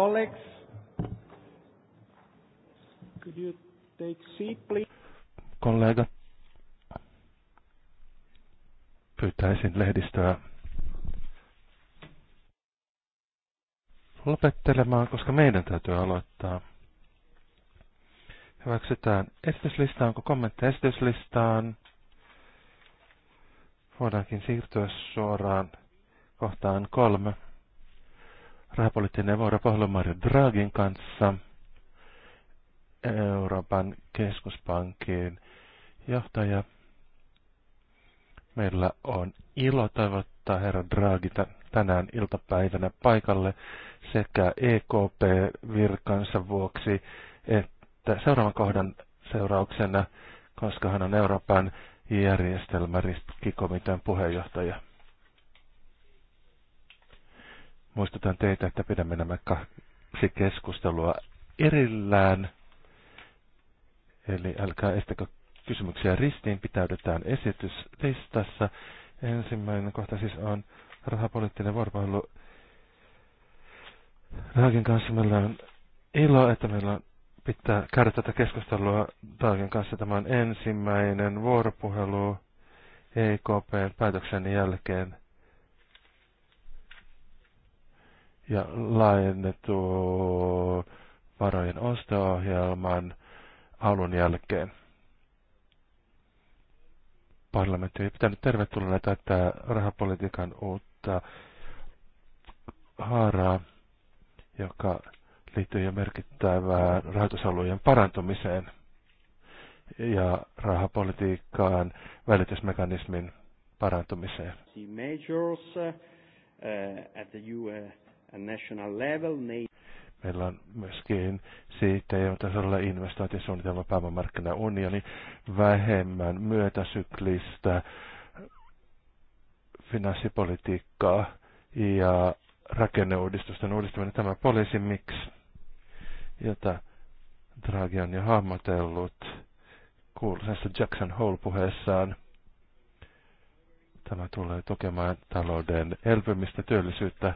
colleagues, could you take seat, please? Kollega, pyytäisin lehdistöä lopettelemaan, koska meidän täytyy aloittaa. Hyväksytään esityslistaan, onko kommentteja esityslistaan? Voidaankin siirtyä suoraan kohtaan kolme rahapoliittinen vuoropuhelu Mario Dragin kanssa Euroopan keskuspankin johtaja. Meillä on ilo toivottaa herra Draghi tänään iltapäivänä paikalle sekä EKP-virkansa vuoksi että seuraavan kohdan seurauksena, koska hän on Euroopan järjestelmäriskikomitean puheenjohtaja. Muistutan teitä, että pidämme nämä kaksi keskustelua erillään. Eli älkää estäkö kysymyksiä ristiin, pitäydetään esityslistassa. Ensimmäinen kohta siis on rahapoliittinen vuoropuhelu Raakin kanssa. Meillä on ilo, että meillä on pitää käydä tätä keskustelua Raakin kanssa. Tämä on ensimmäinen vuoropuhelu EKPn päätöksen jälkeen. ja laajennettu varojen osto-ohjelman alun jälkeen. Parlamentti ei pitänyt tervetulleena tätä rahapolitiikan uutta haaraa, joka liittyy jo merkittävään rahoitusalueen parantumiseen ja rahapolitiikkaan välitysmekanismin parantumiseen. The uh, at the national level. Meillä on myöskin siitä EU-tasolla investointisuunnitelma pääomamarkkinaunioni vähemmän myötäsyklistä finanssipolitiikkaa ja rakenneuudistusten uudistaminen. Tämä poliisi miksi, jota Draghi on jo hahmotellut kuuluisassa Jackson Hole-puheessaan. Tämä tulee tukemaan talouden elpymistä, työllisyyttä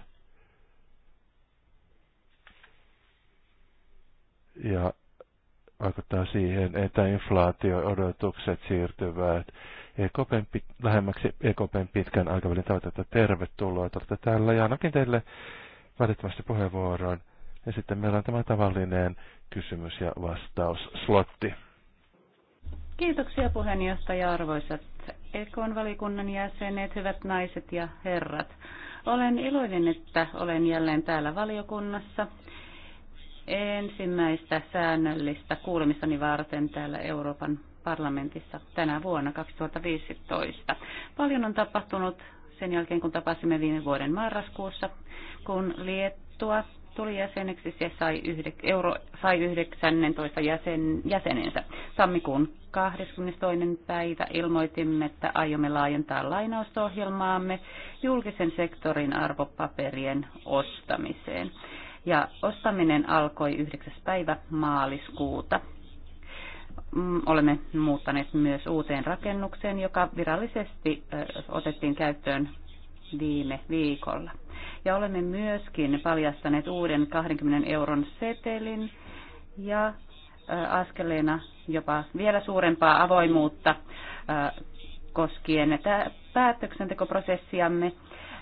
ja vaikuttaa siihen, että inflaatio-odotukset siirtyvät EKPn lähemmäksi EKPn pitkän aikavälin tavoitetta. Tervetuloa olette täällä ja annakin teille välittömästi puheenvuoron. Ja sitten meillä on tämä tavallinen kysymys- ja vastaus-slotti. Kiitoksia puheenjohtaja arvoisat Ekon valikunnan jäsenet, hyvät naiset ja herrat. Olen iloinen, että olen jälleen täällä valiokunnassa ensimmäistä säännöllistä kuulemissani varten täällä Euroopan parlamentissa tänä vuonna 2015. Paljon on tapahtunut sen jälkeen, kun tapasimme viime vuoden marraskuussa, kun Liettua tuli jäseneksi, se sai, yhdek, euro, sai 19 jäsen, jäsenensä. Tammikuun 22. päivä ilmoitimme, että aiomme laajentaa lainausohjelmaamme julkisen sektorin arvopaperien ostamiseen ja ostaminen alkoi 9. päivä maaliskuuta. Mm, olemme muuttaneet myös uuteen rakennukseen, joka virallisesti otettiin käyttöön viime viikolla. Ja olemme myöskin paljastaneet uuden 20 euron setelin ja askeleena jopa vielä suurempaa avoimuutta koskien päätöksentekoprosessiamme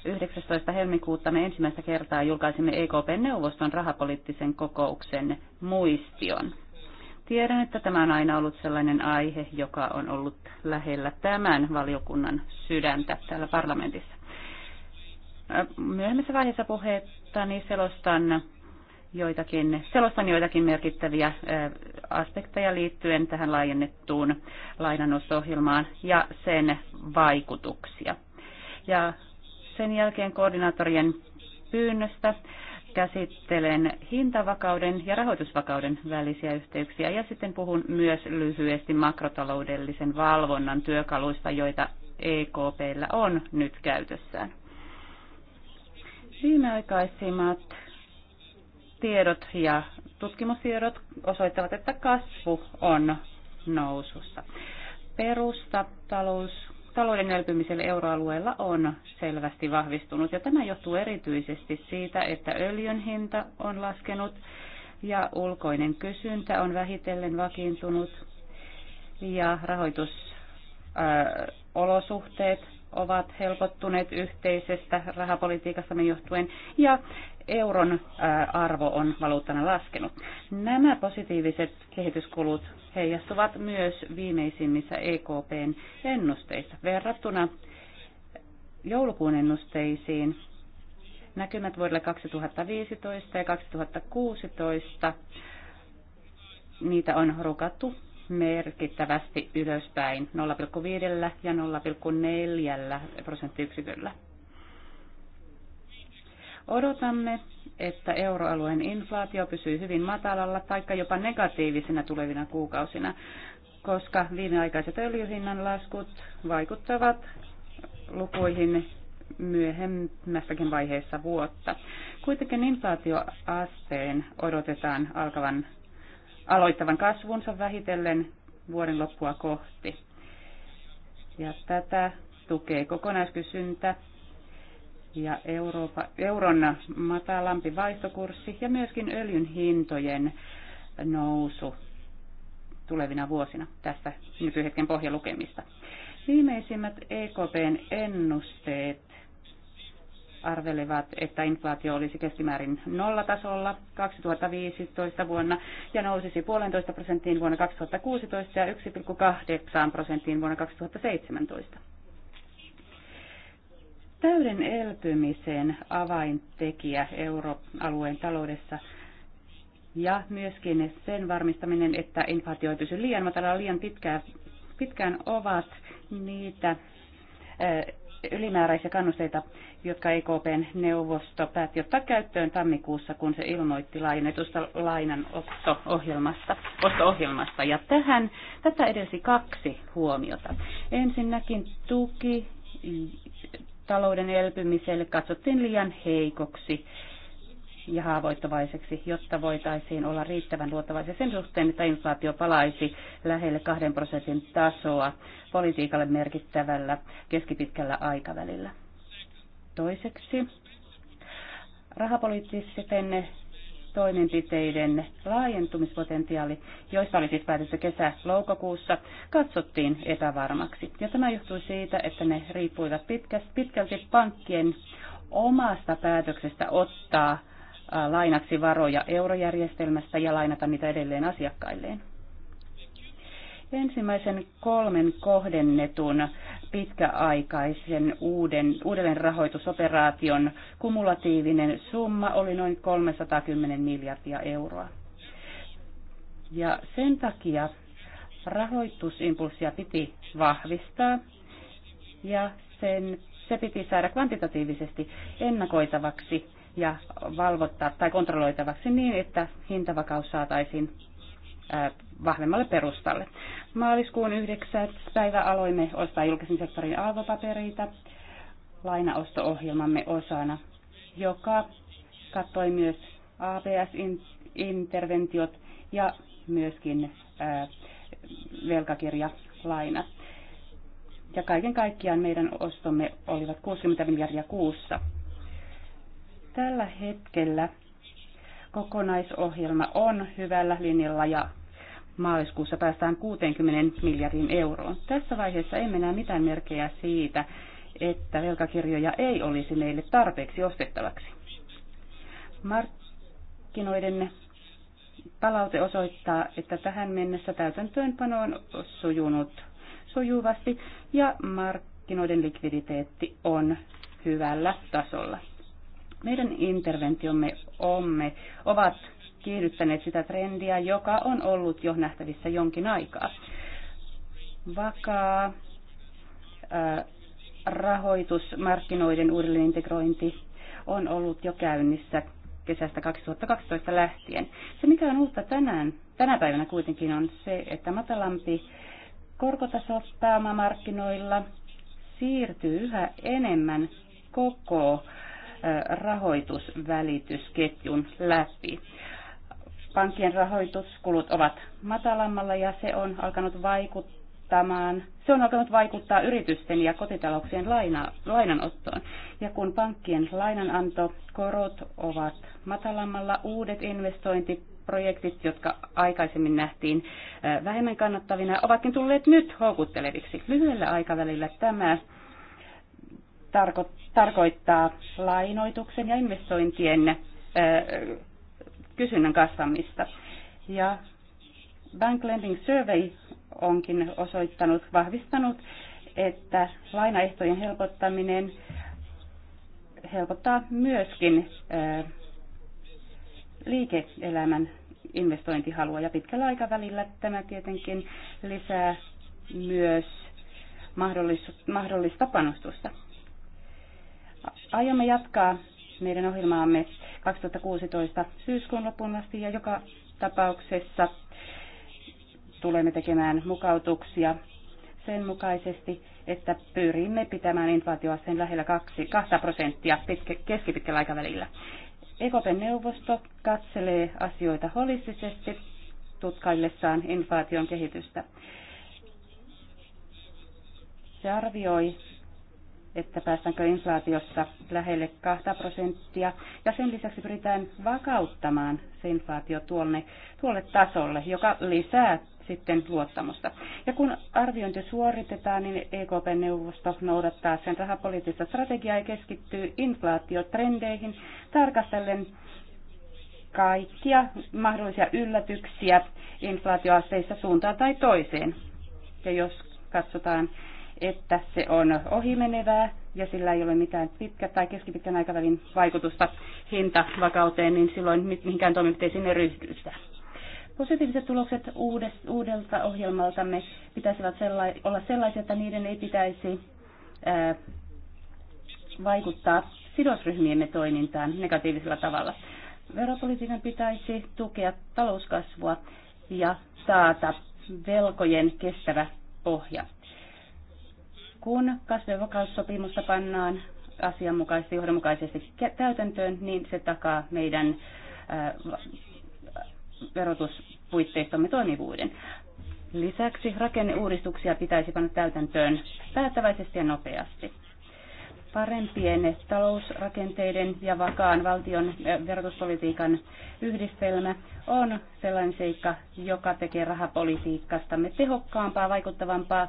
19. helmikuuta me ensimmäistä kertaa julkaisimme EKP-neuvoston rahapoliittisen kokouksen muistion. Tiedän, että tämä on aina ollut sellainen aihe, joka on ollut lähellä tämän valiokunnan sydäntä täällä parlamentissa. Myöhemmässä vaiheessa puhettani selostan joitakin, selostan joitakin merkittäviä aspekteja liittyen tähän laajennettuun lainannusohjelmaan ja sen vaikutuksia. Ja sen jälkeen koordinaattorien pyynnöstä käsittelen hintavakauden ja rahoitusvakauden välisiä yhteyksiä ja sitten puhun myös lyhyesti makrotaloudellisen valvonnan työkaluista, joita EKPllä on nyt käytössään. Viimeaikaisimmat tiedot ja tutkimustiedot osoittavat, että kasvu on nousussa. Perustatalous talouden elpymiselle euroalueella on selvästi vahvistunut ja tämä johtuu erityisesti siitä, että öljyn hinta on laskenut ja ulkoinen kysyntä on vähitellen vakiintunut ja rahoitusolosuhteet äh, ovat helpottuneet yhteisestä rahapolitiikastamme johtuen ja euron äh, arvo on valuuttana laskenut. Nämä positiiviset kehityskulut heijastuvat myös viimeisimmissä EKPn ennusteissa. Verrattuna joulukuun ennusteisiin näkymät vuodelle 2015 ja 2016, niitä on rukattu merkittävästi ylöspäin 0,5 ja 0,4 prosenttiyksiköllä. Odotamme että euroalueen inflaatio pysyy hyvin matalalla taikka jopa negatiivisena tulevina kuukausina, koska viimeaikaiset öljyhinnan laskut vaikuttavat lukuihin myöhemmässäkin vaiheessa vuotta. Kuitenkin inflaatioasteen odotetaan alkavan aloittavan kasvunsa vähitellen vuoden loppua kohti. Ja tätä tukee kokonaiskysyntä ja Euroopa, euron matalampi vaihtokurssi ja myöskin öljyn hintojen nousu tulevina vuosina tästä nykyhetken pohjalukemista. Viimeisimmät EKPn ennusteet arvelevat, että inflaatio olisi keskimäärin nollatasolla 2015 vuonna ja nousisi puolentoista prosenttiin vuonna 2016 ja 1,8 prosenttiin vuonna 2017 täyden elpymisen avaintekijä euroalueen taloudessa ja myöskin sen varmistaminen, että inflaatio ei pysy liian matalalla liian pitkään, pitkään ovat niitä eh, ylimääräisiä kannusteita, jotka EKPn neuvosto päätti ottaa käyttöön tammikuussa, kun se ilmoitti laajennetusta lainanotto-ohjelmasta. Osto-ohjelmasta. Ja tähän, tätä edelsi kaksi huomiota. Ensinnäkin tuki talouden elpymiselle katsottiin liian heikoksi ja haavoittavaiseksi, jotta voitaisiin olla riittävän luottavaisia sen suhteen, että inflaatio palaisi lähelle 2 prosentin tasoa politiikalle merkittävällä keskipitkällä aikavälillä. Toiseksi rahapoliittisten toimenpiteiden laajentumispotentiaali, joista oli siis päätetty kesä-loukokuussa, katsottiin epävarmaksi. Ja tämä johtui siitä, että ne riippuivat pitkälti pankkien omasta päätöksestä ottaa lainaksi varoja eurojärjestelmästä ja lainata niitä edelleen asiakkailleen. Ensimmäisen kolmen kohdennetun pitkäaikaisen uuden, uudelleen rahoitusoperaation kumulatiivinen summa oli noin 310 miljardia euroa. Ja sen takia rahoitusimpulssia piti vahvistaa ja sen, se piti saada kvantitatiivisesti ennakoitavaksi ja valvottaa tai kontrolloitavaksi niin, että hintavakaus saataisiin vahvemmalle perustalle. Maaliskuun 9. päivä aloimme ostaa julkisen sektorin arvopapereita lainaosto-ohjelmamme osana, joka kattoi myös ABS-interventiot ja myöskin velkakirjalaina. velkakirjalainat. Ja kaiken kaikkiaan meidän ostomme olivat 60 miljardia kuussa. Tällä hetkellä kokonaisohjelma on hyvällä linjalla ja maaliskuussa päästään 60 miljardin euroon. Tässä vaiheessa emme näe mitään merkejä siitä, että velkakirjoja ei olisi meille tarpeeksi ostettavaksi. Markkinoiden palaute osoittaa, että tähän mennessä täytäntöönpano on sujunut sujuvasti ja markkinoiden likviditeetti on hyvällä tasolla. Meidän interventiomme omme ovat kiihdyttäneet sitä trendiä, joka on ollut jo nähtävissä jonkin aikaa. Vakaa rahoitusmarkkinoiden uudelleenintegrointi on ollut jo käynnissä kesästä 2012 lähtien. Se, mikä on uutta tänään, tänä päivänä kuitenkin, on se, että matalampi korkotaso pääomamarkkinoilla siirtyy yhä enemmän koko rahoitusvälitysketjun läpi pankkien rahoituskulut ovat matalammalla ja se on alkanut vaikuttamaan, se on alkanut vaikuttaa yritysten ja kotitalouksien laina, lainanottoon. Ja kun pankkien lainananto, korot ovat matalammalla, uudet investointiprojektit, jotka aikaisemmin nähtiin vähemmän kannattavina, ovatkin tulleet nyt houkutteleviksi. Lyhyellä aikavälillä tämä tarko- tarkoittaa lainoituksen ja investointien kysynnän kasvamista. Ja Bank Lending Survey onkin osoittanut, vahvistanut, että lainaehtojen helpottaminen helpottaa myöskin liike-elämän investointihalua. Ja pitkällä aikavälillä tämä tietenkin lisää myös mahdollista panostusta. Aiomme jatkaa meidän ohjelmaamme 2016 syyskuun lopun asti ja joka tapauksessa tulemme tekemään mukautuksia sen mukaisesti, että pyrimme pitämään inflaatioasteen lähellä 2 prosenttia pitkä, keskipitkällä aikavälillä. EKPn neuvosto katselee asioita holistisesti tutkaillessaan inflaation kehitystä. Se arvioi että päästäänkö inflaatiossa lähelle 2 prosenttia. Ja sen lisäksi pyritään vakauttamaan se inflaatio tuolle, tuolle tasolle, joka lisää sitten luottamusta. Ja kun arviointi suoritetaan, niin EKP-neuvosto noudattaa sen rahapoliittista strategiaa ja keskittyy inflaatiotrendeihin tarkastellen kaikkia mahdollisia yllätyksiä inflaatioasteissa suuntaan tai toiseen. Ja jos katsotaan että se on ohimenevää ja sillä ei ole mitään pitkä- tai keskipitkän aikavälin vaikutusta hintavakauteen, niin silloin mihinkään toimenpiteisiin ei ryhdytä. Positiiviset tulokset uudelta ohjelmaltamme pitäisivät olla sellaisia, että niiden ei pitäisi vaikuttaa sidosryhmiemme toimintaan negatiivisella tavalla. Veropolitiikan pitäisi tukea talouskasvua ja taata velkojen kestävä pohja. Kun kasvivakaussopimusta pannaan asianmukaisesti johdonmukaisesti täytäntöön, niin se takaa meidän äh, verotuspuitteistomme toimivuuden. Lisäksi rakenneuudistuksia pitäisi panna täytäntöön päättäväisesti ja nopeasti. Parempien talousrakenteiden ja vakaan valtion äh, verotuspolitiikan yhdistelmä on sellainen seikka, joka tekee rahapolitiikastamme tehokkaampaa, vaikuttavampaa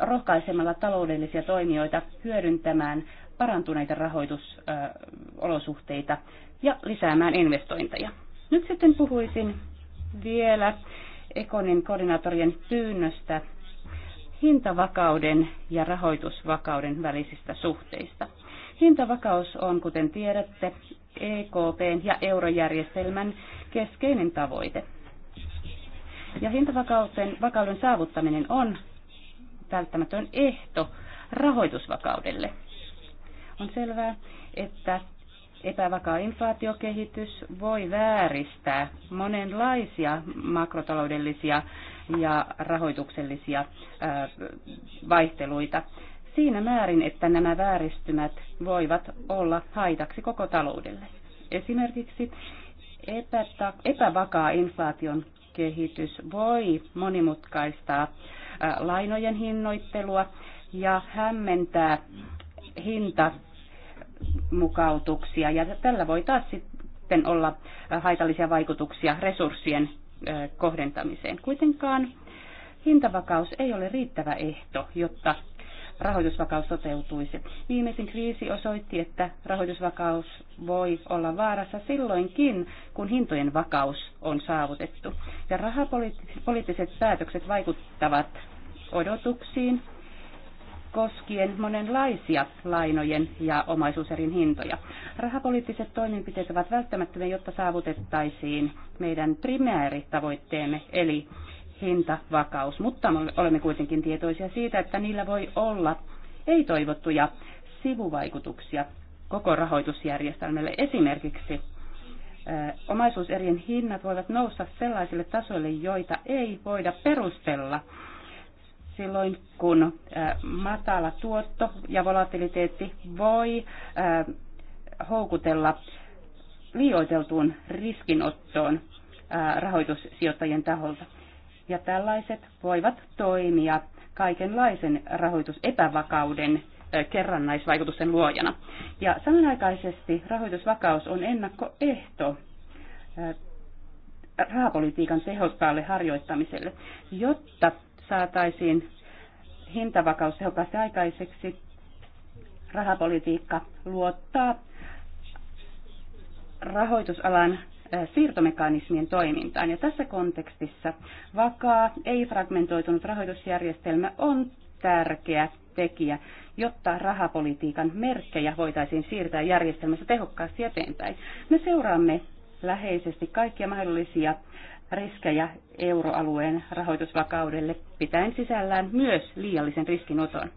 rohkaisemalla taloudellisia toimijoita hyödyntämään parantuneita rahoitusolosuhteita ja lisäämään investointeja. Nyt sitten puhuisin vielä Ekonin koordinaatorien pyynnöstä hintavakauden ja rahoitusvakauden välisistä suhteista. Hintavakaus on, kuten tiedätte, EKPn ja eurojärjestelmän keskeinen tavoite. Ja hintavakauden vakauden saavuttaminen on välttämätön ehto rahoitusvakaudelle. On selvää, että epävakaa inflaatiokehitys voi vääristää monenlaisia makrotaloudellisia ja rahoituksellisia vaihteluita siinä määrin, että nämä vääristymät voivat olla haitaksi koko taloudelle. Esimerkiksi epävakaa inflaation kehitys voi monimutkaistaa lainojen hinnoittelua ja hämmentää hintamukautuksia ja tällä voi taas sitten olla haitallisia vaikutuksia resurssien kohdentamiseen. Kuitenkaan hintavakaus ei ole riittävä ehto, jotta rahoitusvakaus toteutuisi. Viimeisin kriisi osoitti, että rahoitusvakaus voi olla vaarassa silloinkin, kun hintojen vakaus on saavutettu. Ja rahapoliittiset päätökset vaikuttavat odotuksiin koskien monenlaisia lainojen ja omaisuuserin hintoja. Rahapoliittiset toimenpiteet ovat välttämättömiä, jotta saavutettaisiin meidän primääritavoitteemme, eli hintavakaus. Mutta olemme kuitenkin tietoisia siitä, että niillä voi olla ei-toivottuja sivuvaikutuksia koko rahoitusjärjestelmälle. Esimerkiksi omaisuuserien hinnat voivat nousta sellaisille tasoille, joita ei voida perustella silloin, kun matala tuotto ja volatiliteetti voi houkutella liioiteltuun riskinottoon rahoitussijoittajien taholta. Ja tällaiset voivat toimia kaikenlaisen rahoitusepävakauden kerrannaisvaikutusten luojana. Ja samanaikaisesti rahoitusvakaus on ennakkoehto rahapolitiikan tehokkaalle harjoittamiselle, jotta saataisiin hintavakaus tehokkaasti aikaiseksi, rahapolitiikka luottaa rahoitusalan siirtomekanismien toimintaan. Ja tässä kontekstissa vakaa, ei-fragmentoitunut rahoitusjärjestelmä on tärkeä tekijä, jotta rahapolitiikan merkkejä voitaisiin siirtää järjestelmässä tehokkaasti eteenpäin. Me seuraamme läheisesti kaikkia mahdollisia riskejä euroalueen rahoitusvakaudelle, pitäen sisällään myös liiallisen riskinoton.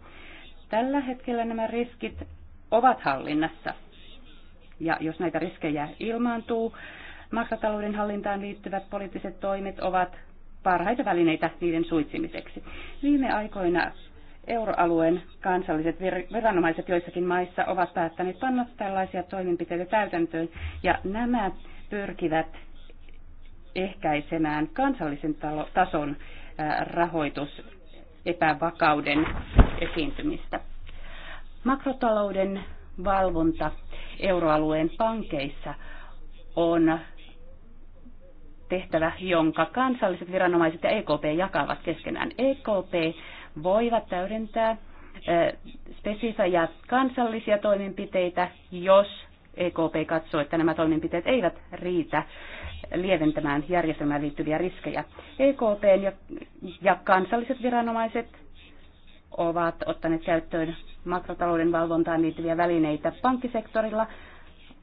Tällä hetkellä nämä riskit ovat hallinnassa. Ja jos näitä riskejä ilmaantuu, maksatalouden hallintaan liittyvät poliittiset toimet ovat parhaita välineitä niiden suitsimiseksi. Viime aikoina euroalueen kansalliset viranomaiset joissakin maissa ovat päättäneet panna tällaisia toimenpiteitä täytäntöön, ja nämä pyrkivät ehkäisemään kansallisen tason rahoitus epävakauden esiintymistä. Makrotalouden valvonta euroalueen pankeissa on tehtävä, jonka kansalliset viranomaiset ja EKP jakavat keskenään. EKP voivat täydentää spesifejä kansallisia toimenpiteitä, jos EKP katsoo, että nämä toimenpiteet eivät riitä lieventämään järjestelmään liittyviä riskejä. EKP ja, ja kansalliset viranomaiset ovat ottaneet käyttöön makrotalouden valvontaan liittyviä välineitä pankkisektorilla,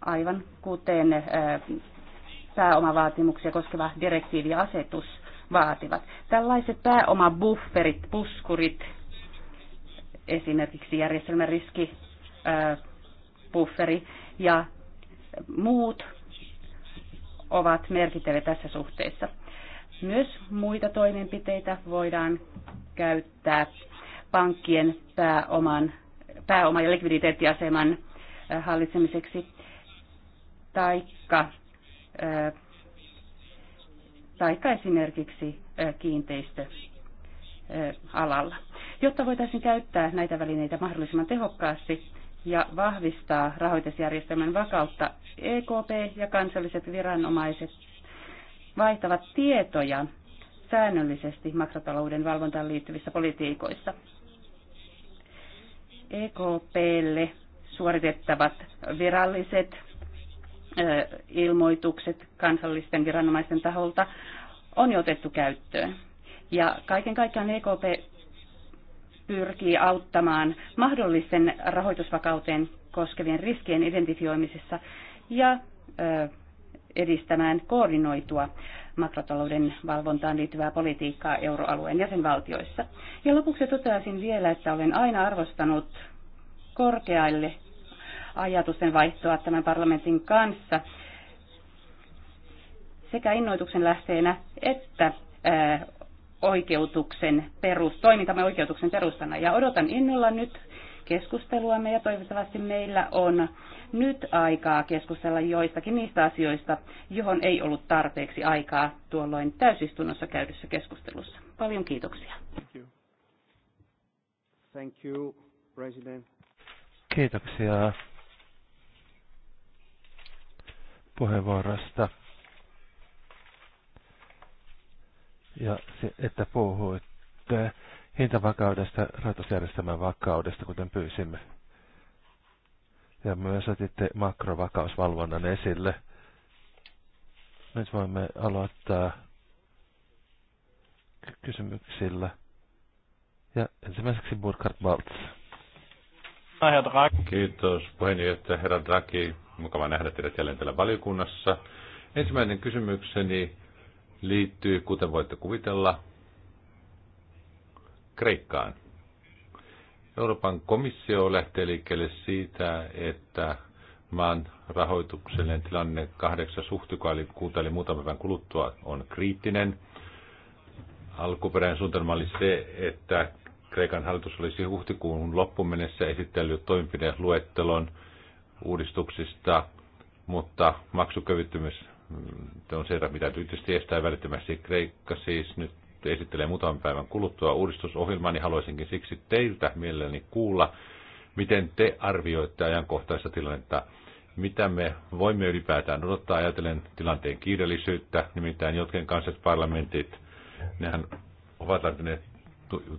aivan kuten pääomavaatimuksia koskeva direktiivi ja asetus vaativat. Tällaiset pääomabufferit, puskurit, esimerkiksi järjestelmän riski-bufferi ja muut ovat merkittäviä tässä suhteessa. Myös muita toimenpiteitä voidaan käyttää pankkien pääoman, pääoma- ja likviditeettiaseman hallitsemiseksi, taikka, taikka esimerkiksi kiinteistöalalla. Jotta voitaisiin käyttää näitä välineitä mahdollisimman tehokkaasti, ja vahvistaa rahoitusjärjestelmän vakautta. EKP ja kansalliset viranomaiset vaihtavat tietoja säännöllisesti makrotalouden valvontaan liittyvissä politiikoissa. EKPlle suoritettavat viralliset ilmoitukset kansallisten viranomaisten taholta on jo otettu käyttöön. Ja kaiken kaikkiaan EKP pyrkii auttamaan mahdollisten rahoitusvakauteen koskevien riskien identifioimisessa ja edistämään koordinoitua makrotalouden valvontaan liittyvää politiikkaa euroalueen jäsenvaltioissa. Ja lopuksi toteaisin vielä, että olen aina arvostanut korkealle ajatusten vaihtoa tämän parlamentin kanssa sekä innoituksen lähteenä että oikeutuksen perus, toimintamme oikeutuksen perustana. Ja odotan innolla nyt keskusteluamme ja toivottavasti meillä on nyt aikaa keskustella joistakin niistä asioista, johon ei ollut tarpeeksi aikaa tuolloin täysistunnossa käydyssä keskustelussa. Paljon kiitoksia. Thank you. Thank you, President. Kiitoksia puheenvuorosta. ja se, että että hintavakaudesta, rahoitusjärjestelmän vakaudesta, kuten pyysimme. Ja myös otitte makrovakausvalvonnan esille. Nyt voimme aloittaa kysymyksillä. Ja ensimmäiseksi Burkhard Baltz. No, Kiitos puheenjohtaja herra Draghi. Mukava nähdä teidät jälleen täällä valiokunnassa. Ensimmäinen kysymykseni liittyy, kuten voitte kuvitella, Kreikkaan. Euroopan komissio lähtee liikkeelle siitä, että maan rahoituksellinen tilanne 8. huhtikuuta, eli muutaman päivän kuluttua, on kriittinen. Alkuperäinen suunnitelma oli se, että Kreikan hallitus olisi huhtikuun loppuun mennessä esitellyt toimenpideluettelon uudistuksista, mutta maksukyvyttömyys on sieltä, mitä tietysti estää välittömästi. Kreikka siis nyt esittelee muutaman päivän kuluttua uudistusohjelmaa, niin haluaisinkin siksi teiltä mielelläni kuulla, miten te arvioitte ajankohtaista tilannetta, mitä me voimme ylipäätään odottaa ajatellen tilanteen kiireellisyyttä, nimittäin jotkin kansalliset parlamentit, nehän ovat lähteneet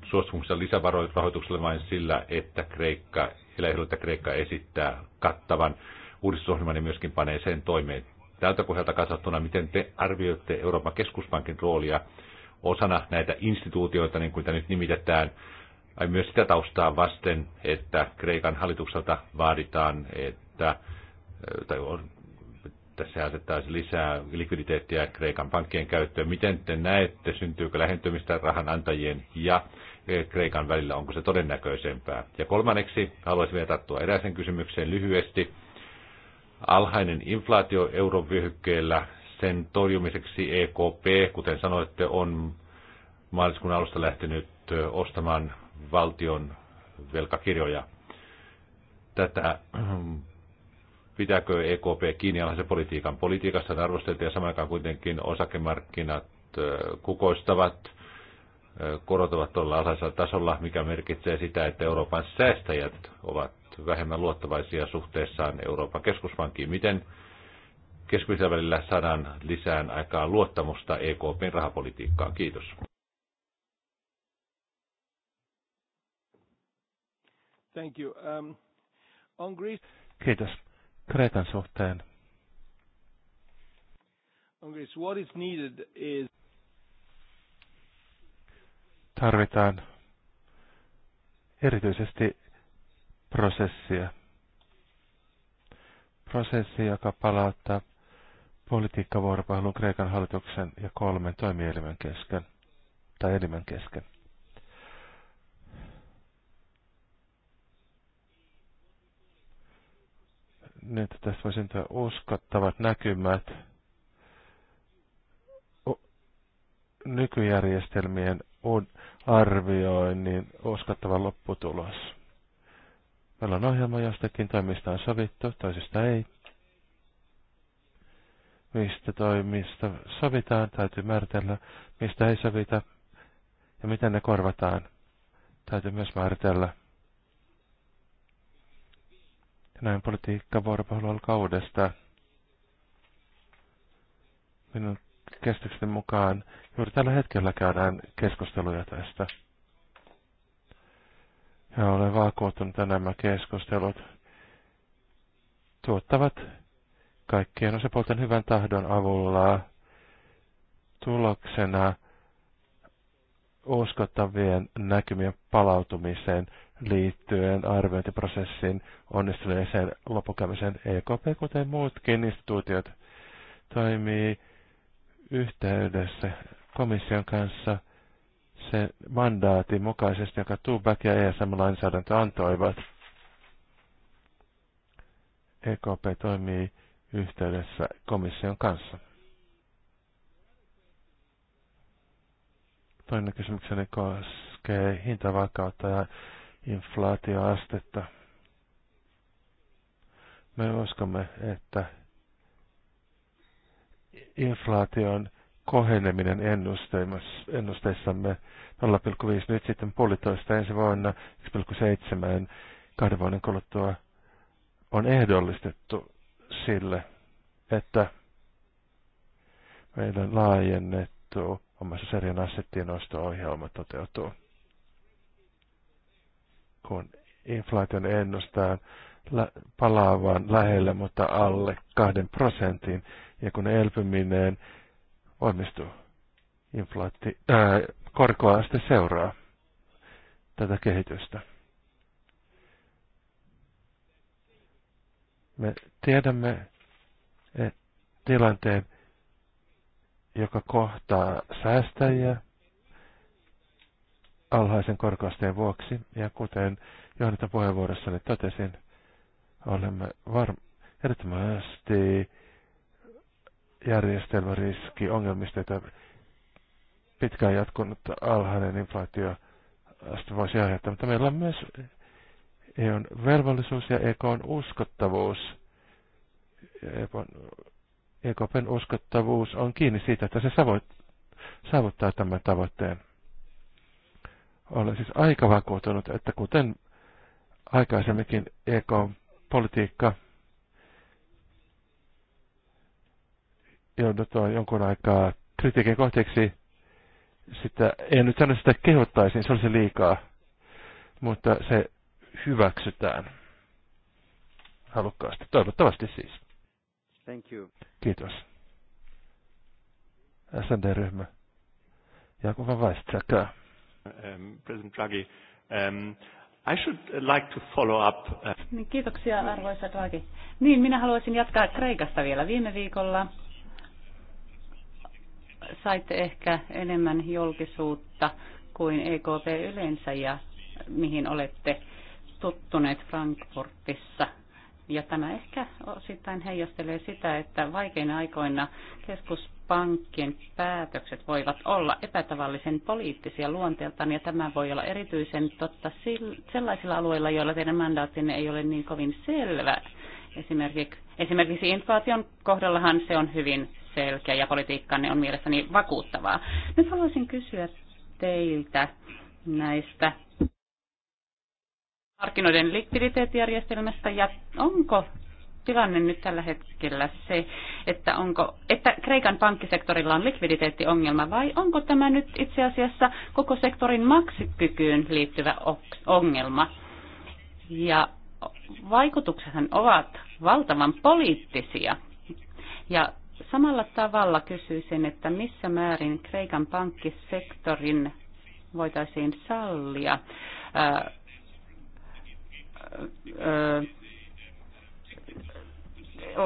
suostumuksensa lisärahoitukselle vain sillä, että Kreikka, sillä että Kreikka esittää kattavan uudistusohjelman ja myöskin panee sen toimeen tältä pohjalta katsottuna, miten te arvioitte Euroopan keskuspankin roolia osana näitä instituutioita, niin kuin nyt nimitetään, ja myös sitä taustaa vasten, että Kreikan hallitukselta vaaditaan, että tai on, tässä asettaisi lisää likviditeettiä Kreikan pankkien käyttöön. Miten te näette, syntyykö lähentymistä rahan antajien ja eh, Kreikan välillä, onko se todennäköisempää? Ja kolmanneksi haluaisin vielä tarttua erääseen kysymykseen lyhyesti. Alhainen inflaatio eurovyöhykkeellä, sen torjumiseksi EKP, kuten sanoitte, on maaliskuun alusta lähtenyt ostamaan valtion velkakirjoja. Tätä pitääkö EKP kiinni alhaisen politiikan politiikassa arvosteltiin ja samaan aikaan kuitenkin osakemarkkinat kukoistavat, korot ovat tuolla alhaisella tasolla, mikä merkitsee sitä, että Euroopan säästäjät ovat vähemmän luottavaisia suhteessaan Euroopan keskuspankkiin. Miten keskipitkällä välillä saadaan lisään aikaa luottamusta EKPn rahapolitiikkaan? Kiitos. Thank you. Um, on Greece... Kiitos. Kreikan suhteen. On Greece, what is needed is... Tarvitaan erityisesti prosessia. Prosessi, joka palauttaa politiikkavuoropuhelun Kreikan hallituksen ja kolmen toimielimen kesken, tai elimen kesken. Nyt tästä voi syntyä uskottavat näkymät nykyjärjestelmien arvioinnin uskottava lopputulos. Meillä on ohjelma jostakin mistä on sovittu, toisesta ei. Mistä mistä sovitaan, täytyy määritellä, mistä ei sovita ja miten ne korvataan. Täytyy myös määritellä. Ja näin politiikka vuoropuhelu alkaa uudestaan. Minun käsitykseni mukaan juuri tällä hetkellä käydään keskusteluja tästä. Ja olen vakuuttunut, että nämä keskustelut tuottavat kaikkien osapuolten hyvän tahdon avulla tuloksena uskottavien näkymien palautumiseen liittyen arviointiprosessin onnistuneeseen lopukäymiseen. EKP, kuten muutkin instituutiot, toimii yhteydessä komission kanssa – se mandaatin mukaisesti, joka Tubac ja ESM-lainsäädäntö antoivat. EKP toimii yhteydessä komission kanssa. Toinen kysymykseni koskee hintavakautta ja inflaatioastetta. Me uskomme, että inflaation koheneminen ennusteissamme 0,5 nyt sitten puolitoista ensi vuonna 1,7 kahden vuoden kuluttua on ehdollistettu sille, että meidän laajennettu omassa serjan assettien osto-ohjelma toteutuu. Kun inflaation ennustaa palaavan lähelle, mutta alle kahden prosentin, ja kun elpyminen onnistuu. Inflaatti, ää, sitten seuraa tätä kehitystä. Me tiedämme että tilanteen, joka kohtaa säästäjiä alhaisen korkoasteen vuoksi. Ja kuten Johanita puheenvuorossani totesin, olemme varmasti ehdottomasti järjestelmäriski ongelmista, että pitkään jatkunut alhainen inflaatio aste voisi aiheuttaa. Mutta meillä on myös EUn velvollisuus ja EKn uskottavuus. EKPn e uskottavuus on kiinni siitä, että se saavuttaa tämän tavoitteen. Olen siis aika vakuutunut, että kuten aikaisemminkin EKn politiikka joudutaan jonkun aikaa kritiikin kohteeksi. Sitä, en nyt sano sitä kehottaisin, se olisi liikaa, mutta se hyväksytään halukkaasti. Toivottavasti siis. Thank you. Kiitos. SND-ryhmä. Ja Weistzäkä. Um, President Draghi, um, I should like to follow up. Äh, niin, kiitoksia arvoisa Draghi. Niin, minä haluaisin jatkaa Kreikasta vielä. Viime viikolla saitte ehkä enemmän julkisuutta kuin EKP yleensä ja mihin olette tuttuneet Frankfurtissa. Ja tämä ehkä osittain heijastelee sitä, että vaikeina aikoina keskuspankkien päätökset voivat olla epätavallisen poliittisia luonteeltaan, ja tämä voi olla erityisen totta sellaisilla alueilla, joilla teidän mandaattinne ei ole niin kovin selvä Esimerkiksi, esimerkiksi inflaation kohdallahan se on hyvin selkeä ja politiikkanne on mielestäni vakuuttavaa. Nyt haluaisin kysyä teiltä näistä markkinoiden likviditeettijärjestelmästä ja onko tilanne nyt tällä hetkellä se, että, onko, että Kreikan pankkisektorilla on likviditeettiongelma vai onko tämä nyt itse asiassa koko sektorin maksikykyyn liittyvä ongelma? Ja vaikutuksethan ovat valtavan poliittisia. Ja samalla tavalla kysyisin, että missä määrin Kreikan pankkisektorin voitaisiin sallia ää, ää,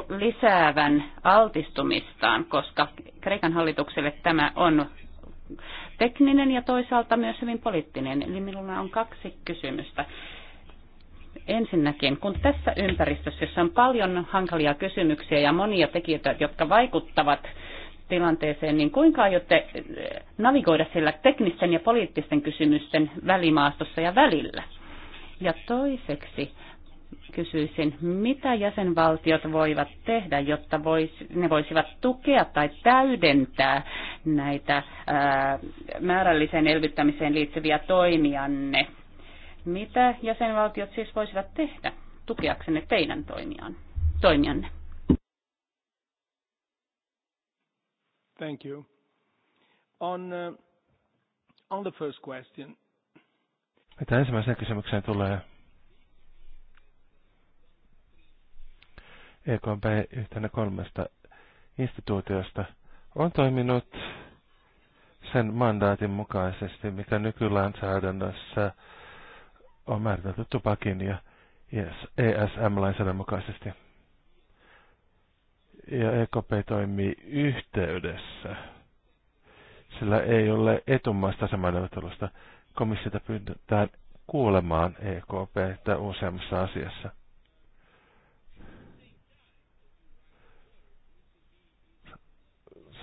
lisäävän altistumistaan, koska Kreikan hallitukselle tämä on tekninen ja toisaalta myös hyvin poliittinen. Eli minulla on kaksi kysymystä. Ensinnäkin, kun tässä ympäristössä, jossa on paljon hankalia kysymyksiä ja monia tekijöitä, jotka vaikuttavat tilanteeseen, niin kuinka aiotte eh, navigoida sillä teknisten ja poliittisten kysymysten välimaastossa ja välillä? Ja toiseksi kysyisin, mitä jäsenvaltiot voivat tehdä, jotta vois, ne voisivat tukea tai täydentää näitä ää, määrälliseen elvyttämiseen liittyviä toimianne? Mitä jäsenvaltiot siis voisivat tehdä tukeaksenne teidän toimiaan, toimianne? Thank you. On, uh, on the first question. Mitä ensimmäiseen kysymykseen tulee? EKP yhtenä kolmesta instituutiosta on toiminut sen mandaatin mukaisesti, mikä nykylainsäädännössä on määritelty tupakin ja ESM-lainsäädännön e mukaisesti. Ja EKP toimii yhteydessä. Sillä ei ole etummaista asemaneuvottelusta. Komissiota pyydetään kuulemaan EKP useammassa asiassa.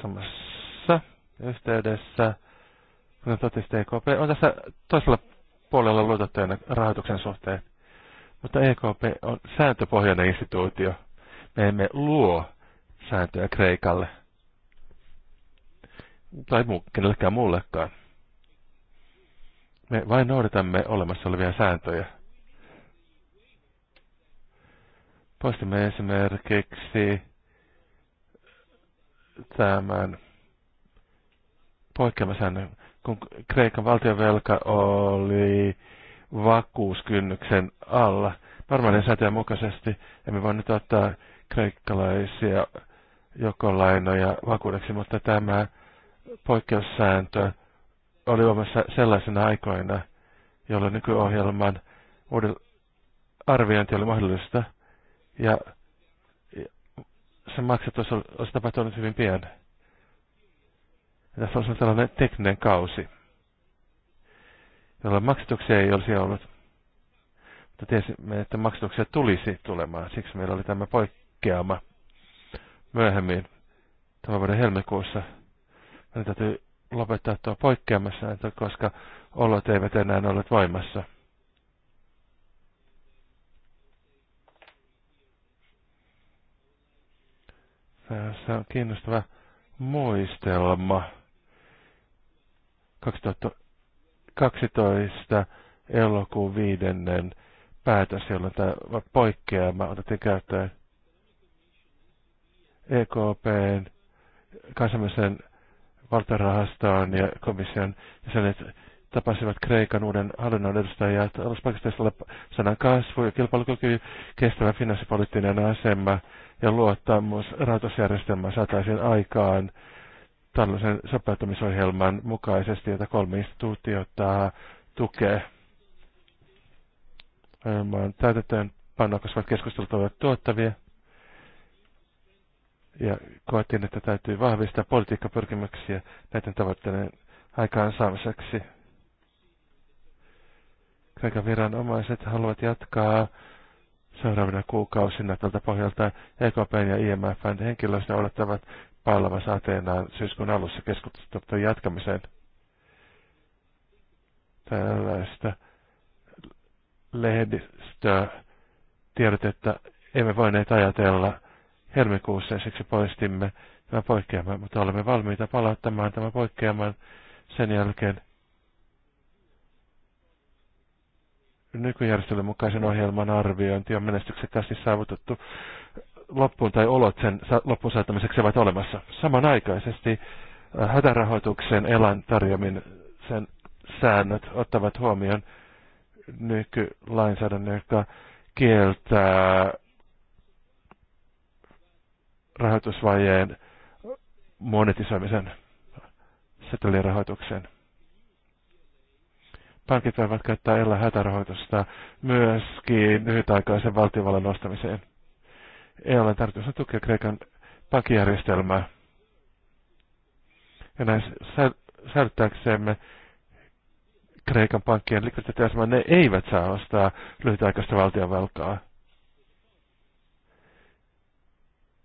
Samassa yhteydessä, kun totesi EKP, on tässä toisella puolella luotettujen rahoituksen suhteen. Mutta EKP on sääntöpohjainen instituutio. Me emme luo sääntöjä Kreikalle. Tai muu, kenellekään muullekaan. Me vain noudatamme olemassa olevia sääntöjä. Poistimme esimerkiksi tämän poikkeamasäännön kun Kreikan valtionvelka oli vakuuskynnyksen alla. Normaalien säteen mukaisesti emme voi nyt ottaa kreikkalaisia jokolainoja vakuudeksi, mutta tämä poikkeussääntö oli olemassa sellaisena aikoina, jolloin nykyohjelman uuden arviointi oli mahdollista ja sen maksatus olisi tapahtunut hyvin pieni. Ja tässä on tällainen tekninen kausi, jolla maksatuksia ei olisi ollut. Mutta tiesimme, että maksatuksia tulisi tulemaan, siksi meillä oli tämä poikkeama myöhemmin tämän vuoden helmikuussa. Meidän täytyy lopettaa tuo poikkeamassa, koska olot eivät enää ole voimassa. Tässä on kiinnostava muistelma. 2012 elokuun viidennen päätös, jolloin tämä poikkeama otettiin käyttöön EKPn, kansainvälisen valtarahastoon ja komission jäsenet tapasivat Kreikan uuden hallinnon edustajat aluspaikasta sanan kasvu ja kilpailukyky, kestävä finanssipoliittinen asema ja luottamus rahoitusjärjestelmä saataisiin aikaan tällaisen sopeutumisohjelman mukaisesti, jota kolme instituutiota tukee. Ohjelman täytetään panna, koska keskustelut ovat tuottavia. Ja koettiin, että täytyy vahvistaa politiikkapyrkimyksiä näiden tavoitteiden aikaansaamiseksi. Kaikki viranomaiset haluavat jatkaa seuraavina kuukausina tältä pohjalta EKP ja IMFn henkilöstö olettavat Palvassa Ateenaan syyskuun alussa keskustelun jatkamiseen. Tällaista lehdistöä tiedotetta emme voineet ajatella helmikuussa ja siksi poistimme tämän poikkeaman, mutta olemme valmiita palauttamaan tämän poikkeaman sen jälkeen nykyjärjestelmän mukaisen ohjelman arviointi on menestyksekkäästi saavutettu loppuun tai olot sen loppuun saattamiseksi ovat olemassa. Samanaikaisesti äh, hätärahoituksen elan tarjoamin sen säännöt ottavat huomioon nykylainsäädännön, joka kieltää rahoitusvajeen monetisoimisen setelirahoitukseen. Pankit voivat käyttää elä hätärahoitusta myöskin lyhytaikaisen valtiovallan nostamiseen – ei ole tarkoitus tukea Kreikan pankkijärjestelmää. Ja näin säilyttääksemme Kreikan pankkien likviditeettiaseman ne eivät saa ostaa lyhytaikaista velkaa,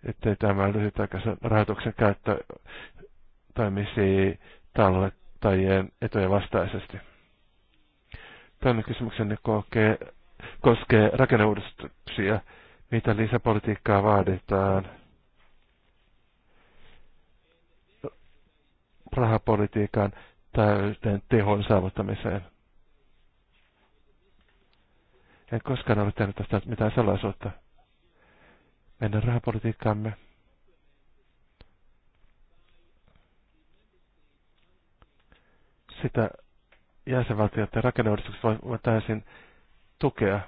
Ettei tämä lyhytaikaisen rahoituksen käyttö toimisi tallettajien etujen vastaisesti. Toinen kysymykseni koskee rakenneuudistuksia mitä lisäpolitiikkaa vaaditaan. rahapolitiikan täyden tehon saavuttamiseen. En koskaan ole tehnyt tästä mitään salaisuutta. Meidän rahapolitiikkaamme sitä jäsenvaltioiden rakenneuudistukset voivat täysin tukea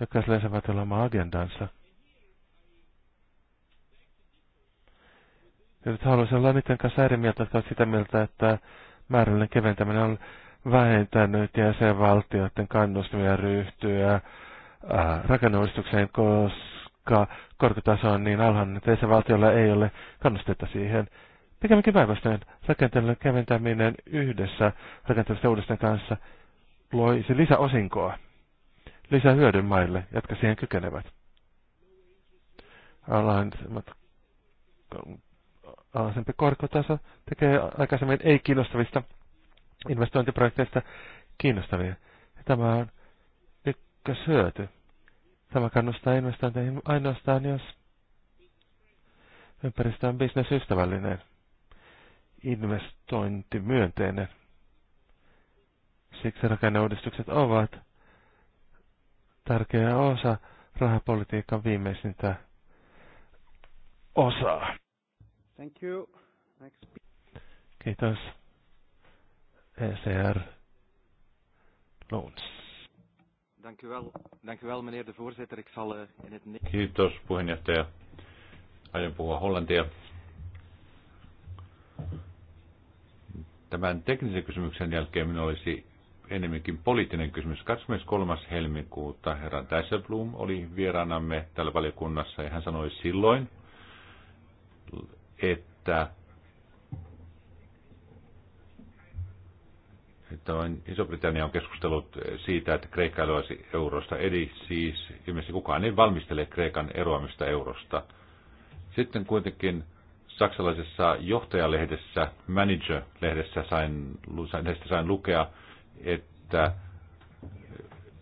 Jokaisella jäsenvaltiolla oma agendansa. Ja nyt haluaisin olla niiden kanssa eri mieltä, ovat sitä mieltä, että määrällinen keventäminen on vähentänyt jäsenvaltioiden kannustimia ryhtyä rakennuudistukseen, koska korkotaso on niin alhainen, että jäsenvaltiolla ei ole kannustetta siihen. Pikemminkin päinvastoin rakenteellinen keventäminen yhdessä rakenteellisten uudisten kanssa loisi lisäosinkoa lisää hyödyn maille, jotka siihen kykenevät. Alhaisemmat alhaisempi korkotaso tekee aikaisemmin ei-kiinnostavista investointiprojekteista kiinnostavia. Ja tämä on ykköshyöty. Tämä kannustaa investointeihin ainoastaan, jos ympäristö on bisnesystävällinen, investointimyönteinen. Siksi rakenneuudistukset ovat tärkeä osa rahapolitiikan viimeisintä osaa. Thank you. Next. Kiitos. ECR Loans. Eh, Kiitos, puheenjohtaja. Aion puhua hollantia. Tämän teknisen kysymyksen jälkeen minulla olisi enemmänkin poliittinen kysymys. 23. helmikuuta herra Dijsselbloem oli vieraanamme täällä valiokunnassa ja hän sanoi silloin, että, että Iso-Britannia on keskustellut siitä, että Kreikka eroaisi eurosta. Eli siis ilmeisesti kukaan ei valmistele Kreikan eroamista eurosta. Sitten kuitenkin saksalaisessa johtajalehdessä, manager-lehdessä sain, sain, sain lukea, että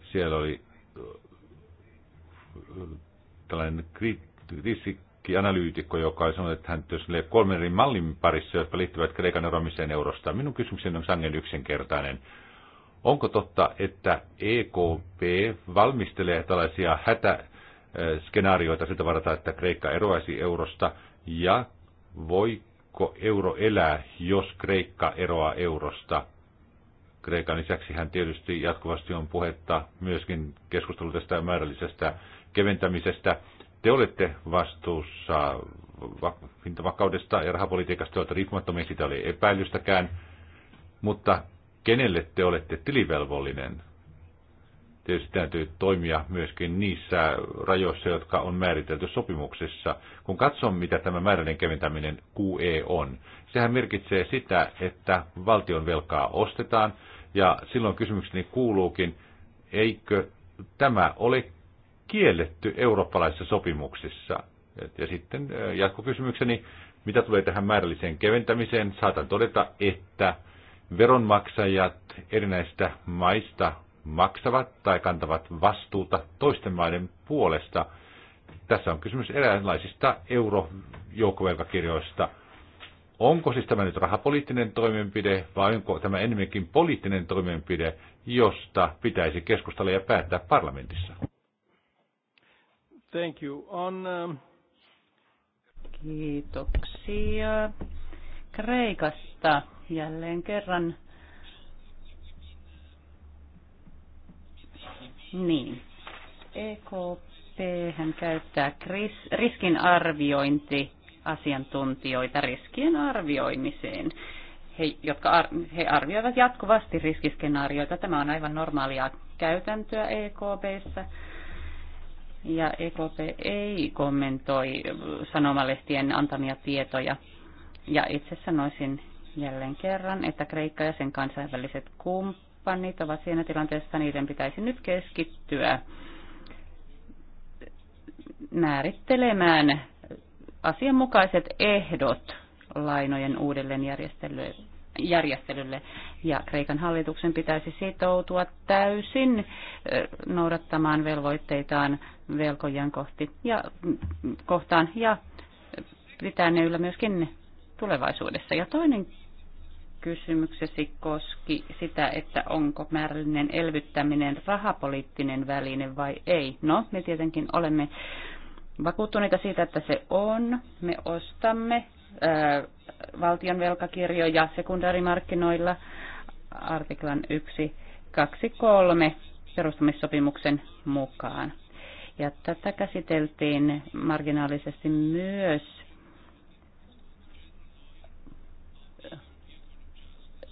siellä oli tällainen kritiikkianalyytikko, joka oli sanonut, että hän työskentelee kolmen eri mallin parissa, jotka liittyvät Kreikan eroamiseen eurosta. Minun kysymykseni on sangen yksinkertainen. Onko totta, että EKP valmistelee tällaisia hätäskenaarioita sitä varata, että Kreikka eroaisi eurosta, ja voiko euro elää, jos Kreikka eroaa eurosta? Kreikan lisäksi hän tietysti jatkuvasti on puhetta myöskin keskustelu tästä määrällisestä keventämisestä. Te olette vastuussa hintavakaudesta ja rahapolitiikasta, olette riippumattomia, siitä oli epäilystäkään. Mutta kenelle te olette tilivelvollinen? Tietysti täytyy toimia myöskin niissä rajoissa, jotka on määritelty sopimuksessa. Kun katsoo, mitä tämä määräinen keventäminen QE on, sehän merkitsee sitä, että valtion velkaa ostetaan – ja silloin kysymykseni kuuluukin, eikö tämä ole kielletty eurooppalaisissa sopimuksissa? Ja sitten jatkokysymykseni, mitä tulee tähän määrälliseen keventämiseen, saatan todeta, että veronmaksajat erinäistä maista maksavat tai kantavat vastuuta toisten maiden puolesta. Tässä on kysymys eräänlaisista eurojoukkovelkakirjoista – Onko siis tämä nyt rahapoliittinen toimenpide vai onko tämä enemmänkin poliittinen toimenpide, josta pitäisi keskustella ja päättää parlamentissa? Thank you. On, um... Kiitoksia. Kreikasta jälleen kerran. Niin. EKP hän käyttää riskinarviointi asiantuntijoita riskien arvioimiseen. He, jotka ar- he arvioivat jatkuvasti riskiskenaarioita. Tämä on aivan normaalia käytäntöä EKPssä. Ja EKP ei kommentoi sanomalehtien antamia tietoja. Ja itse sanoisin jälleen kerran, että Kreikka ja sen kansainväliset kumppanit ovat siinä tilanteessa, että niiden pitäisi nyt keskittyä määrittelemään asianmukaiset ehdot lainojen uudelleenjärjestelylle. Ja Kreikan hallituksen pitäisi sitoutua täysin noudattamaan velvoitteitaan velkojen kohti ja, mm, kohtaan ja pitää ne yllä myöskin tulevaisuudessa. Ja toinen kysymyksesi koski sitä, että onko määrällinen elvyttäminen rahapoliittinen väline vai ei. No, me tietenkin olemme vakuuttuneita siitä, että se on. Me ostamme valtion velkakirjoja sekundaarimarkkinoilla artiklan 1, 2, 3 perustamissopimuksen mukaan. Ja tätä käsiteltiin marginaalisesti myös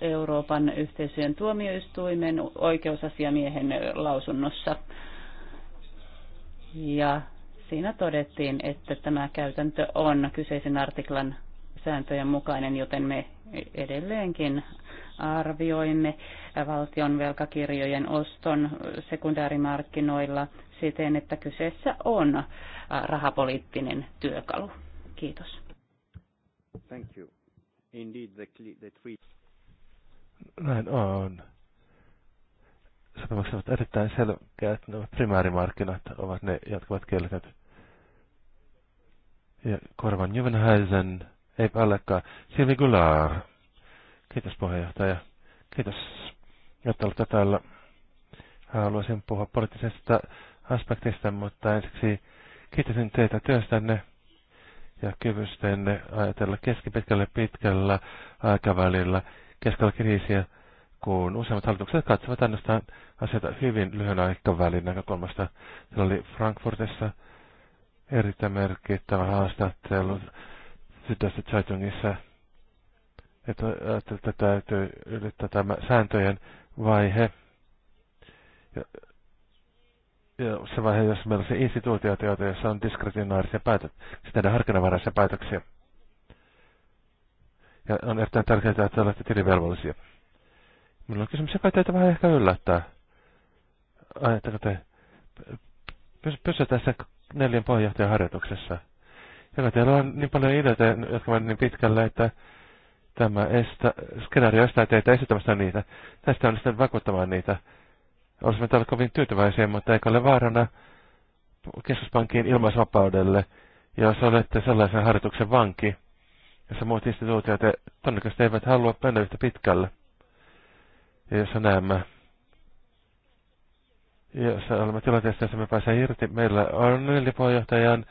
Euroopan yhteisöjen tuomioistuimen oikeusasiamiehen lausunnossa. Ja Siinä todettiin, että tämä käytäntö on kyseisen artiklan sääntöjen mukainen, joten me edelleenkin arvioimme valtion velkakirjojen oston sekundäärimarkkinoilla siten, että kyseessä on rahapoliittinen työkalu. Kiitos. Thank you. Indeed, the, the tweet. Näin on. Sopimukset ovat erittäin selkeät. Nämä primäärimarkkinat ovat ne, jotka ovat kielletyt ja korvan Juvenhäisen, ei allekaan, Silvi Gular. Kiitos puheenjohtaja. Kiitos, että olette täällä. Haluaisin puhua poliittisesta aspektista, mutta ensiksi kiitosin teitä työstänne ja kyvystänne ajatella keskipitkällä pitkällä aikavälillä keskellä kriisiä, kun useimmat hallitukset katsovat ainoastaan asioita hyvin lyhyen aikavälin näkökulmasta. Se oli Frankfurtissa erittäin merkittävä haastattelu Sydässä Chaitungissa, että, että täytyy ylittää tämä sääntöjen vaihe. Ja, ja se vaihe, jos meillä on se instituutioita, jossa on diskretionaarisia päätöksiä, sitä harkinnanvaraisia päätöksiä. Ja on erittäin tärkeää, että olette tilivelvollisia. Minulla on kysymys, joka teitä vähän ehkä yllättää. Ajatteko te, pysy, pysy tässä neljän puheenjohtajan harjoituksessa. Joka teillä on niin paljon ideoita, jotka ovat niin pitkälle, että tämä estä, skenaario estää teitä esittämästä niitä. Tästä on sitten vakuuttamaan niitä. Olisimme täällä kovin tyytyväisiä, mutta eikä ole vaarana keskuspankin ilmaisvapaudelle, jos olette sellaisen harjoituksen vanki, jossa muut instituutiot todennäköisesti eivät halua mennä yhtä pitkälle. Ja jos näemme jos olemme tilanteessa, jossa me pääsemme irti. Meillä on puheenjohtajan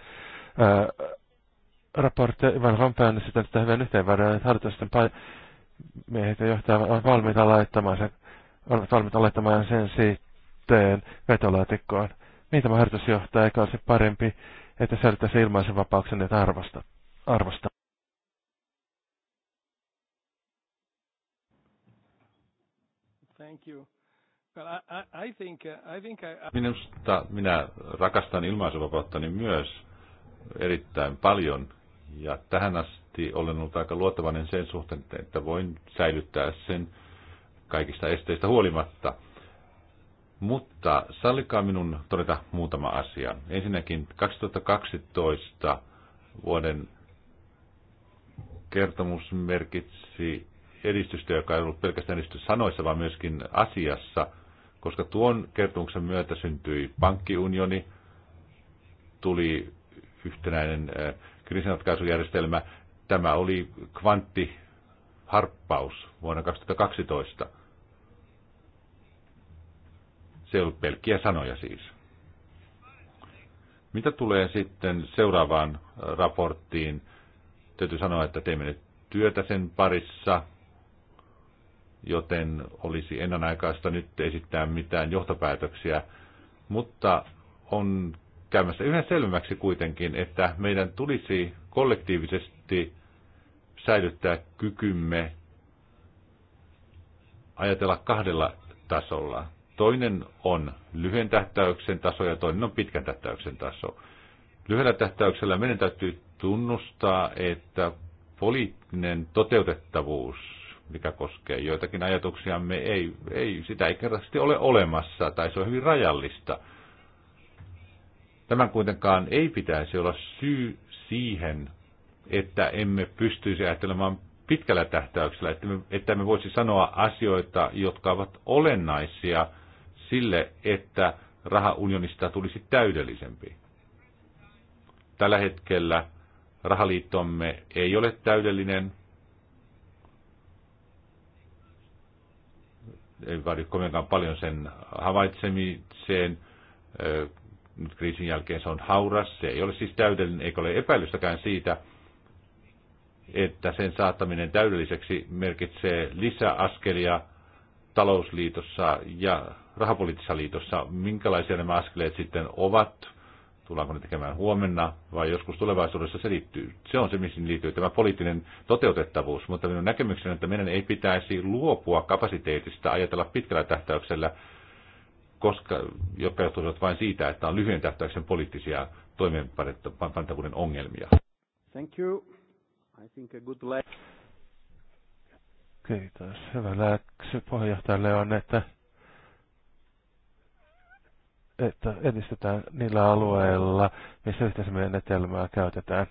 raportti Ivan Rompeon sitä, että hyvän yhteenvedon, että hallitusten miehet ja johtaja ovat valmiita laittamaan sen, ovat valmiita laittamaan sen sitten vetolaatikkoon. Niin tämä hallitusjohtaja, johtaa, eikä olisi parempi, että säilyttäisi ilmaisen vapauksen, että arvosta. arvosta. Thank you. Uh, Minusta minä rakastan ilmaisuvapauttani niin myös erittäin paljon. Ja tähän asti olen ollut aika luottavainen sen suhteen, että voin säilyttää sen kaikista esteistä huolimatta. Mutta sallikaa minun todeta muutama asia. Ensinnäkin 2012 vuoden kertomus merkitsi edistystä, joka ei ollut pelkästään edistys sanoissa, vaan myöskin asiassa – koska tuon kertomuksen myötä syntyi pankkiunioni, tuli yhtenäinen kriisinratkaisujärjestelmä. Tämä oli kvanttiharppaus vuonna 2012. Se ei ollut pelkkiä sanoja siis. Mitä tulee sitten seuraavaan raporttiin? Täytyy sanoa, että teemme nyt työtä sen parissa joten olisi ennenaikaista nyt esittää mitään johtopäätöksiä. Mutta on käymässä yhä selvemmäksi kuitenkin, että meidän tulisi kollektiivisesti säilyttää kykymme ajatella kahdella tasolla. Toinen on lyhyen tähtäyksen taso ja toinen on pitkän tähtäyksen taso. Lyhyellä tähtäyksellä meidän täytyy tunnustaa, että poliittinen toteutettavuus mikä koskee joitakin ajatuksiamme, ei, ei, sitä ei kerrasti ole olemassa, tai se on hyvin rajallista. Tämän kuitenkaan ei pitäisi olla syy siihen, että emme pystyisi ajattelemaan pitkällä tähtäyksellä, että me, että me voisi sanoa asioita, jotka ovat olennaisia sille, että rahaunionista tulisi täydellisempi. Tällä hetkellä rahaliittomme ei ole täydellinen, ei vaadi kovinkaan paljon sen havaitsemiseen. Nyt kriisin jälkeen se on hauras, se ei ole siis täydellinen, eikä ole epäilystäkään siitä, että sen saattaminen täydelliseksi merkitsee lisäaskelia talousliitossa ja rahapoliittisessa liitossa. Minkälaisia nämä askeleet sitten ovat? tullaanko ne tekemään huomenna vai joskus tulevaisuudessa se liittyy. Se on se, mihin liittyy tämä poliittinen toteutettavuus, mutta minun näkemykseni on, että meidän ei pitäisi luopua kapasiteetista ajatella pitkällä tähtäyksellä, koska, jotka johtuisivat vain siitä, että on lyhyen tähtäyksen poliittisia toimeenpantavuuden ongelmia. Thank you. I think a good Kiitos. Hyvä läksy puheenjohtajalle on, että että edistetään niillä alueilla, missä menetelmää käytetään.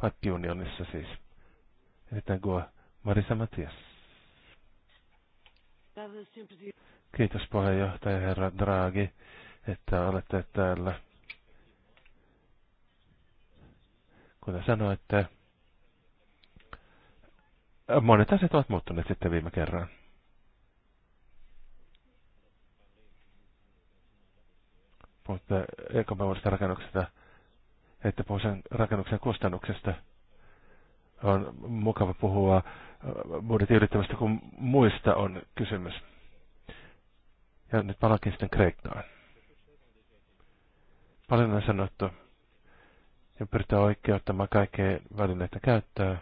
Pakkiunionissa siis. Sitten kuin Marisa Matias. Kiitos puheenjohtaja herra Draghi, että olette täällä. Kuten sanoitte, monet asiat ovat muuttuneet sitten viime kerran. mutta EKP rakennuksesta, että puhuu rakennuksen kustannuksesta. On mukava puhua äh, budjetin yrittämistä, kun muista on kysymys. Ja nyt palaankin sitten Kreikkaan. Paljon on sanottu ja pyritään oikeuttamaan kaikkea välineitä käyttöön.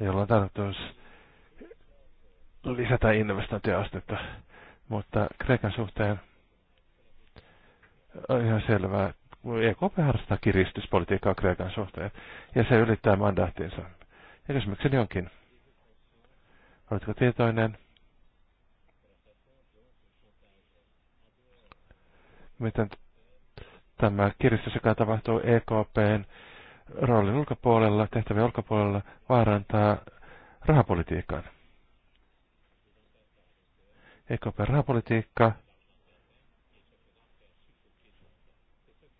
Jolla on tarkoitus lisätä investointiastetta, mutta Kreikan suhteen on ihan selvää. EKP harrastaa kiristyspolitiikkaa Kreikan suhteen, ja se ylittää mandaattinsa. Ja kysymykseni onkin, oletko tietoinen, miten tämä kiristys, joka tapahtuu EKPn roolin ulkopuolella, tehtävien ulkopuolella, vaarantaa rahapolitiikan? EKPn rahapolitiikka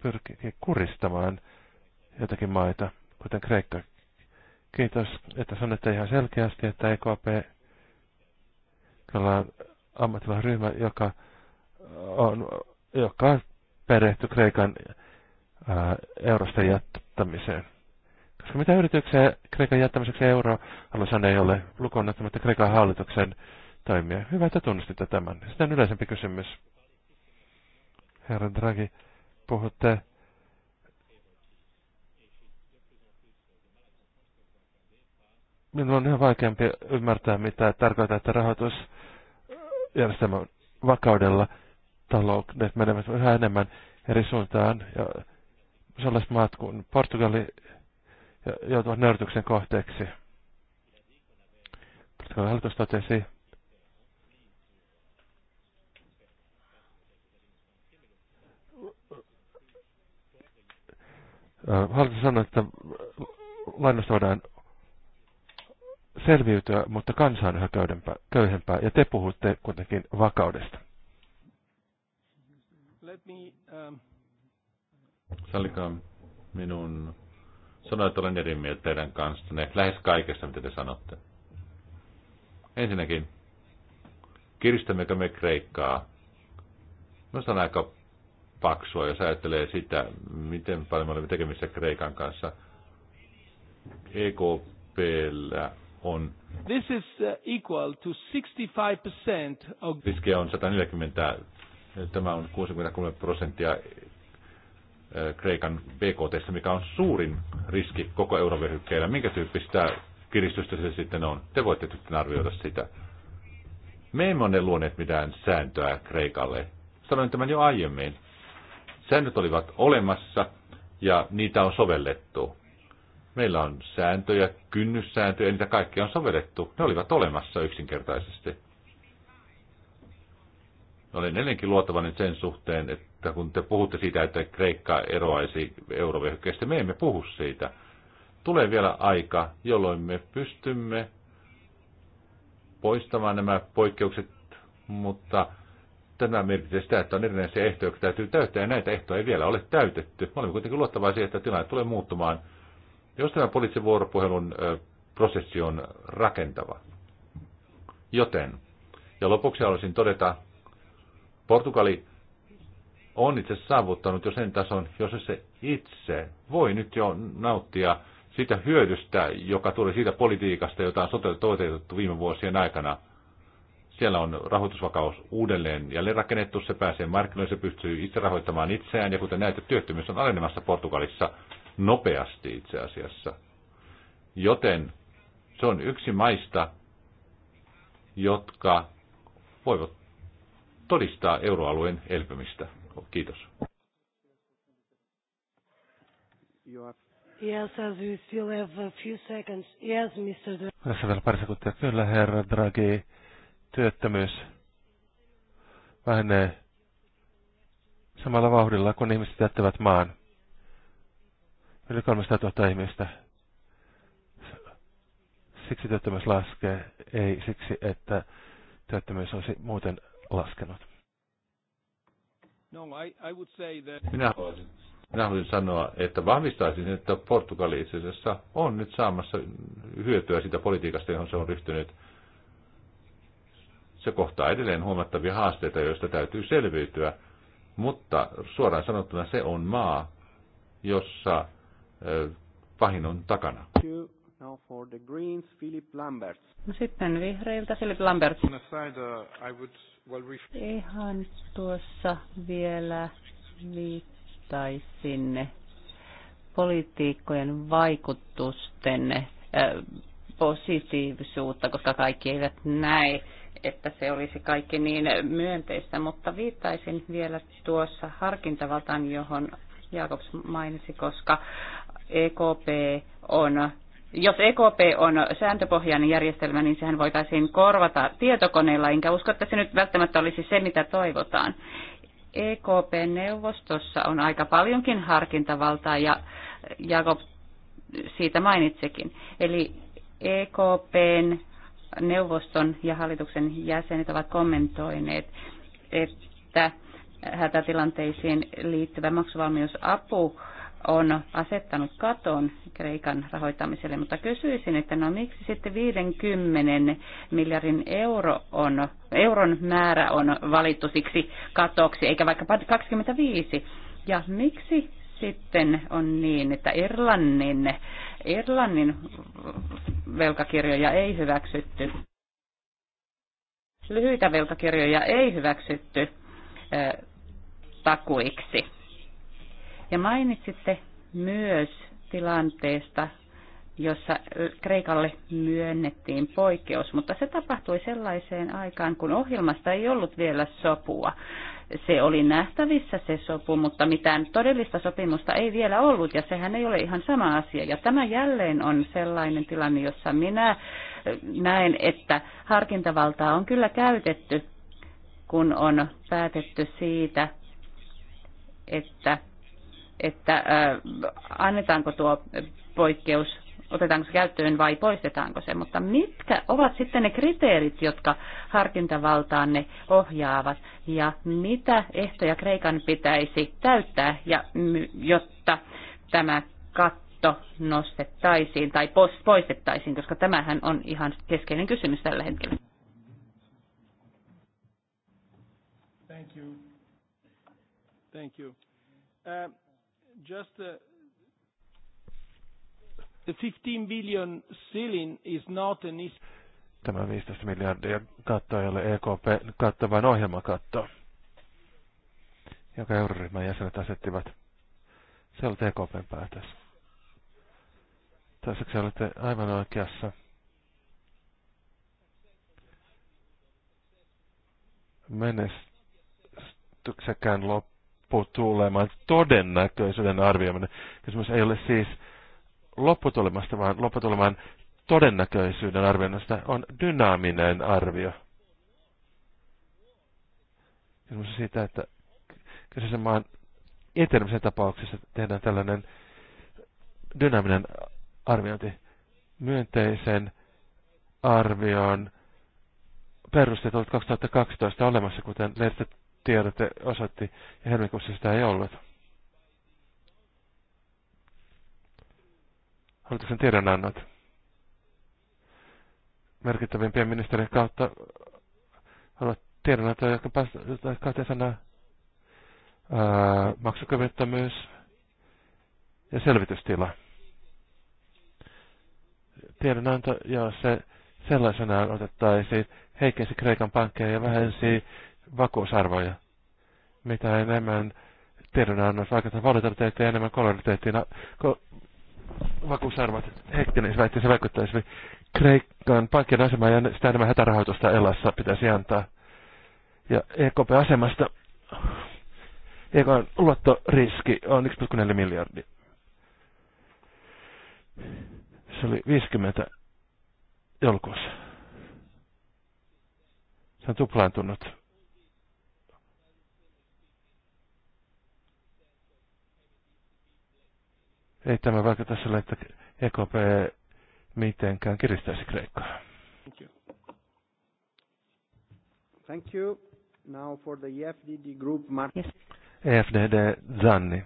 pyrkii kuristamaan jotakin maita, kuten Kreikka. Kiitos, että sanotte ihan selkeästi, että EKP on ammattilainen ryhmä, joka on, joka on perehty Kreikan ää, eurosta jättämiseen. Koska mitä yrityksiä Kreikan jättämiseksi sanoa, ei ole lukuun Kreikan hallituksen toimia. Hyvä, että tunnistitte tämän. Sitä on yleisempi kysymys. Herra Draghi, puhutte Minulla on ihan vaikeampi ymmärtää, mitä tarkoittaa, että rahoitusjärjestelmän vakaudella taloudet menevät yhä enemmän eri suuntaan. Ja sellaiset maat kuin Portugali joutuvat nörtyksen kohteeksi. Portugalin hallitus totesi, Haluaisin sanoa, että lainasta voidaan selviytyä, mutta kansa on yhä köyhempää, köyhempää ja te puhutte kuitenkin vakaudesta. Let me, um... Sallikaa minun sanoa, että olen eri mieltä teidän kanssanne lähes kaikesta, mitä te sanotte. Ensinnäkin, kiristämmekö me Kreikkaa? Minusta on aika paksua, jos ajattelee sitä, miten paljon me olemme tekemissä Kreikan kanssa. EKPllä on... This is uh, equal to 65% of... Riskejä on 140, tämä on 63 prosenttia eh, Kreikan BKT, mikä on suurin riski koko eurovyöhykkeellä. Minkä tyyppistä kiristystä se sitten on? Te voitte sitten arvioida sitä. Me emme ole luoneet mitään sääntöä Kreikalle. Sanoin tämän jo aiemmin. Säännöt olivat olemassa ja niitä on sovellettu. Meillä on sääntöjä, kynnyssääntöjä, ja niitä kaikkia on sovellettu. Ne olivat olemassa yksinkertaisesti. Olen ennenkin luotavainen sen suhteen, että kun te puhutte siitä, että Kreikka eroaisi eurovyöhykkeestä, me emme puhu siitä. Tulee vielä aika, jolloin me pystymme poistamaan nämä poikkeukset, mutta tämä merkitsee sitä, että on erinäisiä ehtoja, jotka täytyy täyttää, ja näitä ehtoja ei vielä ole täytetty. Me olemme kuitenkin luottavaisia, että tilanne tulee muuttumaan, jos tämä poliittisen vuoropuhelun prosessi on rakentava. Joten, ja lopuksi haluaisin todeta, Portugali on itse saavuttanut jo sen tason, jos se itse voi nyt jo nauttia sitä hyödystä, joka tuli siitä politiikasta, jota on toteutettu viime vuosien aikana – siellä on rahoitusvakaus uudelleen jälleen rakennettu, se pääsee markkinoille, se pystyy itse rahoittamaan itseään, ja kuten näette, työttömyys on alenemassa Portugalissa nopeasti itse asiassa. Joten se on yksi maista, jotka voivat todistaa euroalueen elpymistä. Kiitos. Yes, as we still have a few seconds. Yes, Mr. Draghi. Tässä vielä pari sekuntia. Kyllä, herra Draghi työttömyys vähenee samalla vauhdilla, kun ihmiset jättävät maan. Yli 300 000 ihmistä. Siksi työttömyys laskee, ei siksi, että työttömyys olisi muuten laskenut. No, I, I would say that... Minä haluaisin minä haluaisin sanoa, että vahvistaisin, että Portugali itse asiassa on nyt saamassa hyötyä siitä politiikasta, johon se on ryhtynyt. Se kohtaa edelleen huomattavia haasteita, joista täytyy selviytyä, mutta suoraan sanottuna se on maa, jossa pahin on takana. Now for the Greens, Philip No sitten vihreiltä Philip Lamberts. Uh, Ihan tuossa vielä viittaisin politiikkojen vaikutusten positiivisuutta, koska kaikki eivät näe että se olisi kaikki niin myönteistä, mutta viittaisin vielä tuossa harkintavaltaan, johon Jakobs mainitsi, koska EKP on jos EKP on sääntöpohjainen järjestelmä, niin sehän voitaisiin korvata tietokoneella, enkä usko, että se nyt välttämättä olisi se, mitä toivotaan. EKP-neuvostossa on aika paljonkin harkintavaltaa ja Jakob siitä mainitsikin. Eli EKPn neuvoston ja hallituksen jäsenet ovat kommentoineet, että hätätilanteisiin liittyvä maksuvalmiusapu on asettanut katon Kreikan rahoittamiselle, mutta kysyisin, että no miksi sitten 50 miljardin euro on, euron määrä on valittu siksi katoksi, eikä vaikka 25? Ja miksi sitten on niin, että Irlannin Irlannin velkakirjoja ei hyväksytty. Lyhyitä velkakirjoja ei hyväksytty takuiksi. Ja mainitsitte myös tilanteesta, jossa Kreikalle myönnettiin poikkeus, mutta se tapahtui sellaiseen aikaan, kun ohjelmasta ei ollut vielä sopua se oli nähtävissä se sopu, mutta mitään todellista sopimusta ei vielä ollut ja sehän ei ole ihan sama asia. Ja tämä jälleen on sellainen tilanne, jossa minä äh, näen, että harkintavaltaa on kyllä käytetty, kun on päätetty siitä, että, että äh, annetaanko tuo poikkeus otetaanko se käyttöön vai poistetaanko se, mutta mitkä ovat sitten ne kriteerit, jotka harkintavaltaanne ohjaavat ja mitä ehtoja Kreikan pitäisi täyttää, ja, jotta tämä katto nostettaisiin tai poistettaisiin, koska tämähän on ihan keskeinen kysymys tällä hetkellä. Thank you. Thank you. Uh, just uh, The 15 billion ceiling is not an is Tämä 15 miljardia katto ei ole EKP katto, vaan ohjelmakatto, joka euroryhmän jäsenet asettivat. Se oli EKPn päätös. Toiseksi olette aivan oikeassa. Menestyksekään lopputulemaan todennäköisyyden arvioiminen. Kysymys ei ole siis lopputulemasta, vaan lopputuleman todennäköisyyden arvioinnista on dynaaminen arvio. Kysymys siitä, että kyseisen maan etenemisen tapauksessa tehdään tällainen dynaaminen arviointi. Myönteisen arvion perusteet ovat 2012 olemassa, kuten lehdistötiedote osoitti, ja helmikuussa sitä ei ollut. hallituksen tiedonannot. Merkittävimpien ministerien kautta haluat tiedonantoja, jotka pääsevät kahteen sanaan maksukyvyttömyys ja selvitystila. Tiedonanto, jos se sellaisenaan otettaisiin, heikensi Kreikan pankkeja ja vähensi vakuusarvoja. Mitä enemmän tiedonannossa vaikuttaa valiteettiin ja enemmän koloriteettiin vakuusarvot heikkenisi, väitti se vaikuttaisi Kreikkaan pankkien asemaan ja sitä enemmän hätärahoitusta Elassa pitäisi antaa. Ja EKP-asemasta EKPn luottoriski on 1,4 miljardia. Se oli 50 joulukuussa. Se on tuplaantunut ei tämä vaikuta sillä, että EKP mitenkään kiristäisi Kreikkaa. Thank you. Thank you. Now for the EFDD group, Mark. Yes. EFDD Zanni.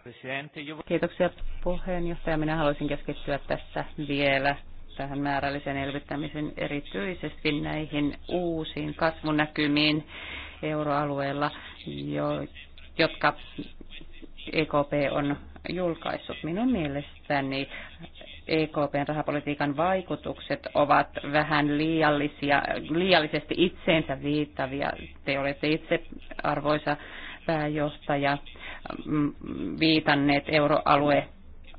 Kiitoksia puheenjohtaja. Minä haluaisin keskittyä tässä vielä tähän määrällisen elvyttämisen erityisesti näihin uusiin kasvunäkymiin euroalueella, jo jotka EKP on julkaissut. Minun mielestäni EKPn rahapolitiikan vaikutukset ovat vähän liiallisia, liiallisesti itseensä viittavia. Te olette itse, arvoisa pääjohtaja, mm, viitanneet euroalue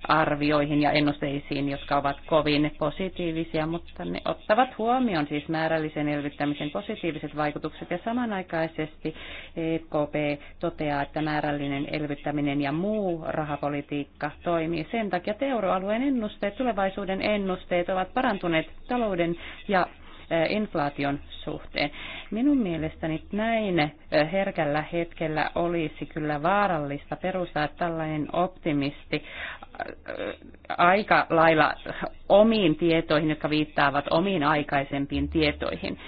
arvioihin ja ennusteisiin, jotka ovat kovin positiivisia, mutta ne ottavat huomioon siis määrällisen elvyttämisen positiiviset vaikutukset ja samanaikaisesti EKP toteaa, että määrällinen elvyttäminen ja muu rahapolitiikka toimii. Sen takia euroalueen ennusteet, tulevaisuuden ennusteet ovat parantuneet talouden ja Eh, inflaation suhteen. Minun mielestäni näin eh, herkällä hetkellä olisi kyllä vaarallista perustaa tällainen optimisti eh, aika lailla omiin tietoihin, jotka viittaavat omiin aikaisempiin tietoihin.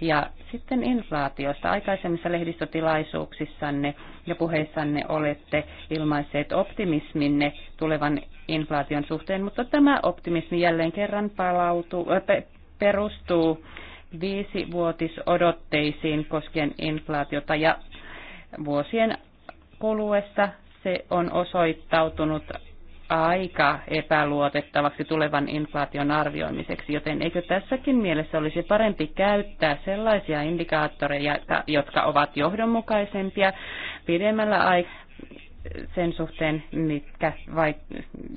Ja sitten inflaatiosta. Aikaisemmissa lehdistötilaisuuksissanne ja puheissanne olette ilmaisseet optimisminne tulevan inflaation suhteen, mutta tämä optimismi jälleen kerran palautuu, perustuu viisivuotisodotteisiin koskien inflaatiota ja vuosien kuluessa se on osoittautunut aika epäluotettavaksi tulevan inflaation arvioimiseksi, joten eikö tässäkin mielessä olisi parempi käyttää sellaisia indikaattoreja, jotka ovat johdonmukaisempia pidemmällä aikaa sen suhteen, mitkä vai...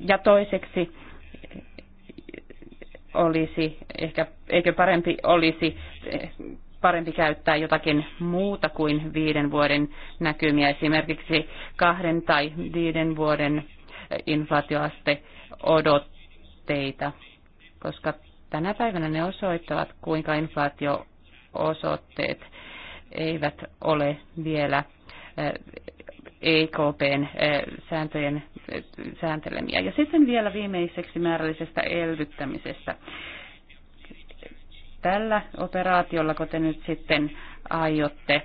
ja toiseksi olisi, ehkä, eikö parempi olisi eh, parempi käyttää jotakin muuta kuin viiden vuoden näkymiä, esimerkiksi kahden tai viiden vuoden eh, inflaatioaste odotteita, koska tänä päivänä ne osoittavat, kuinka inflaatioosoitteet eivät ole vielä eh, EKPn eh, sääntöjen eh, sääntelemiä. Ja sitten vielä viimeiseksi määrällisestä elvyttämisestä. Tällä operaatiolla, kun te nyt sitten aiotte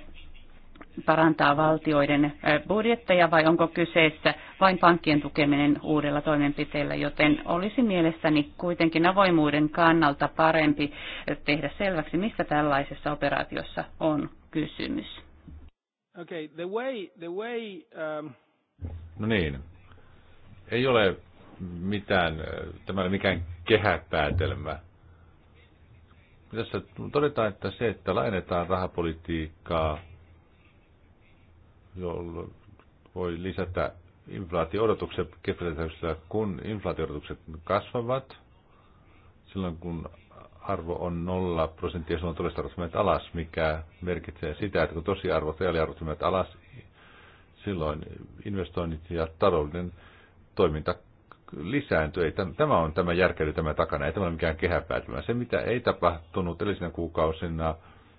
parantaa valtioiden eh, budjetteja vai onko kyseessä vain pankkien tukeminen uudella toimenpiteellä, joten olisi mielestäni kuitenkin avoimuuden kannalta parempi tehdä selväksi, mistä tällaisessa operaatiossa on kysymys. Okay, the way, the way, um... No niin. Ei ole mitään, äh, tämä ei ole mikään kehäpäätelmä. Tässä todetaan, että se, että lainetaan rahapolitiikkaa, jolloin voi lisätä inflaatio-odotukset, kun inflaatio-odotukset kasvavat, silloin kun arvo on nolla prosenttia, silloin todelliset arvot alas, mikä merkitsee sitä, että kun tosiarvot, reaaliarvot menet alas, silloin investoinnit ja taloudellinen toiminta lisääntyy. Tämä on tämä järkeily tämä takana, ei tämä ole mikään kehäpäätelmä. Se, mitä ei tapahtunut edellisinä kuukausina,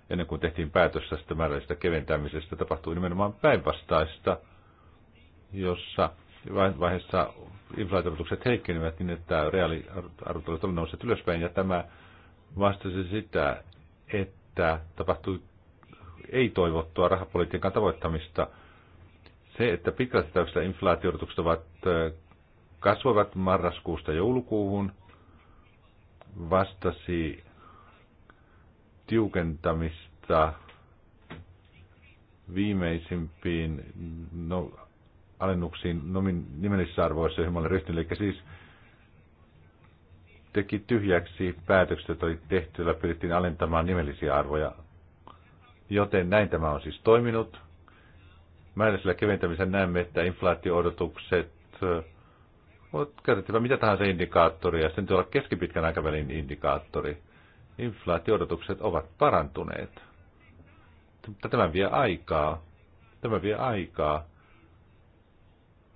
ennen kuin tehtiin päätös tästä määrällisestä keventämisestä, tapahtui nimenomaan päinvastaista, jossa vaiheessa inflaatiotukset heikkenivät niin, että reaaliarvot olivat nousseet ylöspäin, ja tämä vastasi sitä, että tapahtui ei-toivottua rahapolitiikan tavoittamista. Se, että pitkällä inflaatiodotukset ovat kasvavat marraskuusta joulukuuhun, vastasi tiukentamista viimeisimpiin no, alennuksiin nomin, arvoissa, joihin olen ryhtynyt. Eli siis teki tyhjäksi päätökset, joita oli tehty, joilla pyrittiin alentamaan nimellisiä arvoja. Joten näin tämä on siis toiminut. Määräisellä keventämisellä näemme, että inflaatio-odotukset käytettävä mitä tahansa indikaattoria, sen tulee olla keskipitkän aikavälin indikaattori. Inflaatio-odotukset ovat parantuneet. Tämä vie aikaa. Tämä vie aikaa.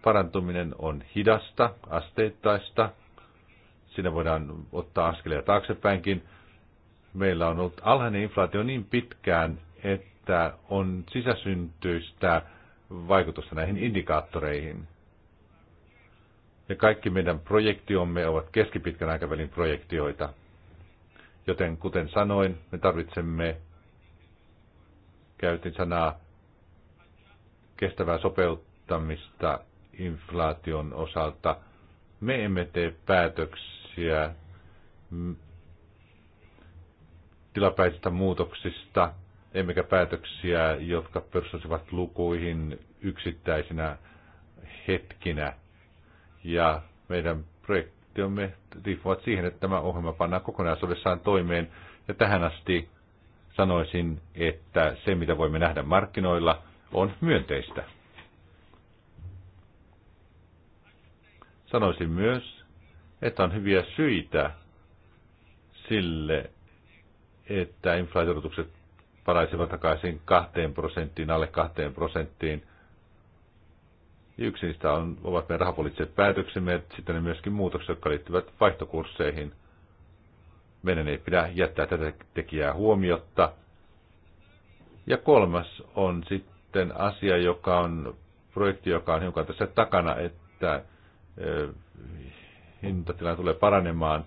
Parantuminen on hidasta, asteittaista, Siinä voidaan ottaa askelia taaksepäinkin. Meillä on ollut alhainen inflaatio niin pitkään, että on sisäsyntyistä vaikutusta näihin indikaattoreihin. Ja kaikki meidän projektiomme ovat keskipitkän aikavälin projektioita. Joten kuten sanoin, me tarvitsemme, käytin sanaa, kestävää sopeuttamista inflaation osalta. Me emme tee päätöksiä tämmöisiä mm, tilapäisistä muutoksista, emmekä päätöksiä, jotka perustuisivat lukuihin yksittäisinä hetkinä. Ja meidän projektiomme riippuvat siihen, että tämä ohjelma pannaan kokonaisuudessaan toimeen. Ja tähän asti sanoisin, että se, mitä voimme nähdä markkinoilla, on myönteistä. Sanoisin myös, että on hyviä syitä sille, että inflaatiorotukset paraisivat takaisin kahteen prosenttiin, alle kahteen prosenttiin. Yksi niistä on, ovat meidän rahapoliittiset päätöksemme, että sitten ne myöskin muutokset, jotka liittyvät vaihtokursseihin. Meidän ei pidä jättää tätä tekijää huomiotta. Ja kolmas on sitten asia, joka on projekti, joka on hiukan tässä takana, että hintatila tulee paranemaan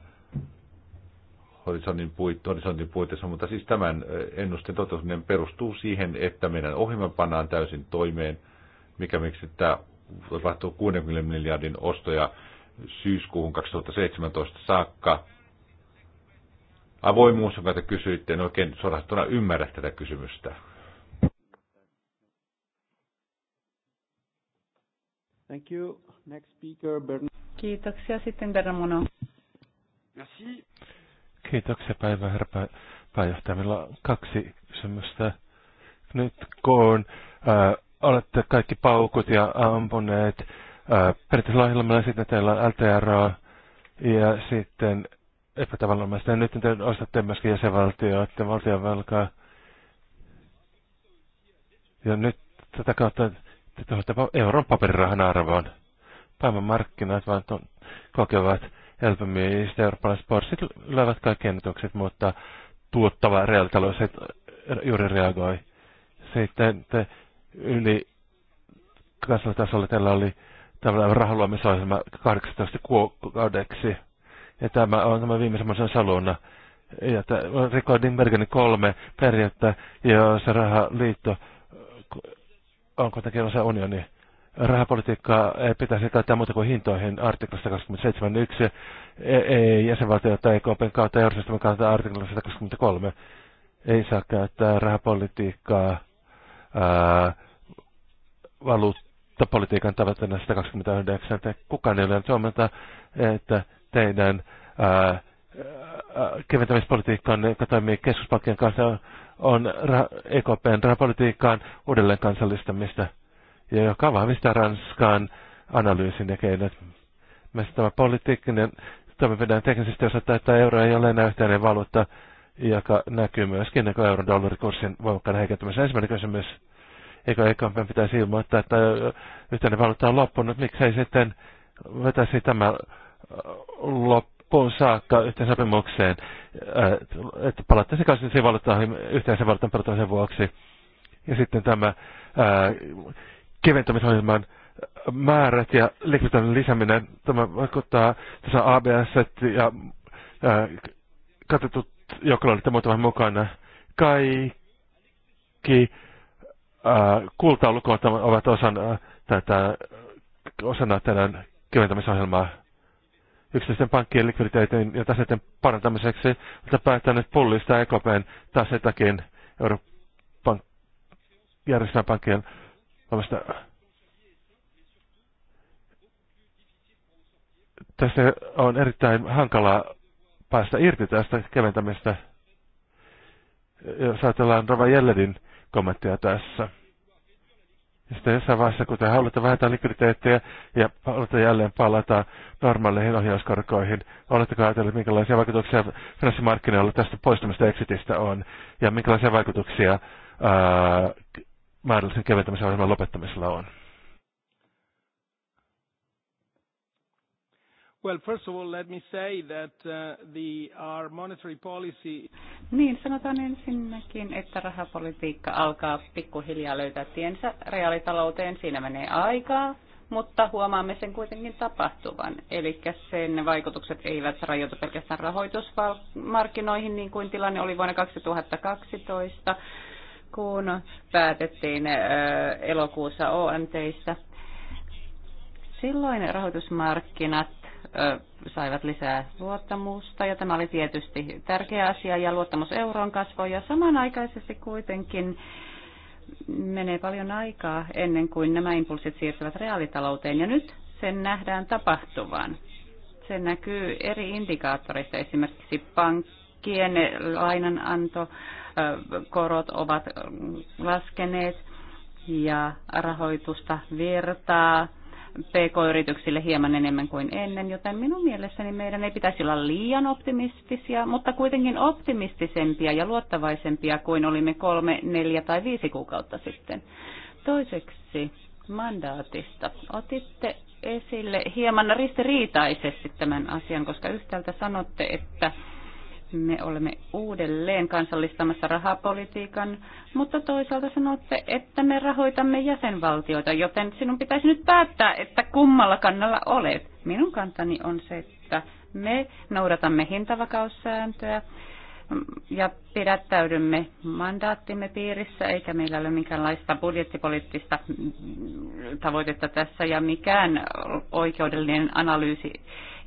horisontin, puit, horisontin puitteissa, mutta siis tämän ennusteen toteutuminen perustuu siihen, että meidän ohjelma pannaan täysin toimeen, mikä miksi tämä tapahtuu 60 miljardin ostoja syyskuuhun 2017 saakka. Avoimuus, jonka te kysyitte, en oikein suorastaan ymmärrä tätä kysymystä. Thank you. Next speaker, Bernard. Kiitoksia sitten Bernamono. Merci. Kiitoksia päivä herra pääjohtaja. Meillä on kaksi kysymystä. Nyt koon äh, olette kaikki paukut ja ampuneet äh, perinteisellä ohjelmalla, sitten teillä on LTR ja sitten epätavallomaista. Ja nyt te ostatte myöskin jäsenvaltioiden valtionvelkaa. Ja nyt tätä kautta te tuotte euron paperirahan arvoon markkinat, vaan to- kokevat sitten Eurooppalaiset porssit lyövät kaikki ennätykset, mutta tuottava reaalitalous juuri reagoi. Sitten te yli kansallisella teillä oli tavallaan rahaluomisohjelma 18 kuukaudeksi. Ja tämä on tämä viimeisen saluna. Ja Recording Bergenin kolme ja se rahaliitto on kuitenkin osa unionia rahapolitiikkaa pitäisi käyttää muuta kuin hintoihin artiklasta 27.1, ei tai EKPn kautta järjestelmän kautta artiklasta 123. Ei saa käyttää rahapolitiikkaa valuuttapolitiikan tavoitteena 129. Te kukaan ei ole huomenta, että teidän ää, keventämispolitiikkaan, joka toimii keskuspankkien kanssa, on EKPn rahapolitiikkaan uudelleen kansallistamista ja joka vahvistaa Ranskan analyysin ja keinot. Mielestäni tämä poliittinen toimenpideen teknisesti osoittaa, että euro ei ole enää yhteinen valuutta, joka näkyy myöskin niin euron dollarikurssin voimakkaana heikentymisen Ensimmäinen kysymys, eikö EKP pitäisi ilmoittaa, että yhteinen valuutta on loppunut, miksei sitten vetäisi tämä loppuun saakka yhteen sopimukseen, äh, että palattaisiin kansalliseen valuuttaan yhteisen valuutan perutamisen vuoksi. Ja sitten tämä äh, keventämisohjelman määrät ja liikuntan lisääminen. Tämä vaikuttaa tässä ABS ja katsotut katetut joukkolainit ja mukana. Kaikki kultaa lukuvat ovat osana tätä, osana tätä keventämisohjelmaa yksityisten pankkien likviditeetin ja taseiden parantamiseksi, mutta päättänyt pullistaa EKPn taseitakin Euroopan järjestelmän pankkien tällaista tässä on erittäin hankalaa päästä irti tästä keventämistä, jos ajatellaan Rava Jelledin kommenttia tässä. Ja sitten jossain vaiheessa, kun te haluatte vähentää likviditeettiä ja haluatte jälleen palata normaaleihin ohjauskorkoihin, oletteko ajatelleet, minkälaisia vaikutuksia finanssimarkkinoilla tästä poistumista exitistä on ja minkälaisia vaikutuksia ää, määrällisen keventämisen ohjelman lopettamisella on? Well, first of all, let me say that uh, the, our monetary policy... Niin, sanotaan ensinnäkin, että rahapolitiikka alkaa pikkuhiljaa löytää tiensä reaalitalouteen. Siinä menee aikaa, mutta huomaamme sen kuitenkin tapahtuvan. Eli sen vaikutukset eivät rajoitu pelkästään rahoitusmarkkinoihin, niin kuin tilanne oli vuonna 2012 kun päätettiin elokuussa OMTissä. Silloin rahoitusmarkkinat saivat lisää luottamusta ja tämä oli tietysti tärkeä asia ja luottamus euroon kasvoi ja samanaikaisesti kuitenkin menee paljon aikaa ennen kuin nämä impulssit siirtyvät reaalitalouteen ja nyt sen nähdään tapahtuvan. Se näkyy eri indikaattoreissa, esimerkiksi pankkien lainananto, korot ovat laskeneet ja rahoitusta virtaa PK-yrityksille hieman enemmän kuin ennen, joten minun mielestäni meidän ei pitäisi olla liian optimistisia, mutta kuitenkin optimistisempia ja luottavaisempia kuin olimme kolme, neljä tai viisi kuukautta sitten. Toiseksi mandaatista. Otitte esille hieman ristiriitaisesti tämän asian, koska yhtäältä sanotte, että me olemme uudelleen kansallistamassa rahapolitiikan, mutta toisaalta sanotte, että me rahoitamme jäsenvaltioita, joten sinun pitäisi nyt päättää, että kummalla kannalla olet. Minun kantani on se, että me noudatamme hintavakaussääntöä ja pidättäydymme mandaattimme piirissä, eikä meillä ole minkäänlaista budjettipoliittista tavoitetta tässä, ja mikään oikeudellinen analyysi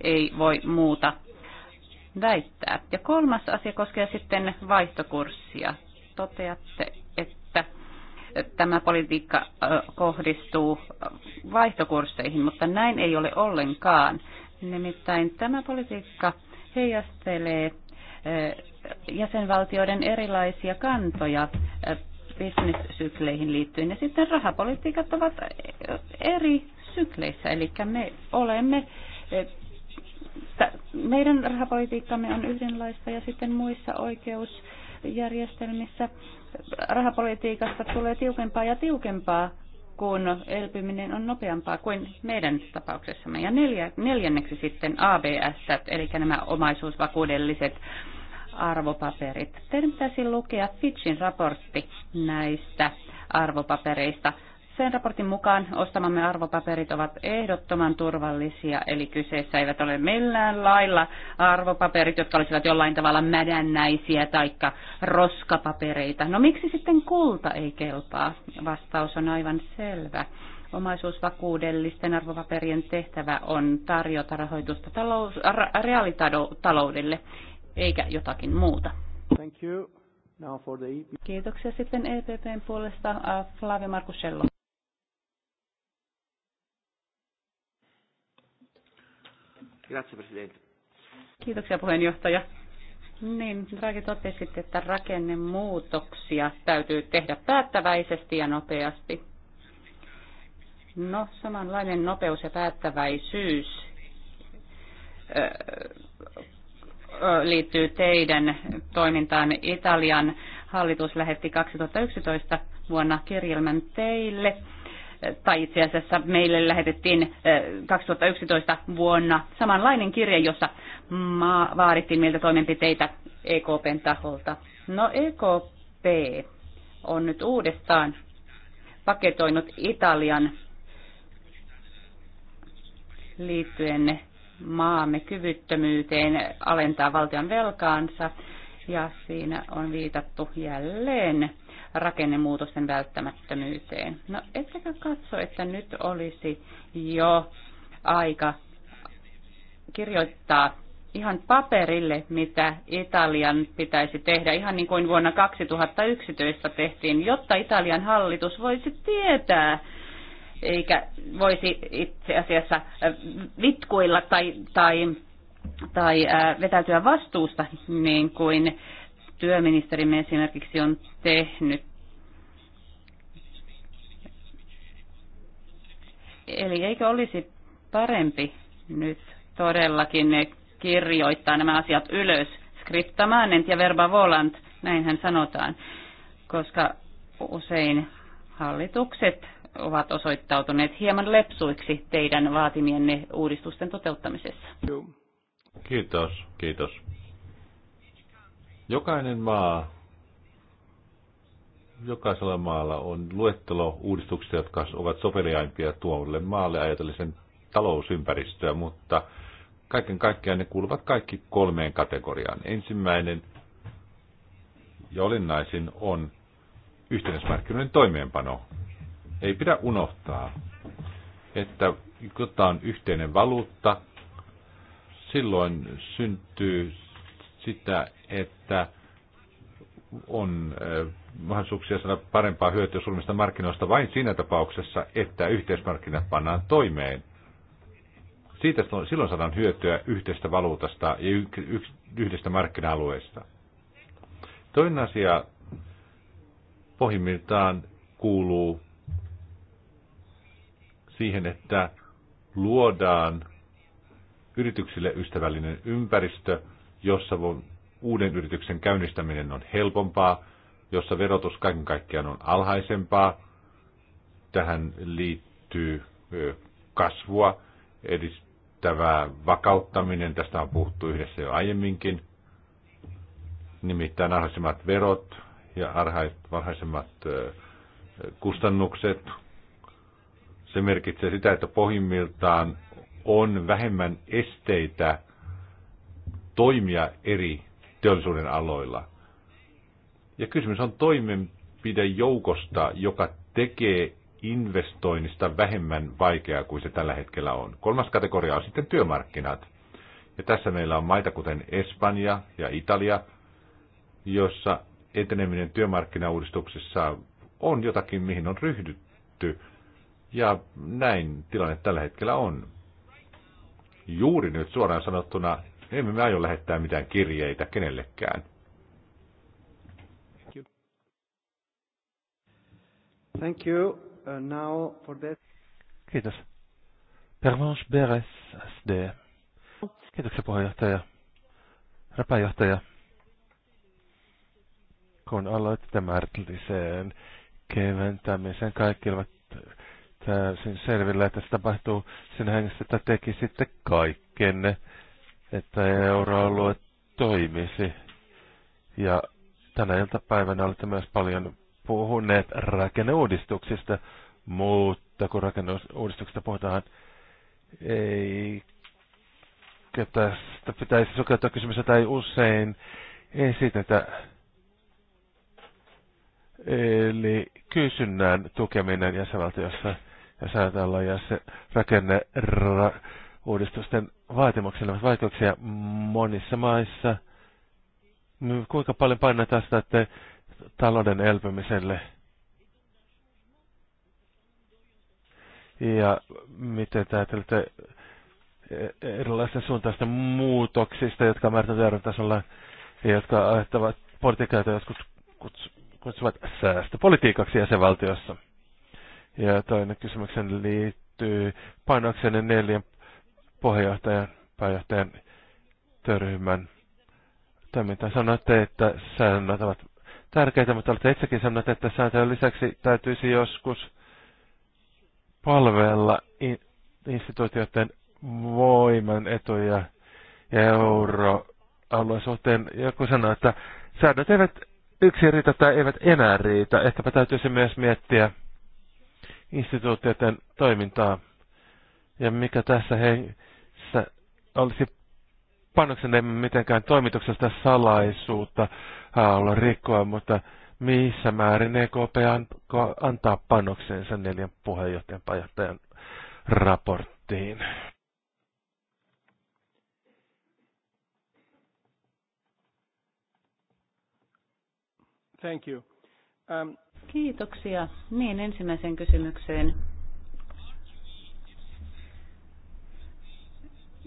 ei voi muuta väittää. Ja kolmas asia koskee sitten vaihtokurssia. Toteatte, että tämä politiikka kohdistuu vaihtokursseihin, mutta näin ei ole ollenkaan. Nimittäin tämä politiikka heijastelee jäsenvaltioiden erilaisia kantoja bisnessykleihin liittyen. Ja sitten rahapolitiikat ovat eri sykleissä, eli me olemme meidän rahapolitiikkamme on yhdenlaista ja sitten muissa oikeusjärjestelmissä rahapolitiikasta tulee tiukempaa ja tiukempaa, kun elpyminen on nopeampaa kuin meidän tapauksessamme. Ja neljä, neljänneksi sitten ABS, eli nämä omaisuusvakuudelliset arvopaperit. Teidän pitäisi lukea Fitchin raportti näistä arvopapereista – sen raportin mukaan ostamamme arvopaperit ovat ehdottoman turvallisia, eli kyseessä eivät ole millään lailla arvopaperit, jotka olisivat jollain tavalla mädännäisiä tai roskapapereita. No miksi sitten kulta ei kelpaa? Vastaus on aivan selvä. Omaisuusvakuudellisten arvopaperien tehtävä on tarjota rahoitusta talous, reaalitaloudelle, eikä jotakin muuta. Thank you. Now for the... E Kiitoksia sitten EPPn puolesta äh, Flavio Markusello. Grazie, Presidente. Kiitoksia puheenjohtaja. Niin, Draghi totesi, että rakennemuutoksia täytyy tehdä päättäväisesti ja nopeasti. No, samanlainen nopeus ja päättäväisyys liittyy teidän toimintaan. Italian hallitus lähetti 2011 vuonna kirjelmän teille tai itse asiassa meille lähetettiin 2011 vuonna samanlainen kirje, jossa vaadittiin meiltä toimenpiteitä EKPn taholta. No EKP on nyt uudestaan paketoinut Italian liittyen maamme kyvyttömyyteen alentaa valtion velkaansa. Ja siinä on viitattu jälleen rakennemuutosten välttämättömyyteen. No ettekö katso, että nyt olisi jo aika kirjoittaa ihan paperille, mitä Italian pitäisi tehdä, ihan niin kuin vuonna 2011 tehtiin, jotta Italian hallitus voisi tietää, eikä voisi itse asiassa äh, vitkuilla tai, tai, tai äh, vetäytyä vastuusta, niin kuin työministerimme esimerkiksi on tehnyt. Eli eikö olisi parempi nyt todellakin kirjoittaa nämä asiat ylös, skriptamaanent ja verba volant, näinhän sanotaan, koska usein hallitukset ovat osoittautuneet hieman lepsuiksi teidän vaatimienne uudistusten toteuttamisessa. Kiitos, kiitos. Jokainen maa, jokaisella maalla on luettelo uudistuksia, jotka ovat soveliaimpia tuolle maalle ajatellisen talousympäristöä, mutta kaiken kaikkiaan ne kuuluvat kaikki kolmeen kategoriaan. Ensimmäinen ja olennaisin on yhtenäismarkkinoiden toimeenpano. Ei pidä unohtaa, että kun on yhteinen valuutta, silloin syntyy sitä, että on äh, mahdollisuuksia saada parempaa hyötyä sulmista markkinoista vain siinä tapauksessa, että yhteismarkkinat pannaan toimeen. Siitä silloin saadaan hyötyä yhteistä valuutasta ja yhdestä markkina-alueesta. Toinen asia pohjimmiltaan kuuluu siihen, että luodaan yrityksille ystävällinen ympäristö – jossa uuden yrityksen käynnistäminen on helpompaa, jossa verotus kaiken kaikkiaan on alhaisempaa. Tähän liittyy kasvua edistävää vakauttaminen. Tästä on puhuttu yhdessä jo aiemminkin. Nimittäin alhaisemmat verot ja varhaisemmat kustannukset. Se merkitsee sitä, että pohjimmiltaan on vähemmän esteitä toimia eri teollisuuden aloilla. Ja kysymys on toimenpidejoukosta, joka tekee investoinnista vähemmän vaikeaa kuin se tällä hetkellä on. Kolmas kategoria on sitten työmarkkinat. Ja tässä meillä on maita kuten Espanja ja Italia, jossa eteneminen työmarkkinauudistuksessa on jotakin, mihin on ryhdytty. Ja näin tilanne tällä hetkellä on. Juuri nyt suoraan sanottuna emme me aio lähettää mitään kirjeitä kenellekään. Thank you. Thank you. Uh, now for that. Kiitos. Pervanche Beres, SD. Kiitoksia puheenjohtaja. Rapäjohtaja. Kun aloititte määritteliseen keventämisen, kaikki ovat täysin selvillä, että se tapahtuu sen hengessä, että sitten kaikkenne että euroalue toimisi. Ja tänä iltapäivänä olette myös paljon puhuneet rakenneuudistuksista, mutta kun rakenneuudistuksista puhutaan, ei tästä pitäisi sukeltaa kysymys, tai usein esitetä. Eli kysynnän tukeminen jäsenvaltiossa ja säätellä ja se rakenne uudistusten vaatimuksilla on vaikeuksia monissa maissa. Mm, kuinka paljon painetaan sitä että talouden elpymiselle? Ja miten ajattelette e, erilaisten suuntaisten muutoksista, jotka määrätään tasolla ja jotka ajattavat politiikkaa, joskus kutsuvat säästöpolitiikaksi jäsenvaltiossa. Ja toinen kysymyksen liittyy painoksenne neljän puheenjohtajan, pääjohtajan työryhmän toimintaan. Sanoitte, että säännöt ovat tärkeitä, mutta olette itsekin sanoneet, että sääntöjen lisäksi täytyisi joskus palvella instituutioiden voiman etuja ja euroalueen suhteen. Joku sanoi, että säännöt eivät yksin riitä tai eivät enää riitä. Ehkäpä täytyisi myös miettiä instituutioiden toimintaa ja mikä tässä hengessä olisi panoksen, ei mitenkään toimituksesta salaisuutta olla rikkoa, mutta missä määrin EKP antaa panoksensa neljän puheenjohtajan pajattajan raporttiin? Thank you. Um, Kiitoksia. Niin, ensimmäiseen kysymykseen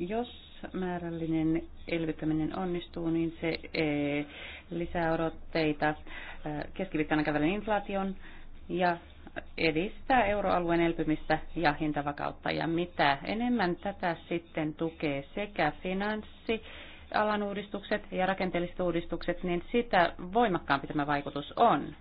Jos määrällinen elvyttäminen onnistuu, niin se e, lisää odotteita e, keskipitkän aikavälin inflaation ja edistää euroalueen elpymistä ja hintavakautta. Ja mitä enemmän tätä sitten tukee sekä finanssi, alan uudistukset ja rakenteelliset uudistukset, niin sitä voimakkaampi tämä vaikutus on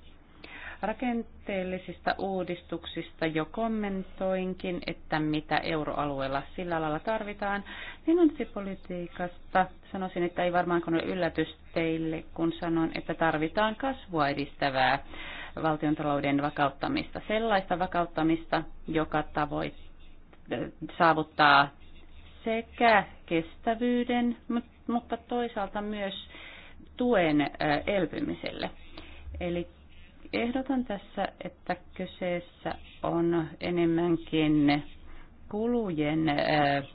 rakenteellisista uudistuksista jo kommentoinkin, että mitä euroalueella sillä lailla tarvitaan. Finanssipolitiikasta sanoisin, että ei varmaankaan ole yllätys teille, kun sanon, että tarvitaan kasvua edistävää valtiontalouden vakauttamista, sellaista vakauttamista, joka tavoit, saavuttaa sekä kestävyyden, mutta toisaalta myös tuen elpymiselle. Eli Ehdotan tässä, että kyseessä on enemmänkin kulujen äh, äh,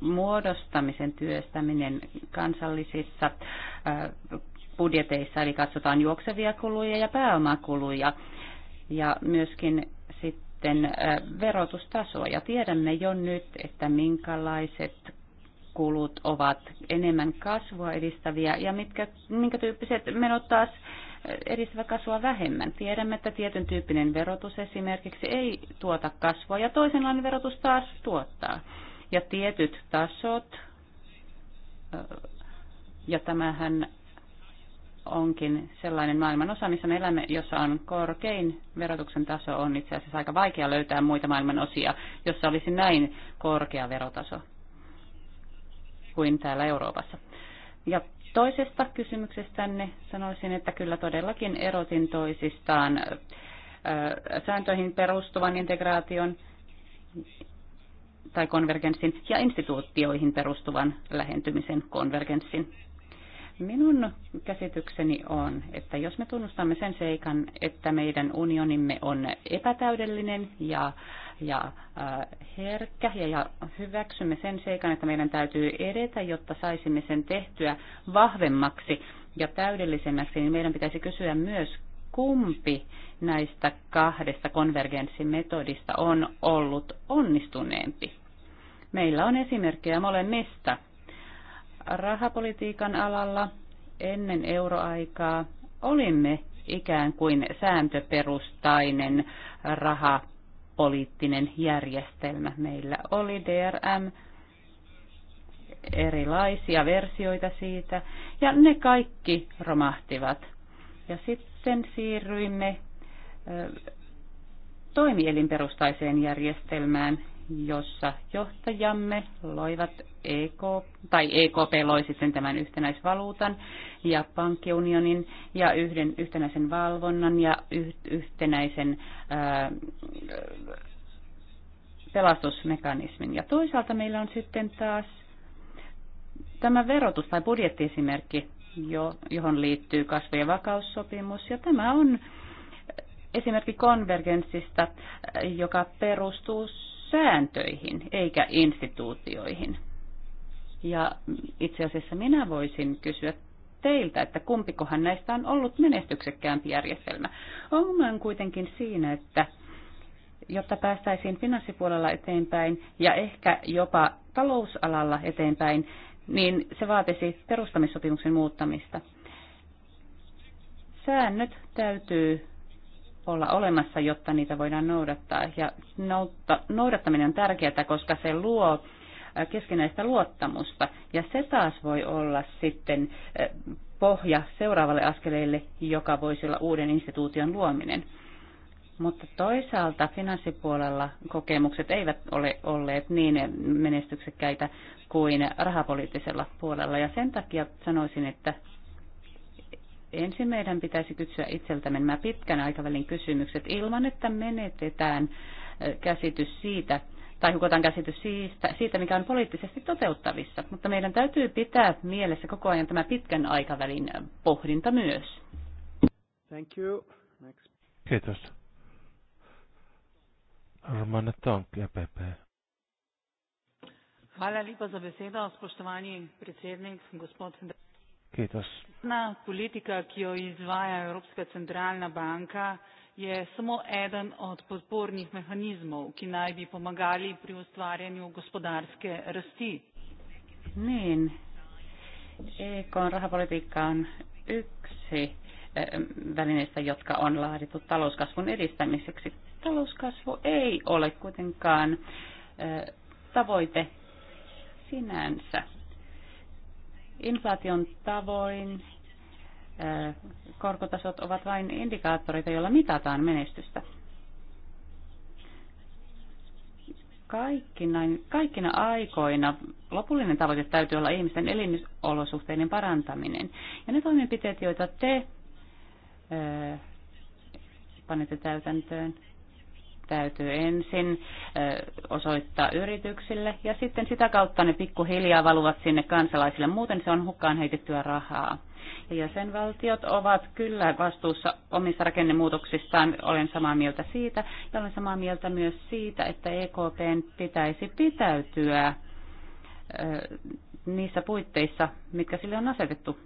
muodostamisen työstäminen kansallisissa äh, budjeteissa, eli katsotaan juoksevia kuluja ja pääomakuluja ja myöskin sitten verotustasoa. Ja tiedämme jo nyt, että minkälaiset kulut ovat enemmän kasvua edistäviä ja mitkä, minkä tyyppiset menot taas edistävät kasvua vähemmän. Tiedämme, että tietyn tyyppinen verotus esimerkiksi ei tuota kasvua ja toisenlainen verotus taas tuottaa. Ja tietyt tasot, ja tämähän onkin sellainen maailman osa, missä me elämme, jossa on korkein verotuksen taso, on itse asiassa aika vaikea löytää muita maailman osia, jossa olisi näin korkea verotaso kuin täällä Euroopassa. Ja Toisesta kysymyksestänne sanoisin, että kyllä todellakin erotin toisistaan sääntöihin perustuvan integraation tai konvergenssin ja instituutioihin perustuvan lähentymisen konvergenssin. Minun käsitykseni on, että jos me tunnustamme sen seikan, että meidän unionimme on epätäydellinen ja äh, ja äh, herkkä ja hyväksymme sen seikan, että meidän täytyy edetä, jotta saisimme sen tehtyä vahvemmaksi ja täydellisemmäksi, niin meidän pitäisi kysyä myös, kumpi näistä kahdesta konvergenssimetodista on ollut onnistuneempi. Meillä on esimerkkejä molemmista. Rahapolitiikan alalla ennen euroaikaa olimme ikään kuin sääntöperustainen raha poliittinen järjestelmä. Meillä oli DRM, erilaisia versioita siitä, ja ne kaikki romahtivat. Ja sitten siirryimme toimielinperustaiseen järjestelmään, jossa johtajamme loivat EK, tai EKP loi sitten tämän yhtenäisvaluutan ja pankkiunionin ja yhden yhtenäisen valvonnan ja yh, yhtenäisen ää, pelastusmekanismin. Ja toisaalta meillä on sitten taas tämä verotus tai budjettiesimerkki, jo, johon liittyy kasvu- ja vakaussopimus. Ja tämä on esimerkki konvergenssista, joka perustuu sääntöihin eikä instituutioihin. Ja itse asiassa minä voisin kysyä teiltä, että kumpikohan näistä on ollut menestyksekkäämpi järjestelmä. On on kuitenkin siinä, että jotta päästäisiin finanssipuolella eteenpäin ja ehkä jopa talousalalla eteenpäin, niin se vaatisi perustamissopimuksen muuttamista. Säännöt täytyy olla olemassa, jotta niitä voidaan noudattaa. Ja noudattaminen on tärkeää, koska se luo äh, keskinäistä luottamusta. Ja se taas voi olla sitten äh, pohja seuraavalle askeleelle, joka voisi olla uuden instituution luominen. Mutta toisaalta finanssipuolella kokemukset eivät ole olleet niin menestyksekkäitä kuin rahapoliittisella puolella. Ja sen takia sanoisin, että Ensin meidän pitäisi kysyä itseltämme nämä pitkän aikavälin kysymykset ilman, että menetetään käsitys siitä, tai hukotaan käsitys siitä, siitä, mikä on poliittisesti toteuttavissa. Mutta meidän täytyy pitää mielessä koko ajan tämä pitkän aikavälin pohdinta myös. Thank you. Next. Kiitos. Romana Tonk, EPP. Hvala lepa za besedo, spoštovani predsednik, gospod Kiitos. Politika, ki jo izvaja Evropska centralna banka, je samo eden od podpornih mehanizmov, ki naj bi pomagali pri ustvarjanju gospodarske rasti. Niin. EKn rahapolitiikka on yksi e, välineistä, jotka on laadittu talouskasvun edistämiseksi. Talouskasvu ei ole kuitenkaan e, tavoite sinänsä inflaation tavoin korkotasot ovat vain indikaattoreita, joilla mitataan menestystä. Kaikkina, kaikkina aikoina lopullinen tavoite täytyy olla ihmisten elinolosuhteiden parantaminen. Ja ne toimenpiteet, joita te panette täytäntöön, täytyy ensin osoittaa yrityksille ja sitten sitä kautta ne pikkuhiljaa valuvat sinne kansalaisille. Muuten se on hukkaan heitettyä rahaa. Ja jäsenvaltiot ovat kyllä vastuussa omissa rakennemuutoksistaan, olen samaa mieltä siitä, ja olen samaa mieltä myös siitä, että EKPn pitäisi pitäytyä niissä puitteissa, mitkä sille on asetettu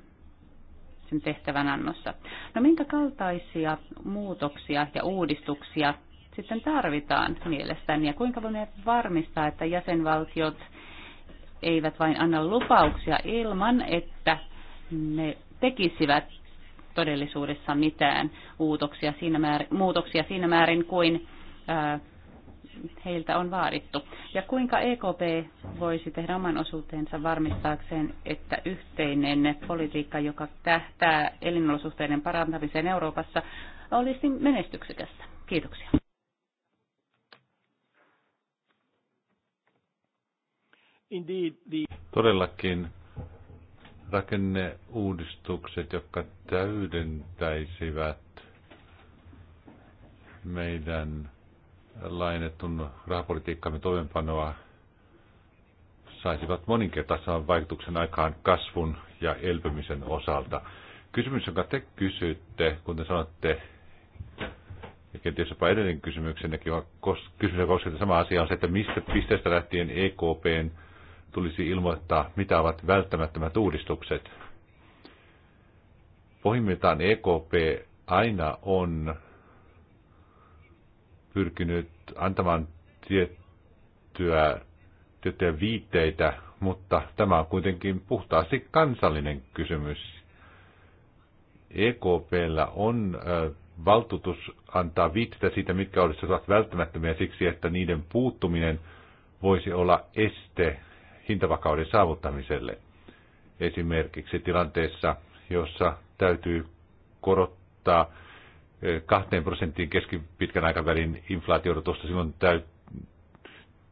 sen tehtävän annossa. No minkä kaltaisia muutoksia ja uudistuksia sitten tarvitaan mielestäni ja kuinka voimme varmistaa, että jäsenvaltiot eivät vain anna lupauksia ilman, että ne tekisivät todellisuudessa mitään muutoksia siinä määrin, muutoksia siinä määrin kuin ää, heiltä on vaadittu. Ja kuinka EKP voisi tehdä oman osuutensa varmistaakseen, että yhteinen politiikka, joka tähtää elinolosuhteiden parantamiseen Euroopassa, olisi menestyksekästä. Kiitoksia. Todellakin rakenneuudistukset, jotka täydentäisivät meidän lainetun rahapolitiikkamme toimenpanoa, saisivat moninkertaisen vaikutuksen aikaan kasvun ja elpymisen osalta. Kysymys, jonka te kysytte, kun te sanotte, ja kenties jopa edellinen kysymyksenäkin, kysymys, joka koskee samaa asiaa, on se, että mistä pisteestä lähtien EKPn tulisi ilmoittaa, mitä ovat välttämättömät uudistukset. Pohjimmiltaan EKP aina on pyrkinyt antamaan tiettyä, tiettyjä viitteitä, mutta tämä on kuitenkin puhtaasti kansallinen kysymys. EKPllä on valtuutus antaa viitteitä siitä, mitkä olisivat välttämättömiä siksi, että niiden puuttuminen voisi olla este hintavakauden saavuttamiselle. Esimerkiksi tilanteessa, jossa täytyy korottaa eh, kahteen prosenttiin keskipitkän aikavälin inflaatiodotusta, silloin täytyy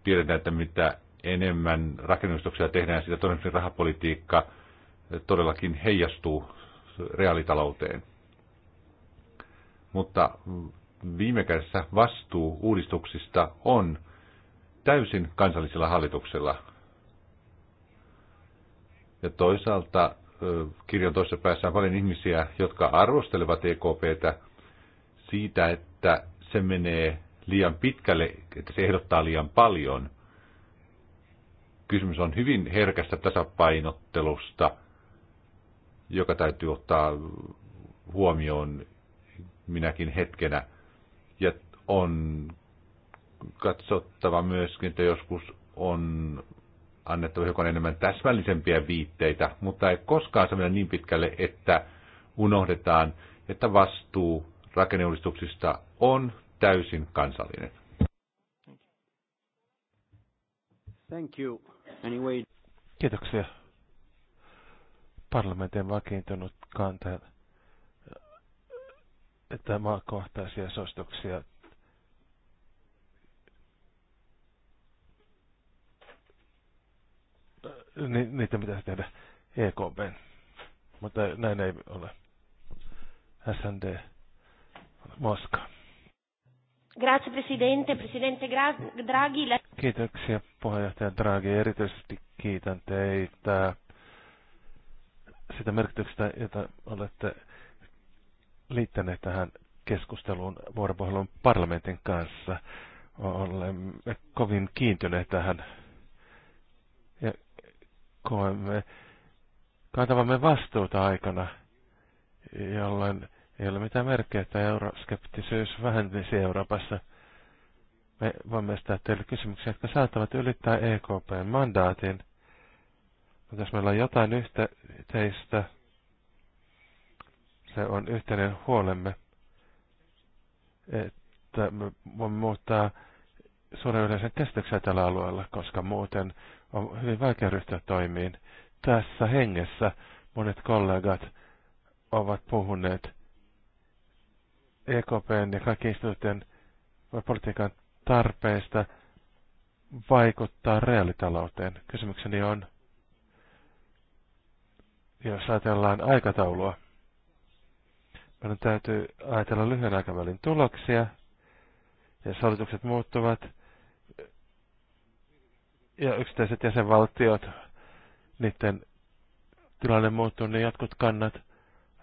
tiedetään, että mitä enemmän rakennustuksia tehdään, sitä todennäköisesti rahapolitiikka eh, todellakin heijastuu reaalitalouteen. Mutta viime kädessä vastuu uudistuksista on täysin kansallisella hallituksella. Ja toisaalta kirjan toisessa päässä on paljon ihmisiä, jotka arvostelevat EKPtä siitä, että se menee liian pitkälle, että se ehdottaa liian paljon. Kysymys on hyvin herkästä tasapainottelusta, joka täytyy ottaa huomioon minäkin hetkenä. Ja on katsottava myöskin, että joskus on annettu hiukan enemmän täsmällisempiä viitteitä, mutta ei koskaan se niin pitkälle, että unohdetaan, että vastuu rakenneuudistuksista on täysin kansallinen. Thank you. Anyway. Kiitoksia. Parlamentin vakiintunut kanta, että maakohtaisia sostuksia ni, niitä pitäisi tehdä EKB. Mutta näin ei ole. SND Moska. Grazie Presidente, Presidente Gra- Draghi. Kiitoksia puheenjohtaja Draghi. Erityisesti kiitän teitä sitä merkityksestä, jota olette liittäneet tähän keskusteluun vuoropuhelun parlamentin kanssa. Olemme kovin kiintyneet tähän koemme kantavamme vastuuta aikana, jolloin ei ole mitään merkkejä, että euroskeptisyys vähentyisi Euroopassa. Me voimme estää teille kysymyksiä, jotka saattavat ylittää EKPn mandaatin. Mutta jos meillä on jotain yhteistä, se on yhteinen huolemme, että me voimme muuttaa suuren yleisen käsityksen tällä alueella, koska muuten on hyvin vaikea ryhtyä toimiin. Tässä hengessä monet kollegat ovat puhuneet EKPn ja kaikkien instituutien politiikan tarpeesta vaikuttaa reaalitalouteen. Kysymykseni on, jos ajatellaan aikataulua, meidän täytyy ajatella lyhyen aikavälin tuloksia, ja hallitukset muuttuvat, ja yksittäiset jäsenvaltiot, niiden tilanne muuttuu, niin jotkut kannat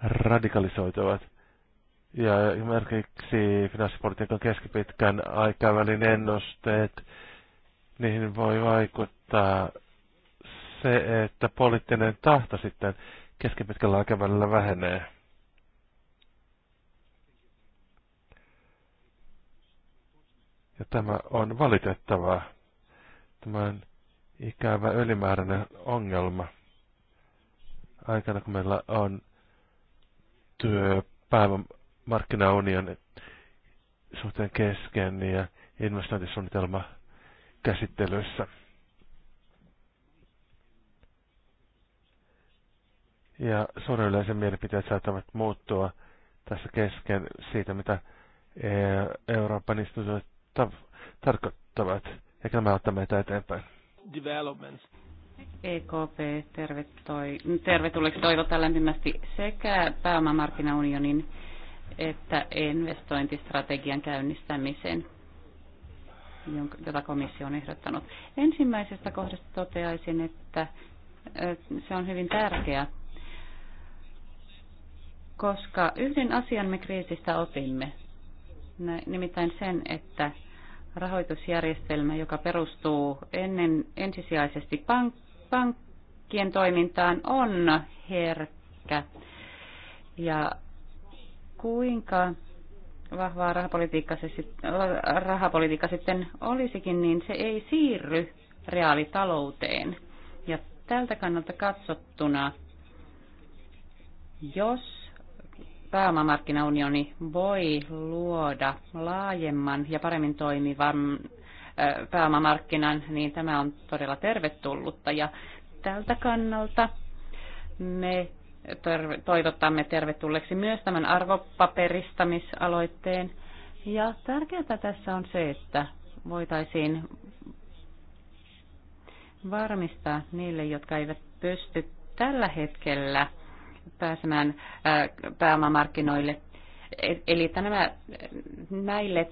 radikalisoituvat. Ja esimerkiksi finanssipolitiikan keskipitkän aikavälin ennusteet, niihin voi vaikuttaa se, että poliittinen tahto sitten keskipitkällä aikavälillä vähenee. Ja tämä on valitettavaa tämmöinen ikävä ylimääräinen ongelma aikana, kun meillä on työpäivän markkinaunion suhteen kesken ja investointisuunnitelma käsittelyssä. Ja suurin yleisen mielipiteet saattavat muuttua tässä kesken siitä, mitä e- Euroopan instituutiot tarkoittavat. Eikä me ottaa meitä eteenpäin. EKP e tervetoi, tervetulleeksi toivottaa lämpimästi sekä pääomamarkkinaunionin että investointistrategian käynnistämisen, jota komissio on ehdottanut. Ensimmäisestä kohdasta toteaisin, että se on hyvin tärkeä, koska yhden asian me kriisistä opimme, nimittäin sen, että rahoitusjärjestelmä, joka perustuu ennen, ensisijaisesti pank, pankkien toimintaan, on herkkä. Ja kuinka vahvaa rahapolitiikka, se sit, rahapolitiikka sitten olisikin, niin se ei siirry reaalitalouteen. Ja tältä kannalta katsottuna, jos pääomamarkkinaunioni voi luoda laajemman ja paremmin toimivan pääomamarkkinan, niin tämä on todella tervetullutta. Ja tältä kannalta me toivotamme tervetulleeksi myös tämän arvopaperistamisaloitteen. Ja tärkeää tässä on se, että voitaisiin varmistaa niille, jotka eivät pysty tällä hetkellä – pääsemään pääomamarkkinoille. E, eli nämä, näille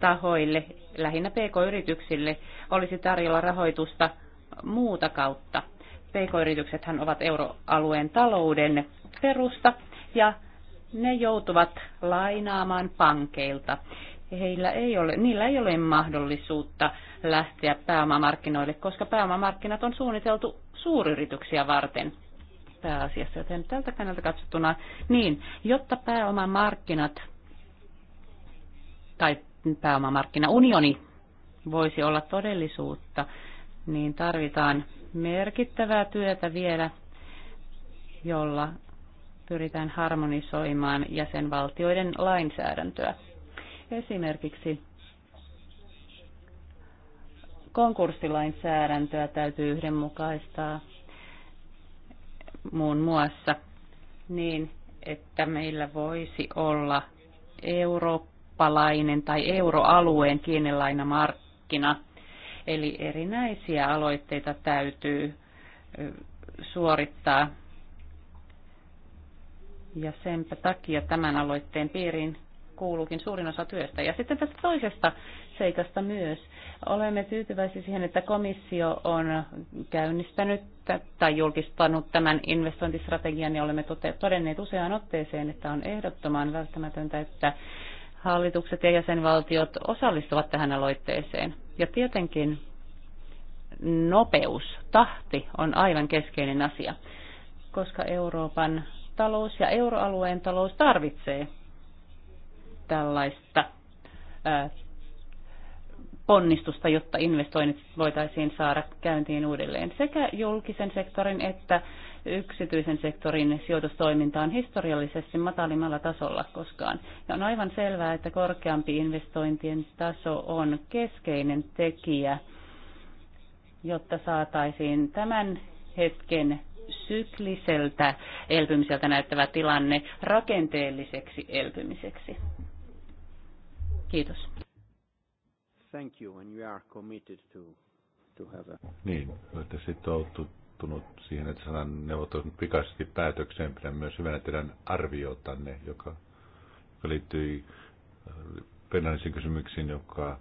tahoille, lähinnä pk-yrityksille, olisi tarjolla rahoitusta muuta kautta. Pk-yrityksethän ovat euroalueen talouden perusta ja ne joutuvat lainaamaan pankeilta. Heillä ei ole, niillä ei ole mahdollisuutta lähteä pääomamarkkinoille, koska pääomamarkkinat on suunniteltu suuryrityksiä varten – pääasiassa. Joten tältä kannalta katsottuna, niin, jotta pääomamarkkinat tai pääomamarkkinaunioni voisi olla todellisuutta, niin tarvitaan merkittävää työtä vielä, jolla pyritään harmonisoimaan jäsenvaltioiden lainsäädäntöä. Esimerkiksi konkurssilainsäädäntöä täytyy yhdenmukaistaa muun muassa niin, että meillä voisi olla eurooppalainen tai euroalueen kiinelainamarkkina. Eli erinäisiä aloitteita täytyy suorittaa. Ja senpä takia tämän aloitteen piiriin kuuluukin suurin osa työstä. Ja sitten tästä toisesta seikasta myös, Olemme tyytyväisiä siihen, että komissio on käynnistänyt tai julkistanut tämän investointistrategian ja olemme todenneet useaan otteeseen, että on ehdottoman välttämätöntä, että hallitukset ja jäsenvaltiot osallistuvat tähän aloitteeseen. Ja tietenkin nopeus, tahti on aivan keskeinen asia, koska Euroopan talous ja euroalueen talous tarvitsee tällaista ponnistusta, jotta investoinnit voitaisiin saada käyntiin uudelleen. Sekä julkisen sektorin että yksityisen sektorin sijoitustoiminta on historiallisesti matalimmalla tasolla koskaan. Ja on aivan selvää, että korkeampi investointien taso on keskeinen tekijä, jotta saataisiin tämän hetken sykliseltä elpymiseltä näyttävä tilanne rakenteelliseksi elpymiseksi. Kiitos thank you and you are committed to, to have a... Niin, olette sitoutunut siihen, että saadaan neuvottelut pikaisesti päätökseen. Pidän myös hyvänä teidän arviotanne, joka, joka liittyy penaalisiin äh, kysymyksiin, joka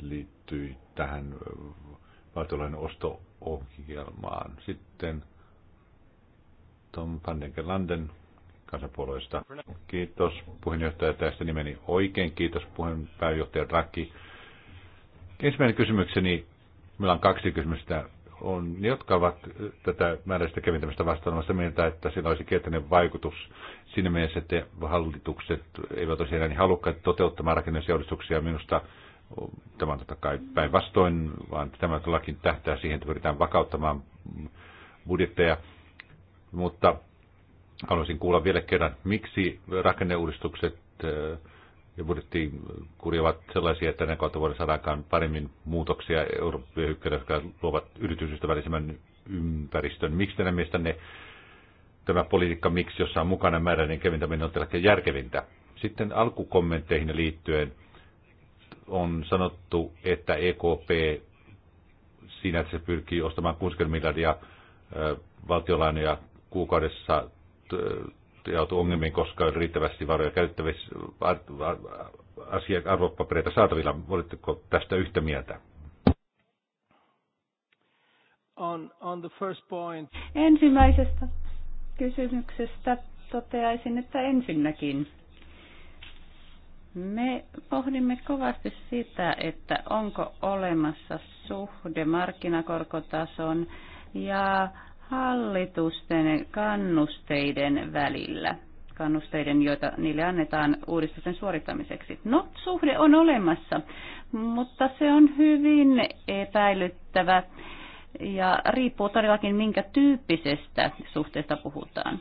liittyy tähän äh, valtiolainen osto-ohjelmaan. Sitten Tom van den kansanpuolueista. Kiitos puheenjohtaja tästä nimeni oikein. Kiitos puheenjohtaja Rakki. Ensimmäinen kysymykseni, meillä on kaksi kysymystä, on ne, jotka ovat tätä määräistä keventämistä vastaamassa mieltä, että sillä olisi kielteinen vaikutus siinä mielessä, että hallitukset eivät olisi enää niin halukkaita toteuttamaan rakenteellisia Minusta tämä on totta kai päinvastoin, vaan tämä todellakin tähtää siihen, että pyritään vakauttamaan budjetteja. Mutta Haluaisin kuulla vielä kerran, miksi rakenneuudistukset äh, ja budjettikuri ovat sellaisia, että ne kautta voidaan saada aikaan paremmin muutoksia Euroopan hyökkäyksiä, jotka luovat yritysystävällisemmän ympäristön. Miksi teidän mielestänne tämä politiikka, miksi jossa on mukana niin keventäminen on tällä järkevintä? Sitten alkukommentteihin liittyen on sanottu, että EKP siinä, että se pyrkii ostamaan 60 miljardia äh, valtiolainoja kuukaudessa joutuu äh, ongelmiin, koska on riittävästi varoja käyttävissä asia, arvopapereita saatavilla. Oletteko tästä yhtä mieltä? On, on the first point. Ensimmäisestä kysymyksestä toteaisin, että ensinnäkin me pohdimme kovasti sitä, että onko olemassa suhde markkinakorkotason ja hallitusten kannusteiden välillä, kannusteiden, joita niille annetaan uudistusten suorittamiseksi. No, suhde on olemassa, mutta se on hyvin epäilyttävä ja riippuu todellakin minkä tyyppisestä suhteesta puhutaan.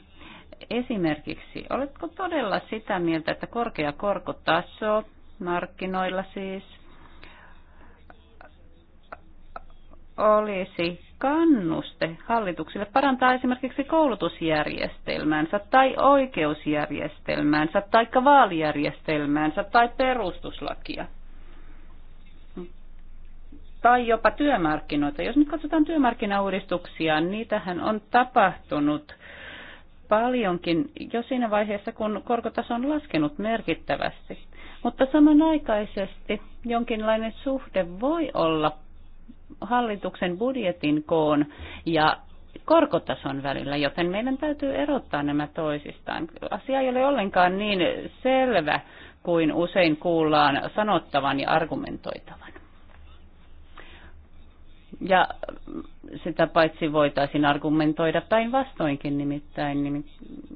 Esimerkiksi, oletko todella sitä mieltä, että korkea korkotaso markkinoilla siis olisi kannuste hallituksille parantaa esimerkiksi koulutusjärjestelmäänsä tai oikeusjärjestelmäänsä tai vaalijärjestelmäänsä tai perustuslakia tai jopa työmarkkinoita. Jos nyt katsotaan työmarkkinauudistuksia, niitähän on tapahtunut paljonkin jo siinä vaiheessa, kun korkotaso on laskenut merkittävästi. Mutta samanaikaisesti jonkinlainen suhde voi olla hallituksen budjetin koon ja korkotason välillä, joten meidän täytyy erottaa nämä toisistaan. Asia ei ole ollenkaan niin selvä kuin usein kuullaan sanottavan ja argumentoitavan. Ja sitä paitsi voitaisiin argumentoida päinvastoinkin nimittäin,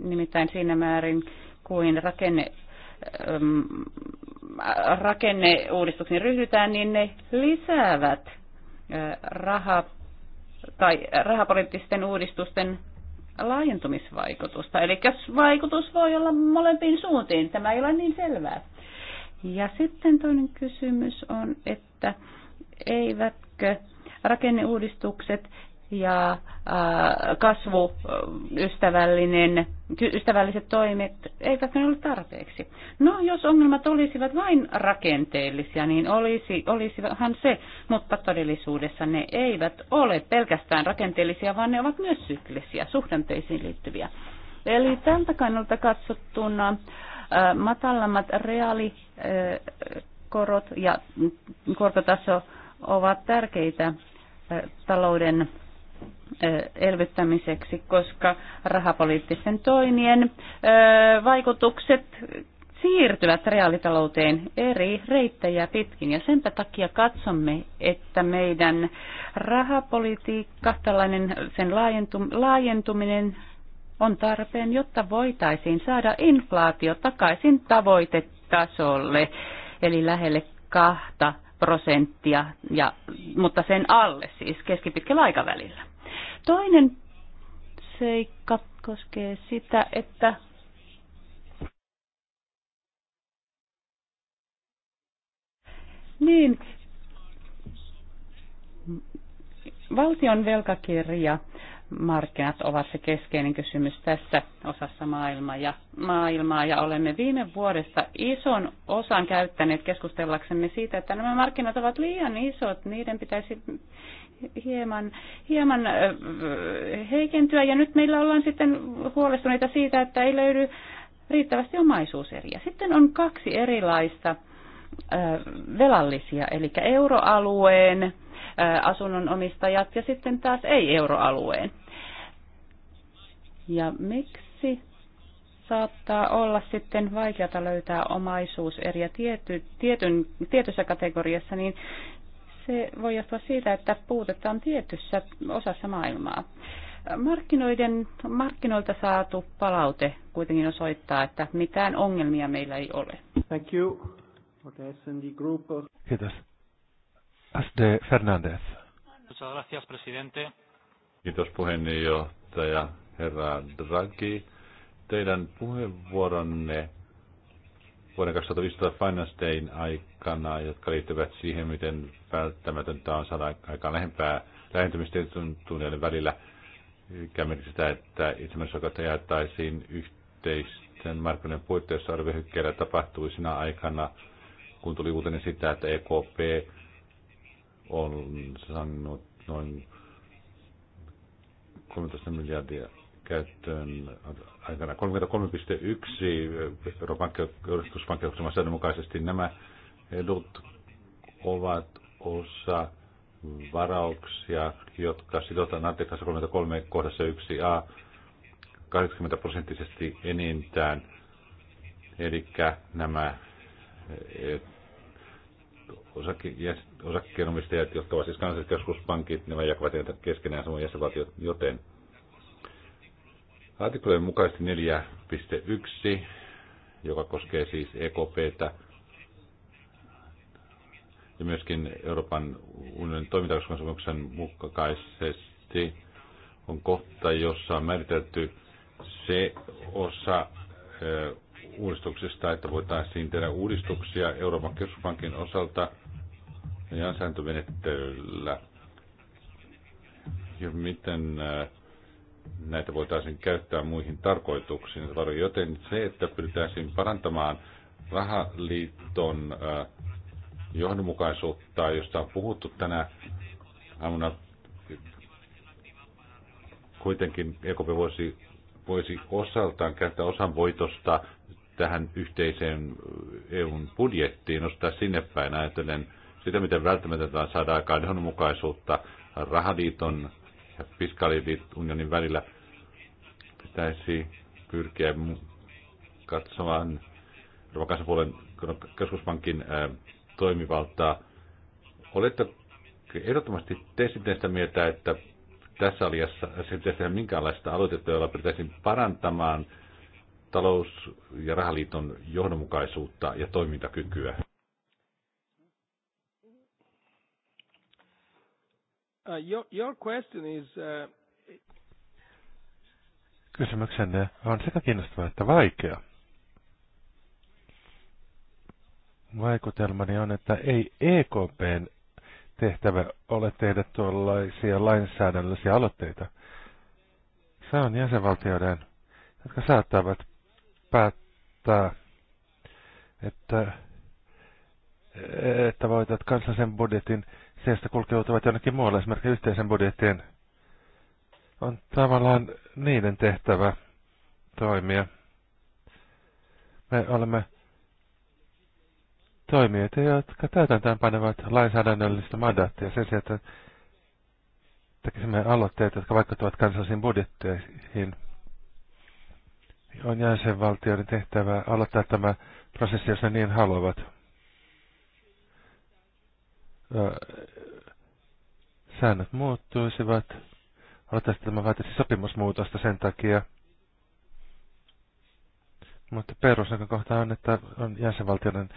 nimittäin siinä määrin kuin rakenne rakenneuudistuksiin ryhdytään, niin ne lisäävät raha, tai rahapoliittisten uudistusten laajentumisvaikutusta. Eli vaikutus voi olla molempiin suuntiin, tämä ei ole niin selvää. Ja sitten toinen kysymys on, että eivätkö rakenneuudistukset ja kasvuystävällinen, ystävälliset toimet eivät ne ole tarpeeksi. No, jos ongelmat olisivat vain rakenteellisia, niin olisi, olisivathan se, mutta todellisuudessa ne eivät ole pelkästään rakenteellisia, vaan ne ovat myös syklisiä, suhdanteisiin liittyviä. Eli tältä kannalta katsottuna matalammat reaalikorot ja korkotaso ovat tärkeitä talouden elvyttämiseksi, koska rahapoliittisten toimien vaikutukset siirtyvät reaalitalouteen eri reittejä pitkin. Ja senpä takia katsomme, että meidän rahapolitiikka, tällainen sen laajentuminen on tarpeen, jotta voitaisiin saada inflaatio takaisin tavoitetasolle, eli lähelle kahta prosenttia, ja, mutta sen alle siis keskipitkällä aikavälillä. Toinen seikka koskee sitä, että niin, valtion velkakirja markkinat ovat se keskeinen kysymys tässä osassa maailmaa ja, maailmaa ja olemme viime vuodesta ison osan käyttäneet keskustellaksemme siitä, että nämä markkinat ovat liian isot, niiden pitäisi hieman, hieman heikentyä ja nyt meillä ollaan sitten huolestuneita siitä, että ei löydy riittävästi omaisuuseriä. Sitten on kaksi erilaista velallisia, eli euroalueen asunnon omistajat ja sitten taas ei euroalueen. Ja miksi saattaa olla sitten vaikeata löytää omaisuuseriä tiety, tietyn, tietyssä kategoriassa, niin se voi johtua siitä, että puutetta on tietyssä osassa maailmaa. Markkinoiden, markkinoilta saatu palaute kuitenkin osoittaa, että mitään ongelmia meillä ei ole. Thank you. Kiitos. SD Fernández. Muchas presidente. Kiitos puheenjohtaja herra Draghi. Teidän puheenvuoronne vuoden 2015 Finance Dayn aikana, jotka liittyvät siihen, miten välttämätöntä on saada aikaan lähempää lähentymistä tuntuneiden välillä, kävi sitä, että itsemäisoikeutta jaettaisiin yhteisten markkinoiden puitteissa arviohykkeellä tapahtui sinä aikana, kun tuli uutinen sitä, että EKP on saanut noin 13 miljardia käyttöön aikana 33,1 Euroopan keskuspankkeuksema säännön mukaisesti. Nämä edut ovat osa varauksia, jotka sidotaan artiklassa 33 kohdassa 1a 80 prosenttisesti enintään. Eli nämä osake- osakkeenomistajat, jotka ovat siis kansalliset keskuspankit, ne jakavat keskenään samoin jäsenvaltiot, joten artiklojen mukaisesti 4.1, joka koskee siis EKPtä, ja myöskin Euroopan unionin toimintakoskemusopimuksen mukaisesti on kohta, jossa on määritelty se osa uudistuksista, että voitaisiin tehdä uudistuksia Euroopan keskuspankin osalta – ja sääntömenettelyllä ja miten äh, näitä voitaisiin käyttää muihin tarkoituksiin. Joten se, että pyritäisiin parantamaan rahaliiton äh, johdonmukaisuutta, josta on puhuttu tänä aamuna, kuitenkin EKP voisi, voisi osaltaan käyttää osan voitosta tähän yhteiseen äh, EUn budjettiin, nostaa sinne päin ajatellen – sitä, miten välttämätöntä on saada aikaan johdonmukaisuutta rahaliiton ja fiskaaliunionin välillä, pitäisi pyrkiä katsomaan Euroopan kansanpuolen keskuspankin toimivaltaa. Olette ehdottomasti te sitten sitä mieltä, että tässä aliassa ei pitäisi tehdä minkäänlaista aloitetta, jolla pitäisi parantamaan talous- ja rahaliiton johdonmukaisuutta ja toimintakykyä. Uh, your, question is, uh, Kysymyksenne on sekä kiinnostava että vaikea. Vaikutelmani on, että ei EKPn tehtävä ole tehdä tuollaisia lainsäädännöllisiä aloitteita. Se on jäsenvaltioiden, jotka saattavat päättää, että, että voitat kansallisen budjetin budjetteista kulkeutuvat jonnekin muualle, esimerkiksi yhteisen budjettien, on tavallaan niiden tehtävä toimia. Me olemme toimijoita, jotka täytäntöön panevat lainsäädännöllistä mandaattia sen sijaan, että tekisimme aloitteet, jotka vaikuttavat kansallisiin budjetteihin. On jäsenvaltioiden tehtävä aloittaa tämä prosessi, jos ne niin haluavat säännöt muuttuisivat. Olettaisiin tämä vaatisi sopimusmuutosta sen takia. Mutta perusnäkökohta on, että on jäsenvaltioiden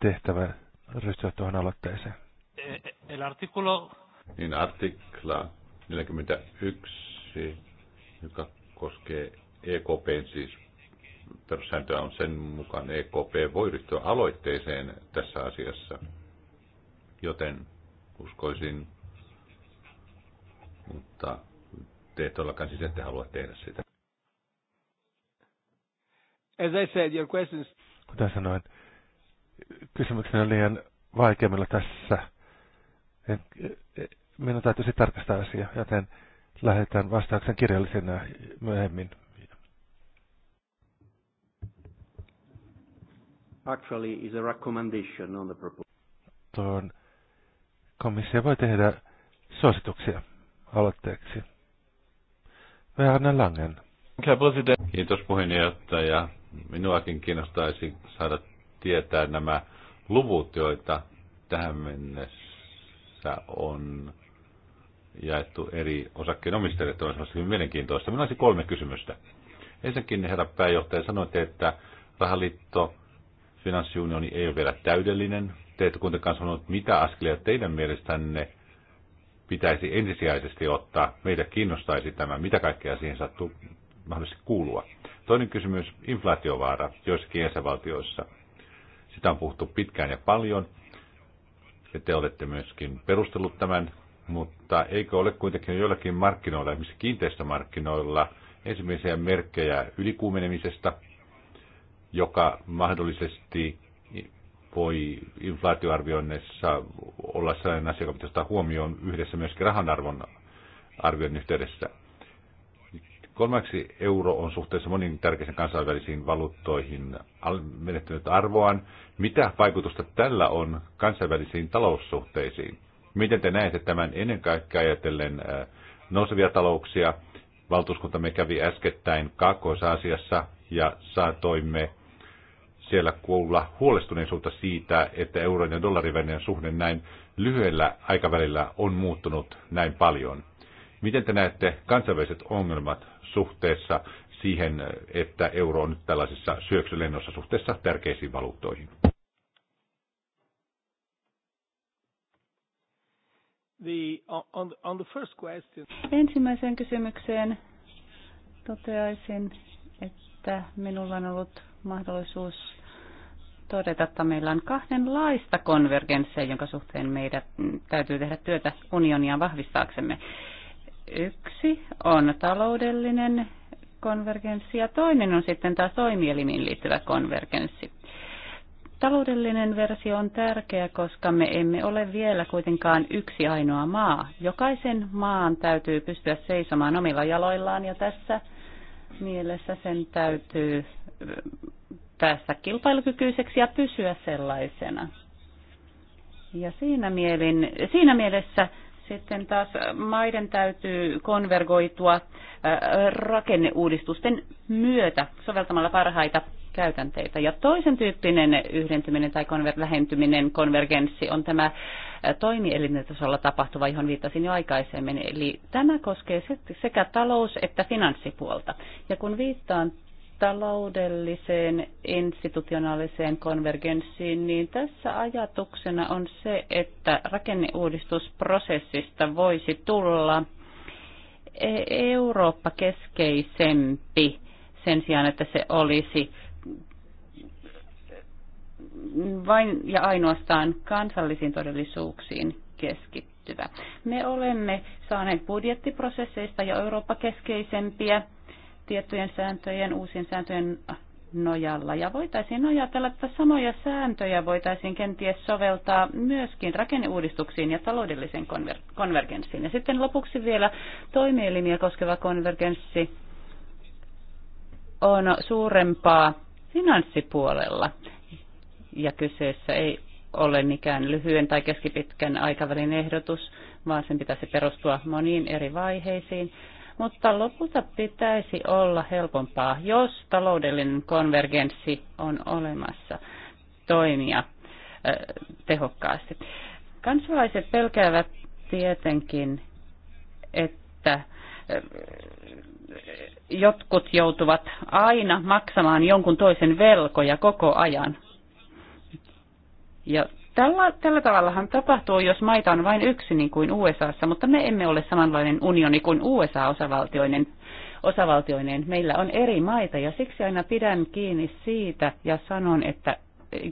tehtävä ryhtyä tuohon aloitteeseen. E, e, el artikulo... Niin artikla 41, joka koskee EKPn siis perussääntöä on sen mukaan EKP voi ryhtyä aloitteeseen tässä asiassa, joten uskoisin, mutta te todellakaan siis ette halua tehdä sitä. As I said, your questions... Kuten sanoin, kysymykseni on liian vaikeimmilla tässä. minun täytyisi tarkastaa asia, joten lähetän vastauksen kirjallisena myöhemmin. Actually is a recommendation on the proposal. Tuon komissio voi tehdä suosituksia aloitteeksi. Verne Langen. Kiitos puheenjohtaja. Minuakin kiinnostaisi saada tietää nämä luvut, joita tähän mennessä on jaettu eri omistajille. Tämä on hyvin mielenkiintoista. Minulla olisi kolme kysymystä. Ensinnäkin herra pääjohtaja sanoitte, että rahaliitto finanssiunioni ei ole vielä täydellinen. Te ette kuitenkaan sanonut, mitä askelia teidän mielestänne pitäisi ensisijaisesti ottaa. Meitä kiinnostaisi tämä, mitä kaikkea siihen sattuu mahdollisesti kuulua. Toinen kysymys, inflaatiovaara joissakin jäsenvaltioissa. Sitä on puhuttu pitkään ja paljon, ja te olette myöskin perustellut tämän, mutta eikö ole kuitenkin joillakin markkinoilla, esimerkiksi kiinteistömarkkinoilla, ensimmäisiä merkkejä ylikuumenemisesta, joka mahdollisesti voi inflaatioarvioinnissa olla sellainen asia, joka pitäisi ottaa huomioon yhdessä myöskin rahanarvon arvioinnin yhteydessä. Kolmeksi euro on suhteessa moniin tärkeisiin kansainvälisiin valuuttoihin menettänyt arvoaan. Mitä vaikutusta tällä on kansainvälisiin taloussuhteisiin? Miten te näette tämän ennen kaikkea ajatellen äh, nousevia talouksia? Valtuuskuntamme kävi äskettäin Kaakkois-Aasiassa ja saatoimme siellä kuulla huolestuneisuutta siitä, että euron ja dollarin välinen suhde näin lyhyellä aikavälillä on muuttunut näin paljon. Miten te näette kansainväliset ongelmat suhteessa siihen, että euro on nyt tällaisessa syöksylennossa suhteessa tärkeisiin valuuttoihin? The, uh, on, on the first question. Ensimmäiseen kysymykseen toteaisin, että minulla on ollut mahdollisuus todeta, että meillä on kahdenlaista konvergenssia, jonka suhteen meidän täytyy tehdä työtä unionia vahvistaaksemme. Yksi on taloudellinen konvergenssi ja toinen on sitten taas toimielimiin liittyvä konvergenssi. Taloudellinen versio on tärkeä, koska me emme ole vielä kuitenkaan yksi ainoa maa. Jokaisen maan täytyy pystyä seisomaan omilla jaloillaan ja tässä mielessä sen täytyy päästä kilpailukykyiseksi ja pysyä sellaisena. Ja siinä, mielin, siinä mielessä sitten taas maiden täytyy konvergoitua äh, rakenneuudistusten myötä soveltamalla parhaita käytänteitä. Ja toisen tyyppinen yhdentyminen tai konver- lähentyminen, konvergenssi, on tämä äh, toimielinen tapahtuva, johon viittasin jo aikaisemmin. Eli tämä koskee sekä talous- että finanssipuolta. Ja kun viittaan taloudelliseen institutionaaliseen konvergenssiin, niin tässä ajatuksena on se, että rakenneuudistusprosessista voisi tulla e- Eurooppa-keskeisempi sen sijaan, että se olisi vain ja ainoastaan kansallisiin todellisuuksiin keskittyvä. Me olemme saaneet budjettiprosesseista ja Eurooppa-keskeisempiä tiettyjen sääntöjen, uusien sääntöjen nojalla. Ja voitaisiin ajatella, että samoja sääntöjä voitaisiin kenties soveltaa myöskin rakenneuudistuksiin ja taloudelliseen konver- konvergenssiin. Ja sitten lopuksi vielä toimielimiä koskeva konvergenssi on suurempaa finanssipuolella. Ja kyseessä ei ole mikään lyhyen tai keskipitkän aikavälin ehdotus, vaan sen pitäisi perustua moniin eri vaiheisiin mutta lopulta pitäisi olla helpompaa, jos taloudellinen konvergenssi on olemassa toimia tehokkaasti. Kansalaiset pelkäävät tietenkin, että jotkut joutuvat aina maksamaan jonkun toisen velkoja koko ajan. Ja Tällä, tällä tavallahan tapahtuu, jos maita on vain yksi niin kuin USAssa, mutta me emme ole samanlainen unioni kuin USA osavaltioinen. osavaltioinen. Meillä on eri maita ja siksi aina pidän kiinni siitä ja sanon, että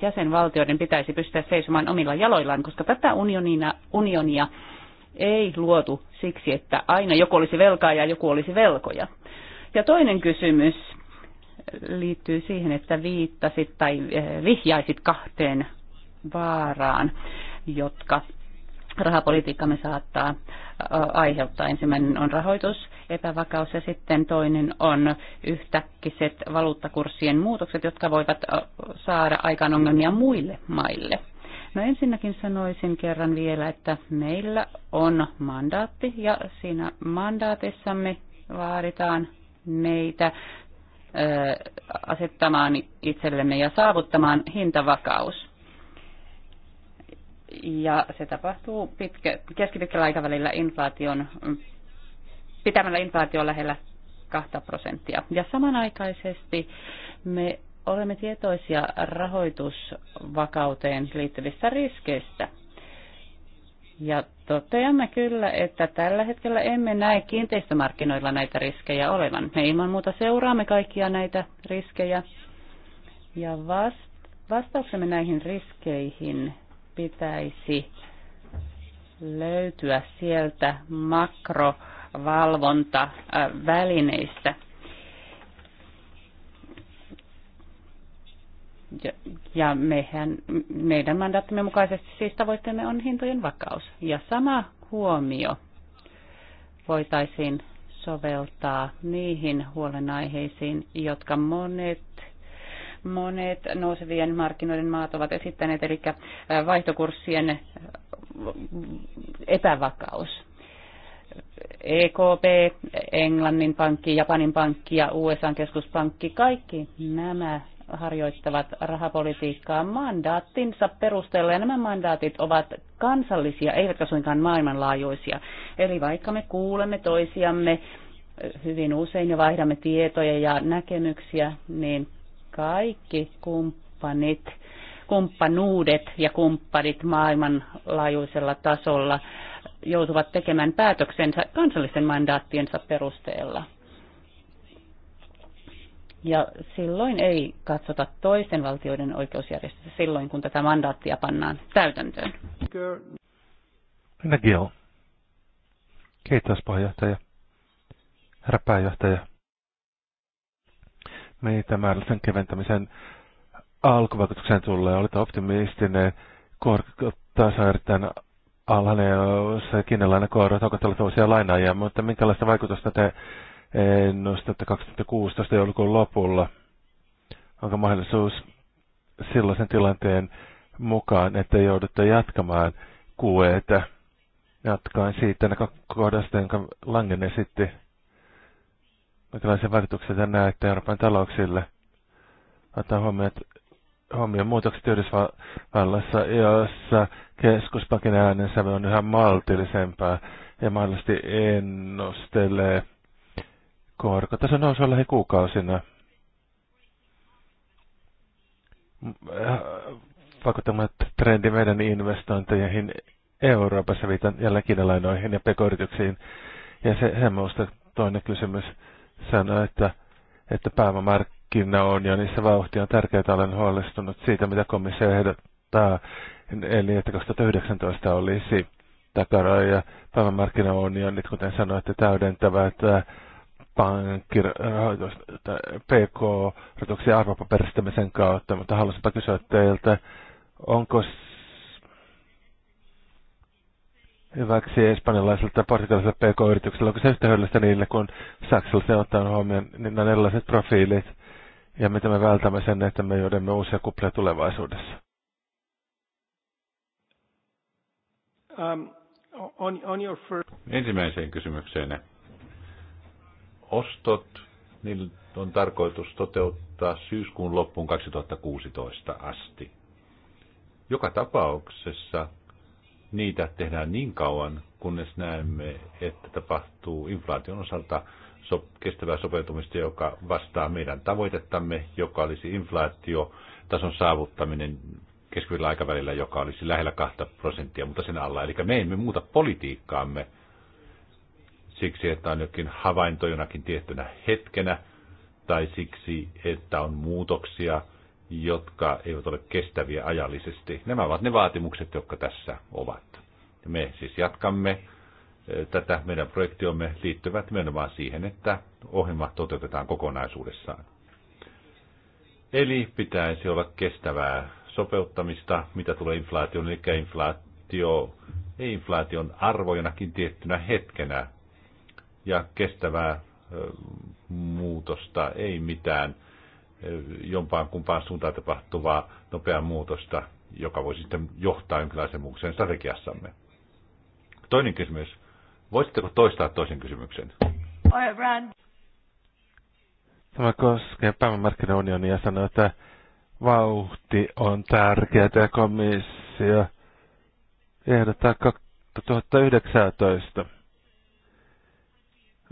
jäsenvaltioiden pitäisi pystyä seisomaan omilla jaloillaan, koska tätä unionina, unionia ei luotu siksi, että aina joku olisi velkaa ja joku olisi velkoja. Ja toinen kysymys liittyy siihen, että viittasit tai eh, vihjaisit kahteen vaaraan, jotka rahapolitiikkamme saattaa aiheuttaa. Ensimmäinen on rahoitus, epävakaus ja sitten toinen on yhtäkkiset valuuttakurssien muutokset, jotka voivat saada aikaan ongelmia muille maille. No ensinnäkin sanoisin kerran vielä, että meillä on mandaatti ja siinä mandaatissamme vaaditaan meitä asettamaan itsellemme ja saavuttamaan hintavakaus ja se tapahtuu pitkä, keskipitkällä aikavälillä inflaation, pitämällä inflaatio lähellä 2 prosenttia. Ja samanaikaisesti me olemme tietoisia rahoitusvakauteen liittyvistä riskeistä. Ja toteamme kyllä, että tällä hetkellä emme näe kiinteistömarkkinoilla näitä riskejä olevan. Me ilman muuta seuraamme kaikkia näitä riskejä. Ja vastauksemme näihin riskeihin pitäisi löytyä sieltä makrovalvontavälineistä. Ja, ja mehän, meidän mandaattimme mukaisesti siis tavoitteemme on hintojen vakaus. Ja sama huomio voitaisiin soveltaa niihin huolenaiheisiin, jotka monet monet nousevien markkinoiden maat ovat esittäneet, eli äh, vaihtokurssien äh, epävakaus. EKP, Englannin pankki, Japanin pankki ja USA keskuspankki, kaikki nämä harjoittavat rahapolitiikkaa mandaattinsa perusteella, ja nämä mandaatit ovat kansallisia, eivätkä suinkaan maailmanlaajuisia. Eli vaikka me kuulemme toisiamme äh, hyvin usein ja vaihdamme tietoja ja näkemyksiä, niin kaikki kumppanit, kumppanuudet ja kumppanit maailmanlaajuisella tasolla joutuvat tekemään päätöksensä kansallisen mandaattiensa perusteella. Ja silloin ei katsota toisen valtioiden oikeusjärjestöstä silloin, kun tätä mandaattia pannaan täytäntöön. Minä Gil. Kiitos puheenjohtaja. Herra pääjohtaja mitä niin, määrällisen keventämisen alkuvaikutuksen tulee. Olet optimistinen, korkotaso erittäin alhainen, jos kiinalainen korot houkuttelevat uusia lainaajia, mutta minkälaista vaikutusta te ennustatte 2016 joulukuun lopulla? Onko mahdollisuus silloisen tilanteen mukaan, että joudutte jatkamaan kueita? Jatkaan siitä näkökohdasta, jonka Langen esitti minkälaisia vaikutuksia tämä näette Euroopan talouksille? Ottaa huomioon, huomioon muutokset Yhdysvallassa, jossa keskuspankin äänensävy on yhä maltillisempaa ja mahdollisesti ennustelee korkotason nousua lähikuukausina. että trendi meidän investointeihin Euroopassa viitan jälleen kiinalainoihin ja pekoyrityksiin. Ja se hemmousta toinen kysymys sanoi, että, että pääomamarkkina on ja niissä vauhti on tärkeää. Olen huolestunut siitä, mitä komissio ehdottaa, eli että 2019 olisi takaraja pääomamarkkinaunionit, kuten sanoitte, täydentävät äh, pankkirahoitusta, äh, PK-rahoituksen arvopaperistämisen kautta, mutta haluaisinpa kysyä teiltä, onko hyväksi espanjalaisille tai portugalaiselle pk yritykselle Onko se yhtä hyödyllistä niille Saksalla se ottaa huomioon niin nämä erilaiset profiilit ja miten me vältämme sen, että me joudumme uusia kuplia tulevaisuudessa? Um, on, on your first... Ensimmäiseen kysymykseen. Ostot, niillä on tarkoitus toteuttaa syyskuun loppuun 2016 asti. Joka tapauksessa niitä tehdään niin kauan, kunnes näemme, että tapahtuu inflaation osalta so- kestävää sopeutumista, joka vastaa meidän tavoitettamme, joka olisi inflaatiotason saavuttaminen keskivillä aikavälillä, joka olisi lähellä 2 prosenttia, mutta sen alla. Eli me emme muuta politiikkaamme siksi, että on jokin havainto jonakin tiettynä hetkenä, tai siksi, että on muutoksia jotka eivät ole kestäviä ajallisesti. Nämä ovat ne vaatimukset, jotka tässä ovat. Me siis jatkamme e, tätä. Meidän projektiomme liittyvät nimenomaan siihen, että ohjelma toteutetaan kokonaisuudessaan. Eli pitäisi olla kestävää sopeuttamista, mitä tulee inflaatioon, eli inflaatio, ei inflaation arvojenakin tiettynä hetkenä, ja kestävää e, muutosta, ei mitään jompaan kumpaan suuntaan tapahtuvaa nopeaa muutosta, joka voisi sitten johtaa jonkinlaiseen muutokseen strategiassamme. Toinen kysymys. Voisitteko toistaa toisen kysymyksen? Tämä koskee pääomamarkkinaunionia ja sanoo, että vauhti on tärkeä ja komissio ehdottaa 2019.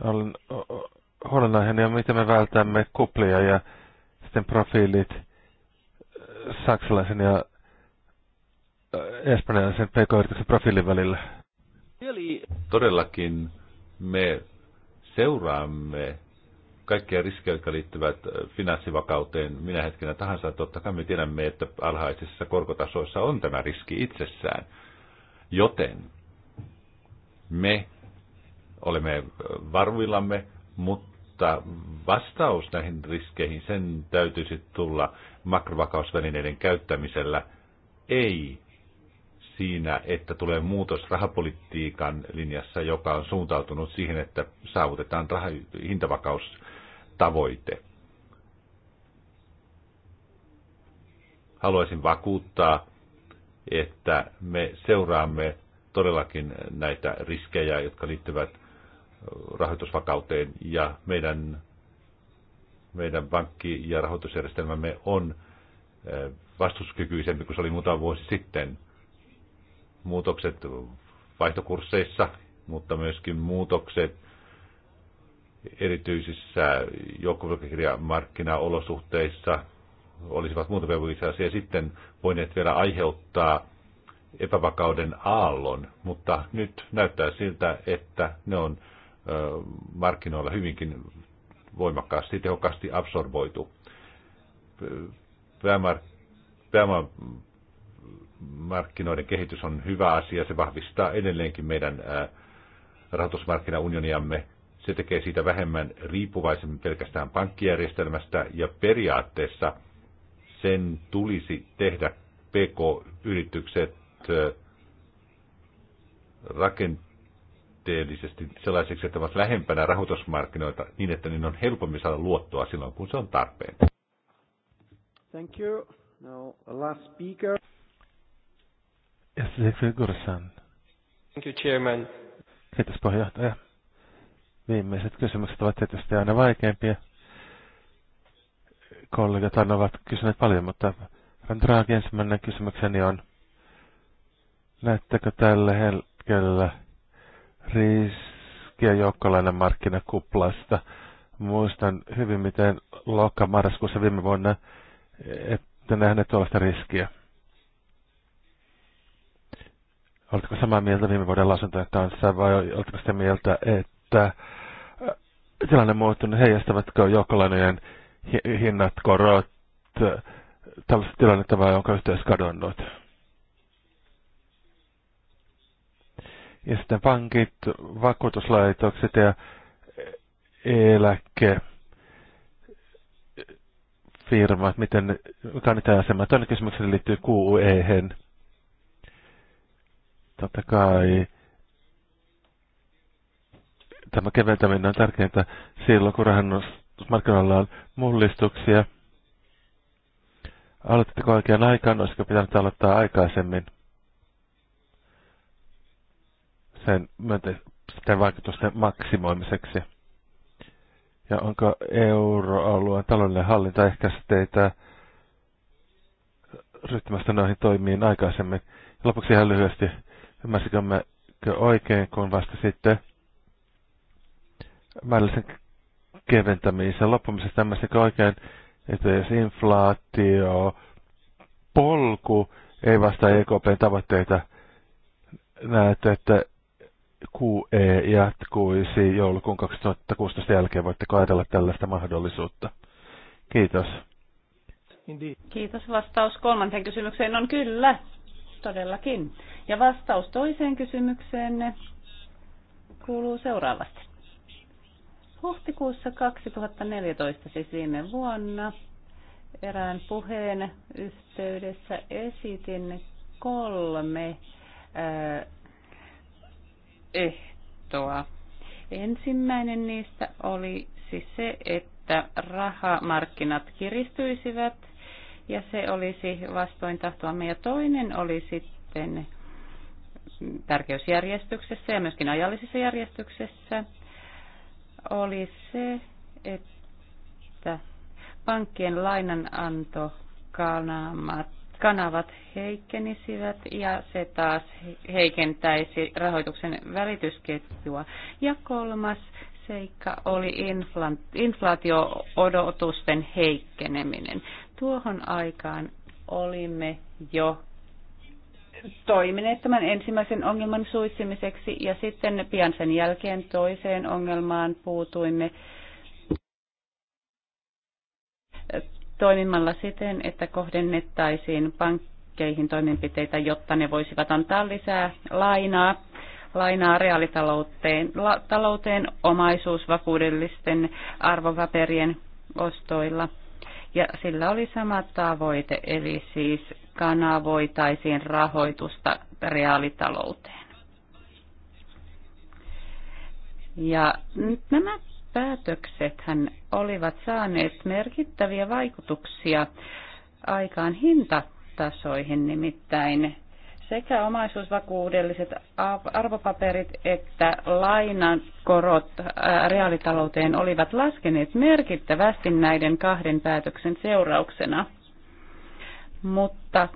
Olen huolenaiheeni miten me vältämme kuplia ja sitten profiilit äh, saksalaisen ja äh, espanjalaisen pk-yrityksen profiilin välillä. Eli todellakin me seuraamme kaikkia riskejä, jotka liittyvät äh, finanssivakauteen minä hetkenä tahansa. Totta kai me tiedämme, että alhaisissa korkotasoissa on tämä riski itsessään. Joten me olemme varvillamme, mutta mutta vastaus näihin riskeihin, sen täytyisi tulla makrovakausvälineiden käyttämisellä, ei siinä, että tulee muutos rahapolitiikan linjassa, joka on suuntautunut siihen, että saavutetaan rah- hintavakaustavoite. Haluaisin vakuuttaa, että me seuraamme todellakin näitä riskejä, jotka liittyvät rahoitusvakauteen ja meidän, meidän pankki- ja rahoitusjärjestelmämme on eh, vastuskykyisempi kuin se oli muutama vuosi sitten. Muutokset vaihtokursseissa, mutta myöskin muutokset erityisissä joukkovelkakirjamarkkinaolosuhteissa olisivat muutamia vuosia sitten voineet vielä aiheuttaa epävakauden aallon, mutta nyt näyttää siltä, että ne on markkinoilla hyvinkin voimakkaasti, tehokkaasti absorboitu. Päämark- kehitys on hyvä asia, se vahvistaa edelleenkin meidän rahoitusmarkkinaunioniamme. Se tekee siitä vähemmän riippuvaisemmin pelkästään pankkijärjestelmästä ja periaatteessa sen tulisi tehdä PK-yritykset rakentaa rakenteellisesti sellaisiksi, että ovat lähempänä rahoitusmarkkinoita niin, että niin on helpommin saada luottoa silloin, kun se on tarpeen. Thank you. Now, last speaker. Yes, Thank you, Chairman. Kiitos, puheenjohtaja. Viimeiset kysymykset ovat tietysti aina vaikeampia. Kollegat ovat kysyneet paljon, mutta Randraakin ensimmäinen kysymykseni on, näettekö tällä hetkellä riskiä markkinakuplasta. Muistan hyvin, miten lokka-marraskuussa viime vuonna ette nähneet tuollaista riskiä. Oletko samaa mieltä viime vuoden lausuntojen kanssa vai oletko sitä mieltä, että äh, tilanne muuttunut, heijastavatko joukkolainojen hinnat, korot, äh, tällaiset tilannetta vai onko yhteys kadonnut? Ja sitten pankit, vakuutuslaitokset ja eläke firmat, miten kannattaa asema. Toinen kysymykseni liittyy qe -hen. Totta kai tämä keventäminen on tärkeintä silloin, kun rahoitusmarkkinoilla on mullistuksia. Aloitteko oikean aikaan, olisiko pitänyt aloittaa aikaisemmin? sen myönteisten vaikutusten maksimoimiseksi? Ja onko euroalueen taloudellinen hallinta teitä ryhtymästä noihin toimiin aikaisemmin? Ja lopuksi ihan lyhyesti, ymmärsikö me oikein, kun vasta sitten määrällisen keventämisen loppumisesta ymmärsikö oikein, että jos inflaatio, polku ei vastaa EKPn tavoitteita, näet, että QE jatkuisi joulukuun 2016 jälkeen. Voitte kahdella tällaista mahdollisuutta. Kiitos. Kiitos. Vastaus kolmanteen kysymykseen on kyllä, todellakin. Ja vastaus toiseen kysymykseen kuuluu seuraavasti. Huhtikuussa 2014, siis viime vuonna, erään puheen yhteydessä esitin kolme ehtoa. Ensimmäinen niistä oli siis se, että rahamarkkinat kiristyisivät ja se olisi vastoin tahtoamme. Ja toinen oli sitten tärkeysjärjestyksessä ja myöskin ajallisessa järjestyksessä oli se, että pankkien kanamat kanavat heikkenisivät ja se taas heikentäisi rahoituksen välitysketjua. Ja kolmas seikka oli inflaatio-odotusten heikkeneminen. Tuohon aikaan olimme jo toimineet tämän ensimmäisen ongelman suitsimiseksi ja sitten pian sen jälkeen toiseen ongelmaan puutuimme toimimalla siten, että kohdennettaisiin pankkeihin toimenpiteitä, jotta ne voisivat antaa lisää lainaa lainaa reaalitalouteen la, talouteen omaisuusvakuudellisten arvopaperien ostoilla. Ja sillä oli sama tavoite, eli siis kanavoitaisiin rahoitusta reaalitalouteen. Ja nyt nämä Päätökset hän olivat saaneet merkittäviä vaikutuksia aikaan hintatasoihin, nimittäin sekä omaisuusvakuudelliset arvopaperit että lainakorot äh, reaalitalouteen olivat laskeneet merkittävästi näiden kahden päätöksen seurauksena, mutta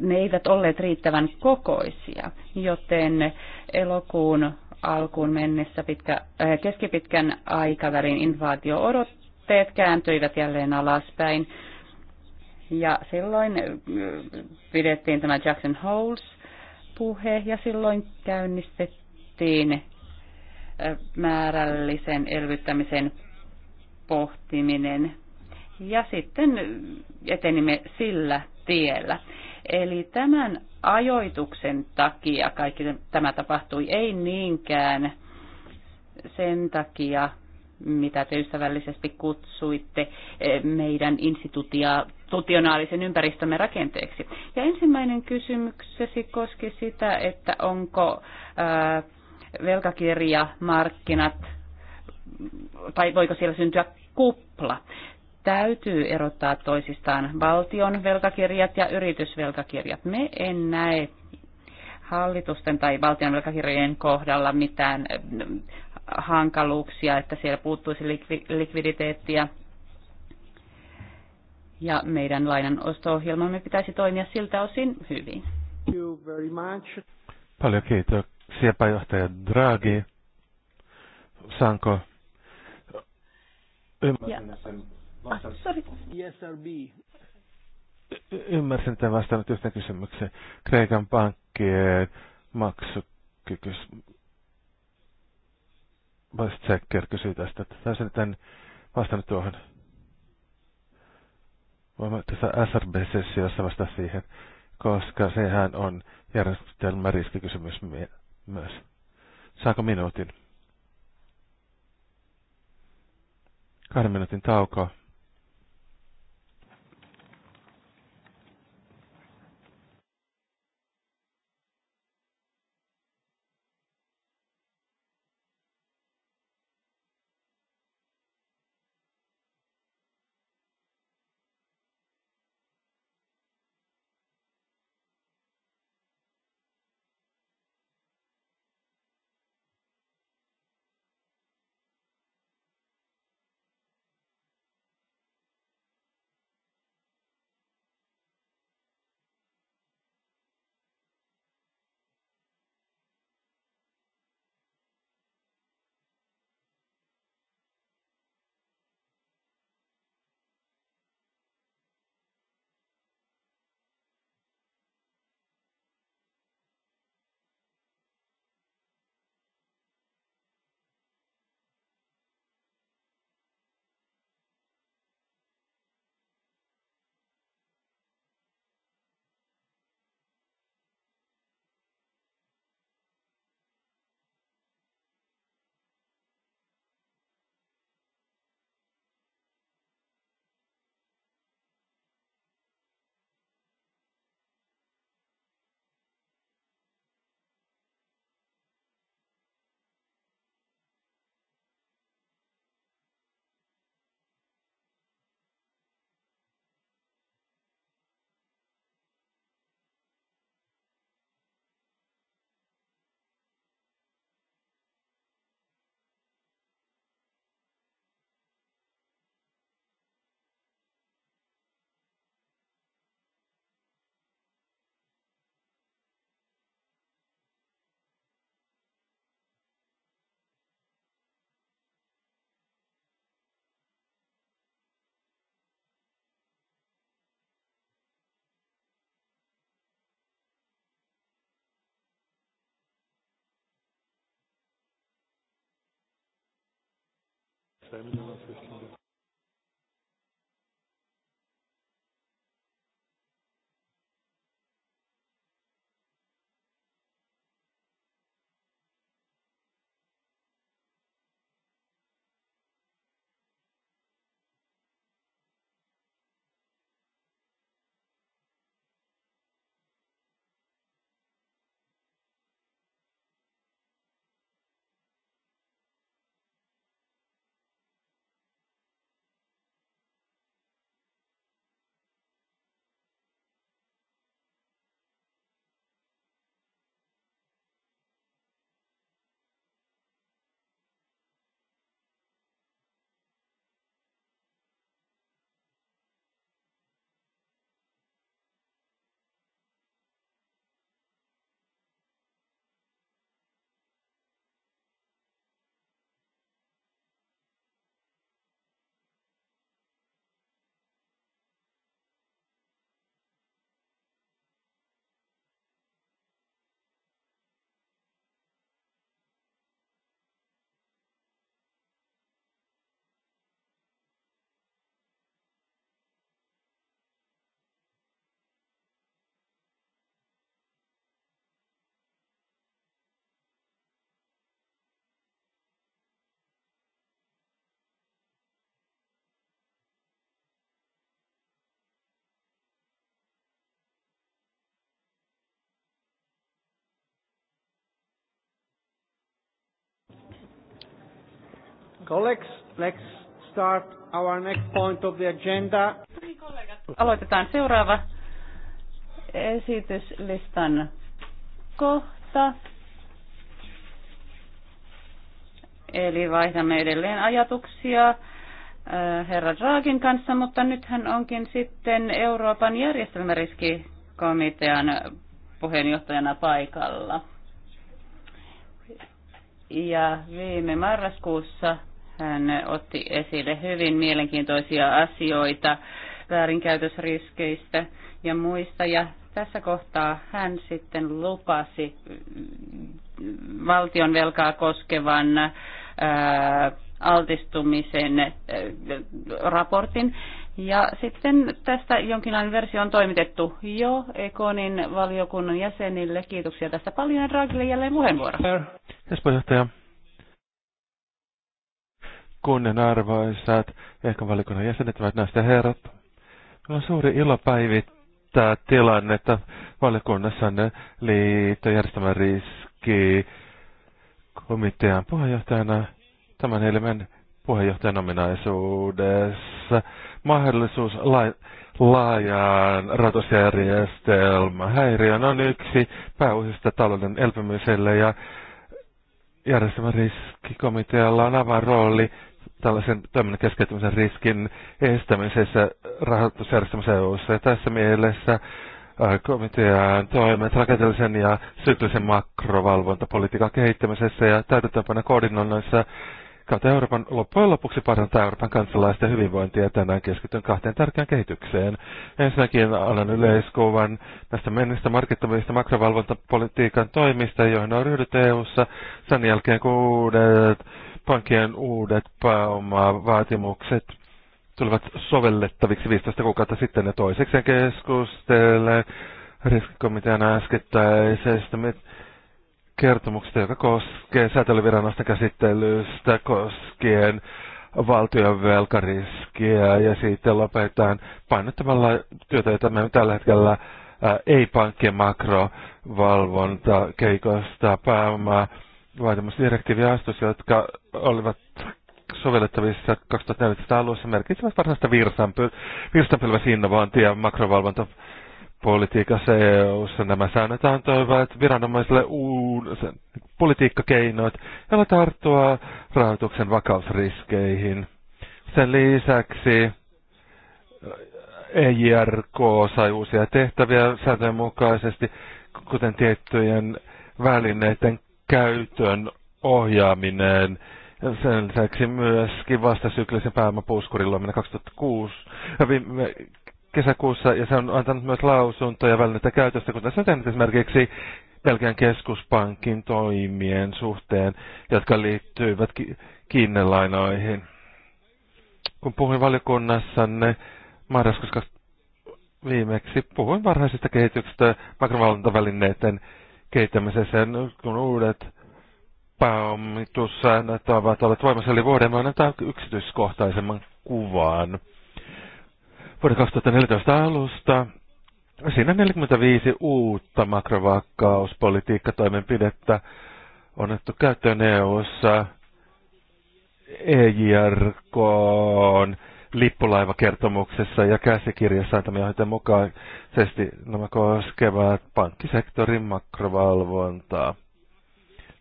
ne eivät olleet riittävän kokoisia, joten elokuun alkuun mennessä pitkä, äh, keskipitkän aikavälin invaatio odotteet kääntyivät jälleen alaspäin. Ja silloin eh, pidettiin tämä Jackson Holes-puhe ja silloin käynnistettiin eh, määrällisen elvyttämisen pohtiminen. Ja sitten etenimme sillä tiellä. Eli tämän ajoituksen takia kaikki tämä tapahtui, ei niinkään sen takia, mitä te ystävällisesti kutsuitte eh, meidän institutionaalisen ympäristömme rakenteeksi. Ja ensimmäinen kysymyksesi koski sitä, että onko eh, velkakirjamarkkinat, tai voiko siellä syntyä kupla täytyy erottaa toisistaan valtion velkakirjat ja yritysvelkakirjat. Me en näe hallitusten tai valtion velkakirjojen kohdalla mitään eh, hankaluuksia, että siellä puuttuisi likviditeettiä. Ja meidän lainan osto-ohjelmamme pitäisi toimia siltä osin hyvin. Paljon kiitoksia pääjohtaja Draghi. Sanko, ymmärsin sen Ah, ESRB. ymmärsin, että vastannut yhtä kysymykseen. Kreikan pankkien maksukyky. Weizsäcker kysyä tästä. Taisin tämän vastannut tuohon. Voimme tässä SRB-sessiossa vastata siihen, koska sehän on järjestelmäriskikysymys myös. Saanko minuutin? Kahden minuutin taukoa. Zwei Millionen Flüchtlinge. Colleagues, let's start our next point of the agenda. Niin, Aloitetaan seuraava esityslistan kohta. Eli vaihdamme edelleen ajatuksia äh, herra Draakin kanssa, mutta nyt hän onkin sitten Euroopan järjestelmäriskikomitean puheenjohtajana paikalla. Ja viime marraskuussa hän otti esille hyvin mielenkiintoisia asioita väärinkäytösriskeistä ja muista. Ja tässä kohtaa hän sitten lupasi valtion velkaa koskevan ää, altistumisen ää, raportin. Ja sitten tästä jonkinlainen versio on toimitettu jo Ekonin valiokunnan jäsenille. Kiitoksia tästä paljon ja Draghille jälleen puheenvuoro. Kiitos arvoisat, ehkä valikunnan jäsenet, ovat näistä herrat. Minulla on suuri ilo päivittää tilannetta valikunnassanne liittojärjestelmän riski komitean puheenjohtajana tämän elimen puheenjohtajan ominaisuudessa. Mahdollisuus la- laajaan rahoitusjärjestelmä häiriön on yksi pääuusista talouden elpymiselle ja järjestelmän riskikomitealla on avainrooli tällaisen toiminnan keskeytymisen riskin estämisessä rahoitusjärjestelmässä EU-ssa. Ja tässä mielessä äh, komitean toimet rakenteellisen ja syklisen makrovalvontapolitiikan kehittämisessä ja täytäntöönpano koordinoinnissa kautta Euroopan loppujen lopuksi parantaa Euroopan kansalaisten hyvinvointia. Tänään keskityn kahteen tärkeään kehitykseen. Ensinnäkin annan yleiskuvan näistä mennistä markkittavista makrovalvontapolitiikan toimista, joihin on ryhdytty EU-ssa sen jälkeen kuudet pankkien uudet pääomavaatimukset tulevat sovellettaviksi 15 kuukautta sitten ja toiseksi keskustelee riskikomitean äskettäisestä kertomuksesta, joka koskee säätelyviranosta käsittelystä koskien valtion velkariskiä ja siitä lopetetaan painottamalla työtä, jota me tällä hetkellä ei-pankkien makrovalvonta keikosta pääomaa vaatimusdirektiivi astus, jotka olivat sovellettavissa 2014 alussa merkitsevät varsinaista virstanpylväsinnovointia makrovalvonta politiikassa EU-ssa nämä säännöt antoivat viranomaisille uusen politiikkakeinoit, joilla tarttua rahoituksen vakausriskeihin. Sen lisäksi EJRK sai uusia tehtäviä sääntöjen mukaisesti, kuten tiettyjen välineiden käytön ohjaaminen, sen lisäksi myöskin vastasyklisen pääomapuskurin luominen 2006, kesäkuussa, ja se on antanut myös lausuntoja välineitä käytöstä, kun tässä on tehnyt esimerkiksi Belgian keskuspankin toimien suhteen, jotka liittyivät kiinnelainoihin. Kun puhuin valiokunnassanne marraskuussa viimeksi, puhuin varhaisesta kehityksestä makrovalvontavälineiden kehittämisessä, kun uudet pääomitussäännöt ovat olleet voimassa, eli vuoden voin antaa yksityiskohtaisemman kuvan. Vuoden 2014 alusta siinä 45 uutta makrovakauspolitiikkatoimenpidettä on otettu käyttöön EU-ssa EJRK on lippulaivakertomuksessa ja käsikirjassa antamia mukaisesti nämä koskevat pankkisektorin makrovalvontaa.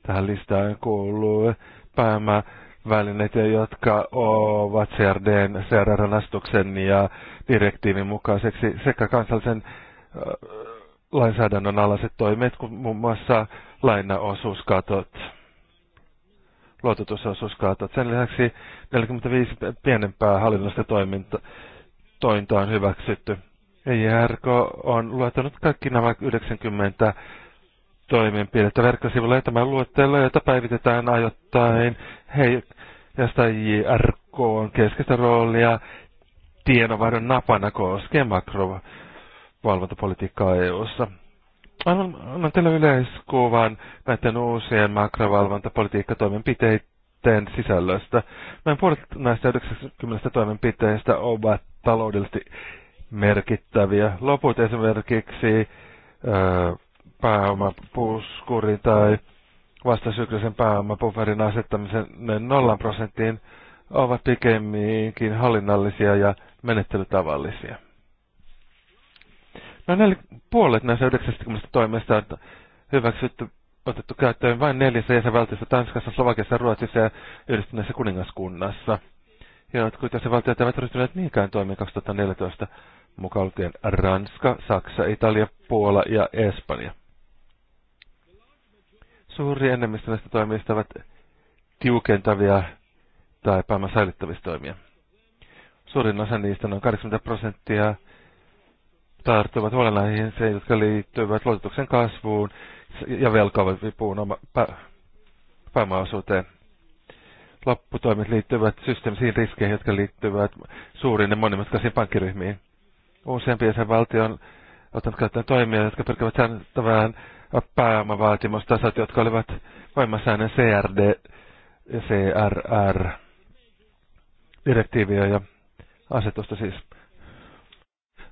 Tähän listaan kuuluu päämävälineet, jotka ovat CRDn, CRR-nastuksen ja direktiivin mukaiseksi sekä kansallisen äh, lainsäädännön alaiset toimet, kuin muun muassa lainaosuuskatot luototusosuuskaatot. Sen lisäksi 45 pienempää hallinnollista toiminta, tointa on hyväksytty. EJRK on luettanut kaikki nämä 90 toimenpidettä verkkosivulla ja tämän luettelo, jota päivitetään ajoittain. Hei, josta JRK on keskeistä roolia tiedonvaihdon napana koskee makrovalvontapolitiikkaa EU-ssa. Annan teille yleiskuvan näiden uusien makrovalvontapolitiikkatoimenpiteiden sisällöstä. Meidän puolet näistä 90 toimenpiteistä ovat taloudellisesti merkittäviä. Loput esimerkiksi pääomapuskurin tai vastasyklisen pääomapuferin asettamisen nollan prosenttiin ovat pikemminkin hallinnallisia ja menettelytavallisia. No neljä, puolet näistä 90 toimesta on hyväksytty, otettu käyttöön vain neljässä jäsenvaltiossa, Tanskassa, Slovakiassa, Ruotsissa ja yhdistyneessä kuningaskunnassa. Jotkut jäsenvaltiot eivät ryhtyneet niinkään toimia 2014, mukaan lukien Ranska, Saksa, Italia, Puola ja Espanja. Suuri enemmistö näistä toimista ovat tiukentavia tai pääoman toimia. Suurin osa niistä, noin 80 prosenttia, tarttuvat se jotka liittyvät luotetuksen kasvuun ja velkavipuun oma pääomaosuuteen. Lopputoimet liittyvät systeemisiin riskeihin, jotka liittyvät suuriin ja monimutkaisiin pankkiryhmiin. Useampi jäsenvaltio on ottanut käyttöön toimia, jotka pyrkivät säännöttämään pääomavaatimustasot, jotka olivat voimassa ennen CRD ja CRR-direktiiviä ja asetusta siis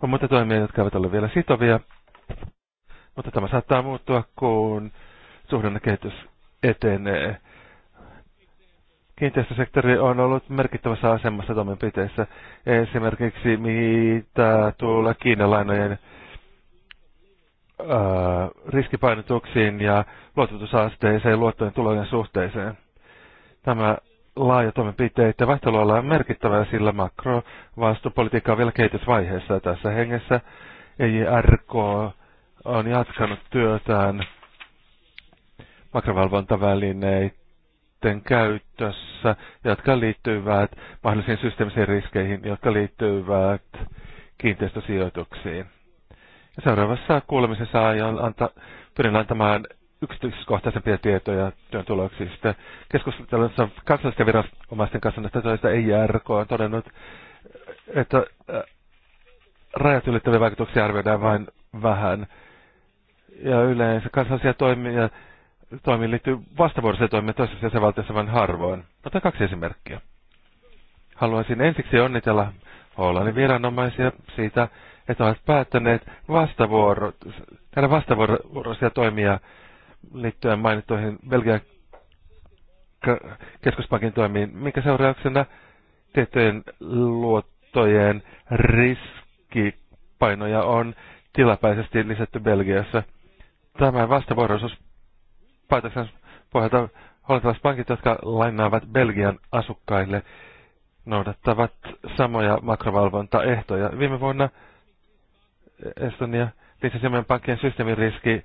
on muita toimia, jotka eivät ole vielä sitovia, mutta tämä saattaa muuttua, kun suhdannekehitys etenee. Kiinteistösektori on ollut merkittävässä asemassa toimenpiteissä, esimerkiksi mitä tulee kiinalainojen riskipainotuksiin ja luototusasteeseen luottojen tulojen suhteeseen. Tämä laaja toimenpiteitä. vaihtelualla on merkittävää, sillä makrovastupolitiikka on vielä kehitysvaiheessa. Tässä hengessä EIRK on jatkanut työtään makrovalvontavälineiden käytössä, jotka liittyvät mahdollisiin systeemisiin riskeihin, jotka liittyvät kiinteistösijoituksiin. Ja seuraavassa kuulemisessa aion anta, pyrin antamaan yksityiskohtaisempia tietoja työn tuloksista. Keskustelussa kansallisten viranomaisten kanssa näistä toista IRK on todennut, että äh, rajat ylittäviä vaikutuksia arvioidaan vain vähän. Ja yleensä kansallisia toimia toimiin liittyy vastavuoroisia toimia toisessa jäsenvaltiossa vain harvoin. Otan kaksi esimerkkiä. Haluaisin ensiksi onnitella Hollannin viranomaisia siitä, että ovat päättäneet vastavuoro, vastavuoroisia toimia liittyen mainittuihin Belgian keskuspankin toimiin, minkä seurauksena tiettyjen luottojen riskipainoja on tilapäisesti lisätty Belgiassa. Tämä vastavuoroisuus päätöksen pohjalta hollantilaiset pankit, jotka lainaavat Belgian asukkaille, noudattavat samoja makrovalvontaehtoja. Viime vuonna Estonia lisäsi pankkien systeemiriski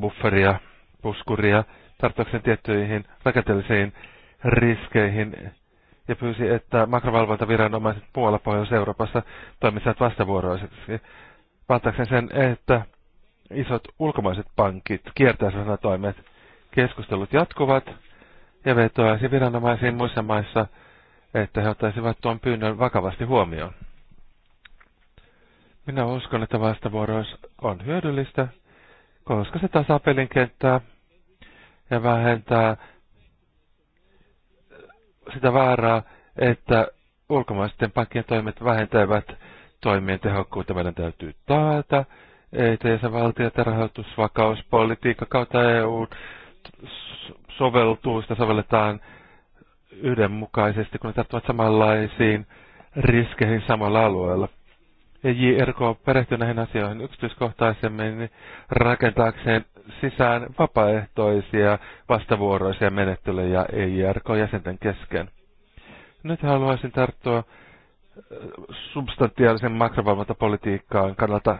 bufferia puskuria tarttuakseen tiettyihin rakenteellisiin riskeihin ja pyysi, että makrovalvontaviranomaiset muualla Pohjois-Euroopassa toimisivat vastavuoroisesti välttääkseen sen, että isot ulkomaiset pankit kiertäisivät nämä toimet. Keskustelut jatkuvat ja vetoaisi viranomaisiin muissa maissa, että he ottaisivat tuon pyynnön vakavasti huomioon. Minä uskon, että vastavuorois on hyödyllistä koska se tasapelin kenttää ja vähentää sitä vaaraa, että ulkomaisten pankkien toimet vähentävät toimien tehokkuutta. Meidän täytyy taata ETS-valtiot ja rahoitusvakauspolitiikka kautta EU soveltuu, sitä sovelletaan yhdenmukaisesti, kun ne tarttuvat samanlaisiin riskeihin samalla alueella. JRK perehtyy näihin asioihin yksityiskohtaisemmin rakentaakseen sisään vapaaehtoisia vastavuoroisia menettelyjä EIRK-jäsenten kesken. Nyt haluaisin tarttua äh, substantiaalisen makrovalvontapolitiikkaan kannalta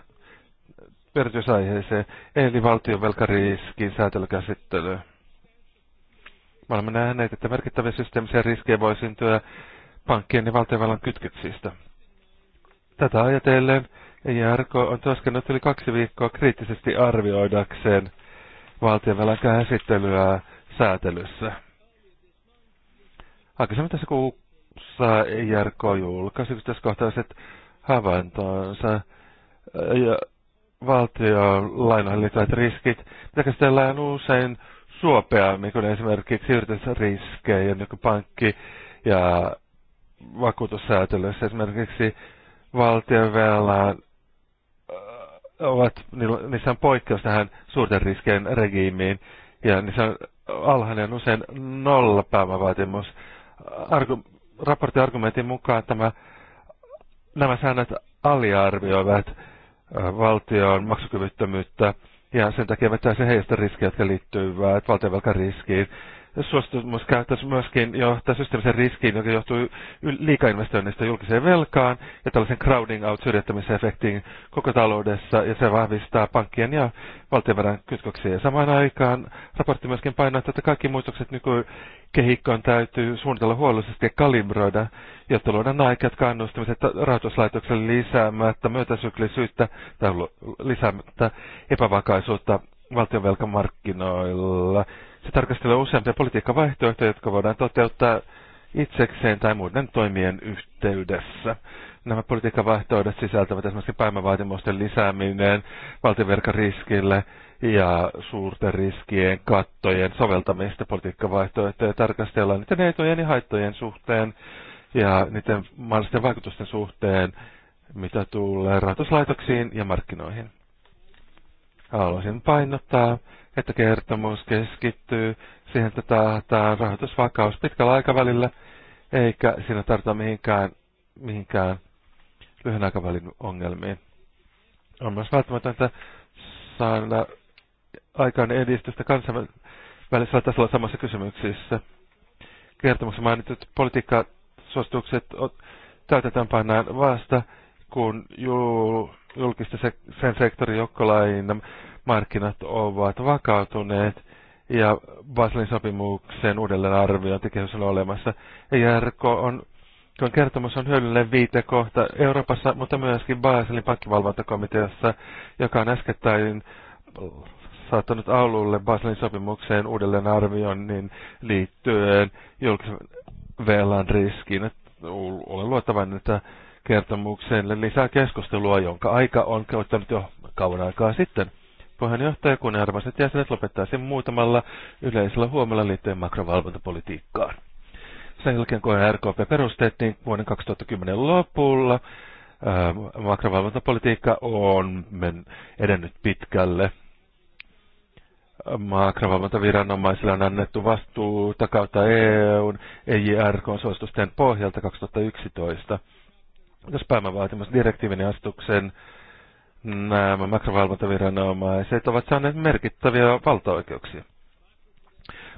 perityisaiheeseen, eli valtion velkariskin säätelykäsittelyyn. Me olemme nähneet, että merkittäviä systeemisiä riskejä voi syntyä pankkien ja valtionvallan kytkyksistä. Tätä ajatellen ERK on toskenut yli kaksi viikkoa kriittisesti arvioidakseen valtionvelan käsittelyä säätelyssä. Aikaisemmin tässä kuussa ERK julkaisi yksityiskohtaiset havaintonsa äh, ja valtion lainoihin liittyvät riskit, mitä käsitellään usein suopeammin kuin esimerkiksi yritysriskejä, niin kuin pankki- ja vakuutussäätelyssä esimerkiksi valtionvelaan ovat, niissä on poikkeus tähän suurten riskien regiimiin, ja niissä on alhainen usein nolla pääomavaatimus. Argu, raportin argumentin mukaan tämä, nämä säännöt aliarvioivat valtion maksukyvyttömyyttä, ja sen takia vetää se heistä riskejä, jotka liittyvät valtionvelkariskiin. riskiin suostumuskäytös myöskin johtaa systeemisen riskiin, joka johtuu liikainvestoinnista julkiseen velkaan ja tällaisen crowding out syrjäyttämisefektiin koko taloudessa ja se vahvistaa pankkien ja valtionveran kytköksiä. samaan aikaan raportti myöskin painottaa, että kaikki muutokset nykykehikkoon täytyy suunnitella huolellisesti ja kalibroida, jotta luodaan aikeat kannustamiset rahoituslaitokselle lisäämättä myötäsyklisyyttä tai lisäämättä epävakaisuutta velkamarkkinoilla. Se tarkastelee useampia politiikkavaihtoehtoja, jotka voidaan toteuttaa itsekseen tai muiden toimien yhteydessä. Nämä politiikkavaihtoehdot sisältävät esimerkiksi päivävaatimusten lisääminen valtionvelkariskille ja suurten riskien kattojen soveltamista politiikkavaihtoehtoja tarkastellaan niiden etujen ja haittojen suhteen ja niiden mahdollisten vaikutusten suhteen, mitä tulee rahoituslaitoksiin ja markkinoihin. Haluaisin painottaa, että kertomus keskittyy siihen, että tämä rahoitusvakaus pitkällä aikavälillä, eikä siinä tarvita mihinkään, mihinkään lyhyen aikavälin ongelmiin. On myös välttämätöntä saada aikaan edistystä kansainvälisellä tasolla samassa kysymyksissä. Kertomuksessa mainitut politiikkasuositukset täytetään pannaan vasta, kun sen sektorin joukkolainen markkinat ovat vakautuneet ja Baselin sopimuksen uudelleenarviointi kehys on olemassa. ERK on Tuon kertomus on hyödyllinen viite kohta Euroopassa, mutta myöskin Baselin pankkivalvontakomiteassa, joka on äskettäin saattanut alulle Baselin sopimukseen uudelleen arvioinnin liittyen julkisen velan riskiin. Olen luottavainen, että kertomukselle lisää keskustelua, jonka aika on ottanut jo kauan aikaa sitten. Puheenjohtaja, kun arvoiset jäsenet lopettaisin muutamalla yleisellä huomella liittyen makrovalvontapolitiikkaan. Sen jälkeen, kun RKP perustettiin vuoden 2010 lopulla, makrovalvontapolitiikka on men edennyt pitkälle. Makrovalvontaviranomaisille on annettu vastuu kautta EUn EJRK-suositusten pohjalta 2011 jos vaatimassa direktiivin astuksen nämä maksavalvontaviranomaiset ovat saaneet merkittäviä valtaoikeuksia.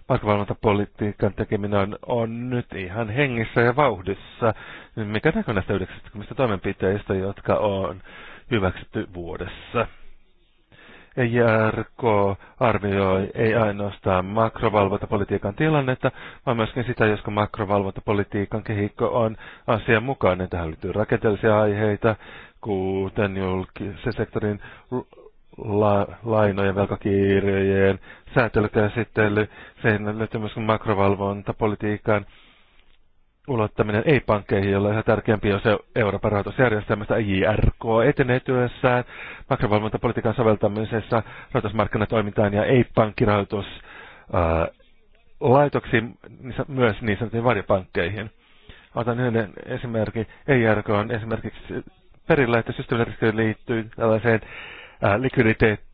Markkavalvontapolitiikan tekeminen on, on nyt ihan hengissä ja vauhdissa, mikä näkyy näistä 90 toimenpiteistä, jotka on hyväksytty vuodessa. EIRK arvioi ei ainoastaan makrovalvontapolitiikan tilannetta, vaan myöskin sitä, josko makrovalvontapolitiikan kehikko on asianmukainen. Tähän liittyy rakenteellisia aiheita, kuten julkisen sektorin la- lainojen, velkakirjojen säätelykäsittely, sen löytyy myöskin makrovalvontapolitiikan ulottaminen ei-pankkeihin, jolla ihan tärkeämpi on se Euroopan rahoitusjärjestelmästä JRK etenee työssään makrovalvontapolitiikan soveltamisessa rahoitusmarkkinatoimintaan ja ei-pankkirahoitus äh, laitoksiin, myös niin sanottuihin varjopankkeihin. Otan yhden esimerkin. EIRK on esimerkiksi perillä, että systeeminen liittyy tällaiseen äh, likviditeettiin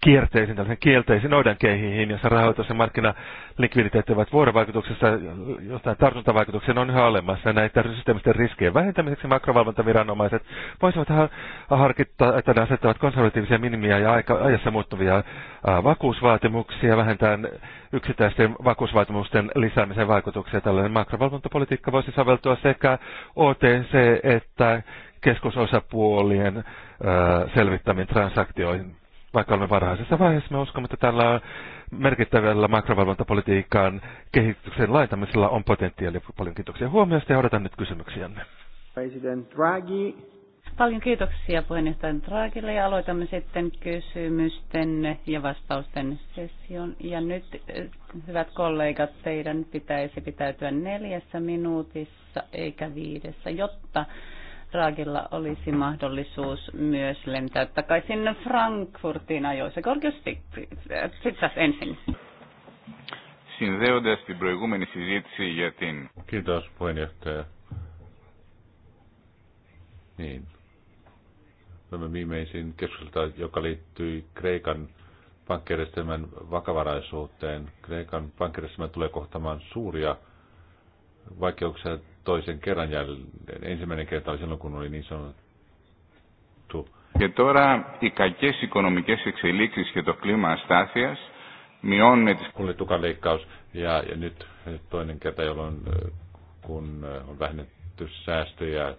kierteisiin, tällaisen kielteisiin noidankeihin, jossa rahoitus- ja markkinalikviditeetti ovat vuorovaikutuksessa, jostain tartuntavaikutuksia on yhä olemassa. Näitä systeemisten riskien vähentämiseksi makrovalvontaviranomaiset voisivat harkita, että ne asettavat konservatiivisia minimiä ja aika, ajassa muuttuvia vakuusvaatimuksia, vähentäen yksittäisten vakuusvaatimusten lisäämisen vaikutuksia. Tällainen makrovalvontapolitiikka voisi soveltua sekä OTC että keskusosapuolien ää, selvittämiin transaktioihin vaikka olemme varhaisessa vaiheessa, me uskomme, että tällä merkittävällä makrovalvontapolitiikan kehityksen laitamisella on potentiaali. Paljon kiitoksia huomiosta ja odotan nyt kysymyksiänne. President Draghi. Paljon kiitoksia puheenjohtaja Draghille ja aloitamme sitten kysymysten ja vastausten session. Ja nyt, eh, hyvät kollegat, teidän pitäisi pitäytyä neljässä minuutissa eikä viidessä, jotta Raagilla olisi mahdollisuus myös lentää takaisin Frankfurtiin ajoissa. Gorgios Tsitsas ensin. Συνδέοντας την προηγούμενη συζήτηση για την... Kiitos puheenjohtaja. Niin. Tämä viimeisin keskustelta, joka liittyy Kreikan pankkijärjestelmän vakavaraisuuteen. Kreikan pankkijärjestelmä tulee kohtamaan suuria vaikeuksia toisen kerran jälleen. Ensimmäinen kerta oli silloin, kun oli niin sanottu. Και τώρα οι κακές οικονομικές εξελίξεις και το κλίμα αστάθειας μειώνουν τις... Kuljetukaleikkaus ja, ja nyt toinen kerta, jolloin kun on vähennetty säästöjä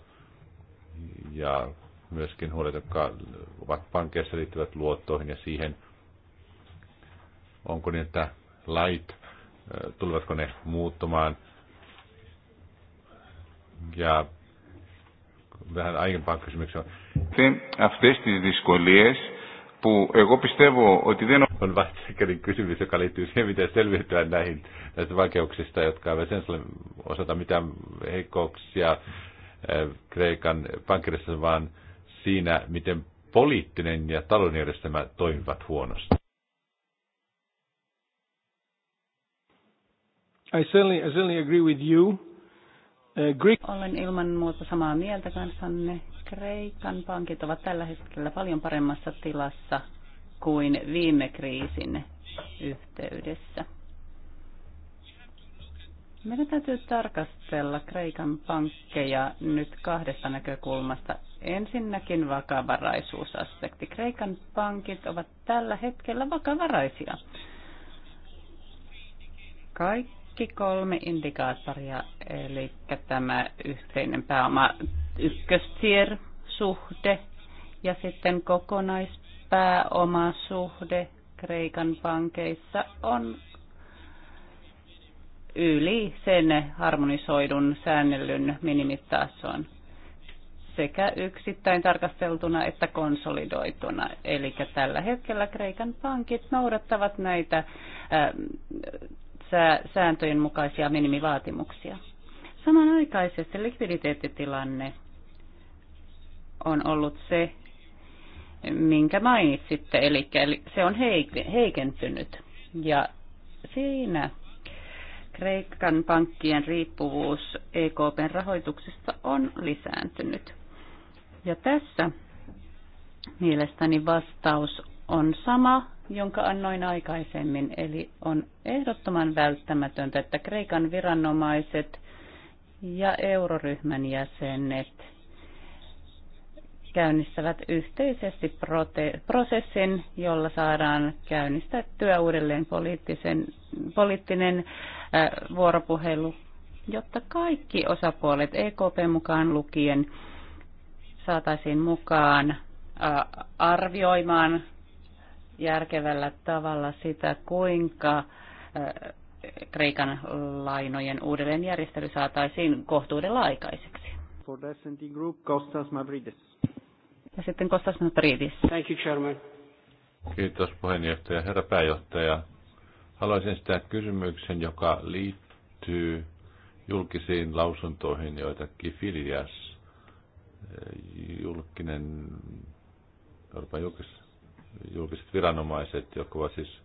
ja myöskin huolet, jotka ovat pankeissa liittyvät luottoihin ja siihen, onko niin, että lait, äh, tulevatko ne muuttumaan – ja vähän aiempaan kysymykseen. Αυτές τις δυσκολίες που εγώ πιστεύω ότι δεν... On kysymys, joka miten selviytyä näihin näistä jotka eivät sen osata mitään heikkouksia eh, Kreikan pankirissa, vaan siinä, miten poliittinen ja talouden toimivat huonosti. I certainly, I certainly agree with you. Uh, Greek... Olen ilman muuta samaa mieltä kanssanne. Kreikan pankit ovat tällä hetkellä paljon paremmassa tilassa kuin viime kriisin yhteydessä. Meidän täytyy tarkastella Kreikan pankkeja nyt kahdesta näkökulmasta. Ensinnäkin vakavaraisuusaspekti. Kreikan pankit ovat tällä hetkellä vakavaraisia. Kaikki kaikki kolme indikaattoria, eli tämä yhteinen pääoma ykköstier, suhde ja sitten kokonaispääomasuhde Kreikan pankeissa on yli sen harmonisoidun säännellyn minimitason sekä yksittäin tarkasteltuna että konsolidoituna. Eli tällä hetkellä Kreikan pankit noudattavat näitä ähm, sääntöjen mukaisia minimivaatimuksia. Samanaikaisesti likviditeettitilanne on ollut se, minkä mainitsitte, eli se on heikentynyt. Ja siinä Kreikan pankkien riippuvuus EKPn rahoituksesta on lisääntynyt. Ja tässä mielestäni vastaus on sama jonka annoin aikaisemmin. Eli on ehdottoman välttämätöntä, että Kreikan viranomaiset ja euroryhmän jäsenet käynnistävät yhteisesti prosessin, jolla saadaan käynnistettyä uudelleen poliittisen, poliittinen äh, vuoropuhelu, jotta kaikki osapuolet EKP mukaan lukien saataisiin mukaan äh, arvioimaan järkevällä tavalla sitä, kuinka Kreikan lainojen uudelleenjärjestely saataisiin kohtuudella aikaiseksi. For Group, Kostas Mavridis. Ja sitten Kostas Mavridis. Thank you, Chairman. Kiitos puheenjohtaja. Herra pääjohtaja, haluaisin sitä kysymyksen, joka liittyy julkisiin lausuntoihin, joita Kifilias, eh, julkinen Euroopan julkis, julkiset viranomaiset, jotka ovat siis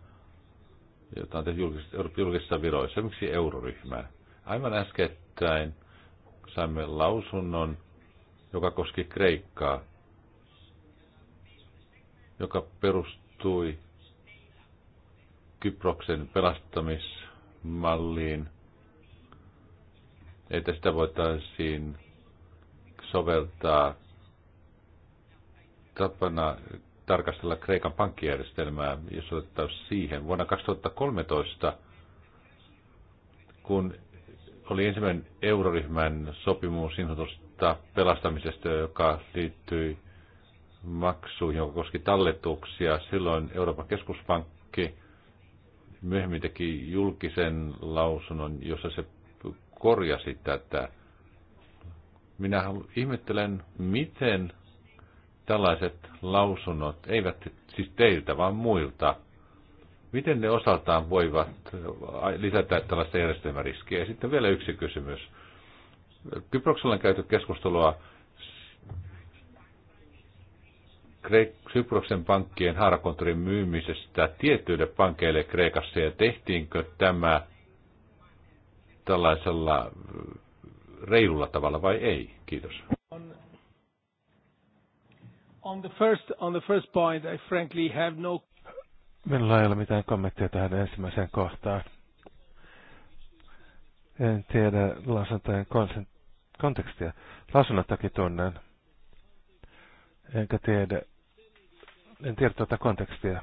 jota on tehty julkisissa, julkisissa viroissa, esimerkiksi euroryhmää. Aivan äskettäin saimme lausunnon, joka koski Kreikkaa, joka perustui Kyproksen pelastamismalliin, että sitä voitaisiin soveltaa tapana tarkastella Kreikan pankkijärjestelmää, jos otetaan siihen. Vuonna 2013, kun oli ensimmäinen euroryhmän sopimus sinutusta niin pelastamisesta, joka liittyi maksuihin, joka koski talletuksia. Silloin Euroopan keskuspankki myöhemmin teki julkisen lausunnon, jossa se korjasi tätä. Minä ihmettelen, miten tällaiset lausunnot, eivät siis teiltä, vaan muilta, miten ne osaltaan voivat äh, lisätä tällaista järjestelmäriskiä? Ja sitten vielä yksi kysymys. Kyproksella on käyty keskustelua Kyproksen pankkien haarakonttorin myymisestä tietyille pankeille Kreikassa ja tehtiinkö tämä tällaisella äh, reilulla tavalla vai ei? Kiitos. On the first, on the first point, I frankly have no... Minulla ei ole mitään kommenttia tähän ensimmäiseen kohtaan. En tiedä lausuntojen kontekstia. Lausunnot toki tunnen. Enkä tiedä, en tiedä tuota kontekstia.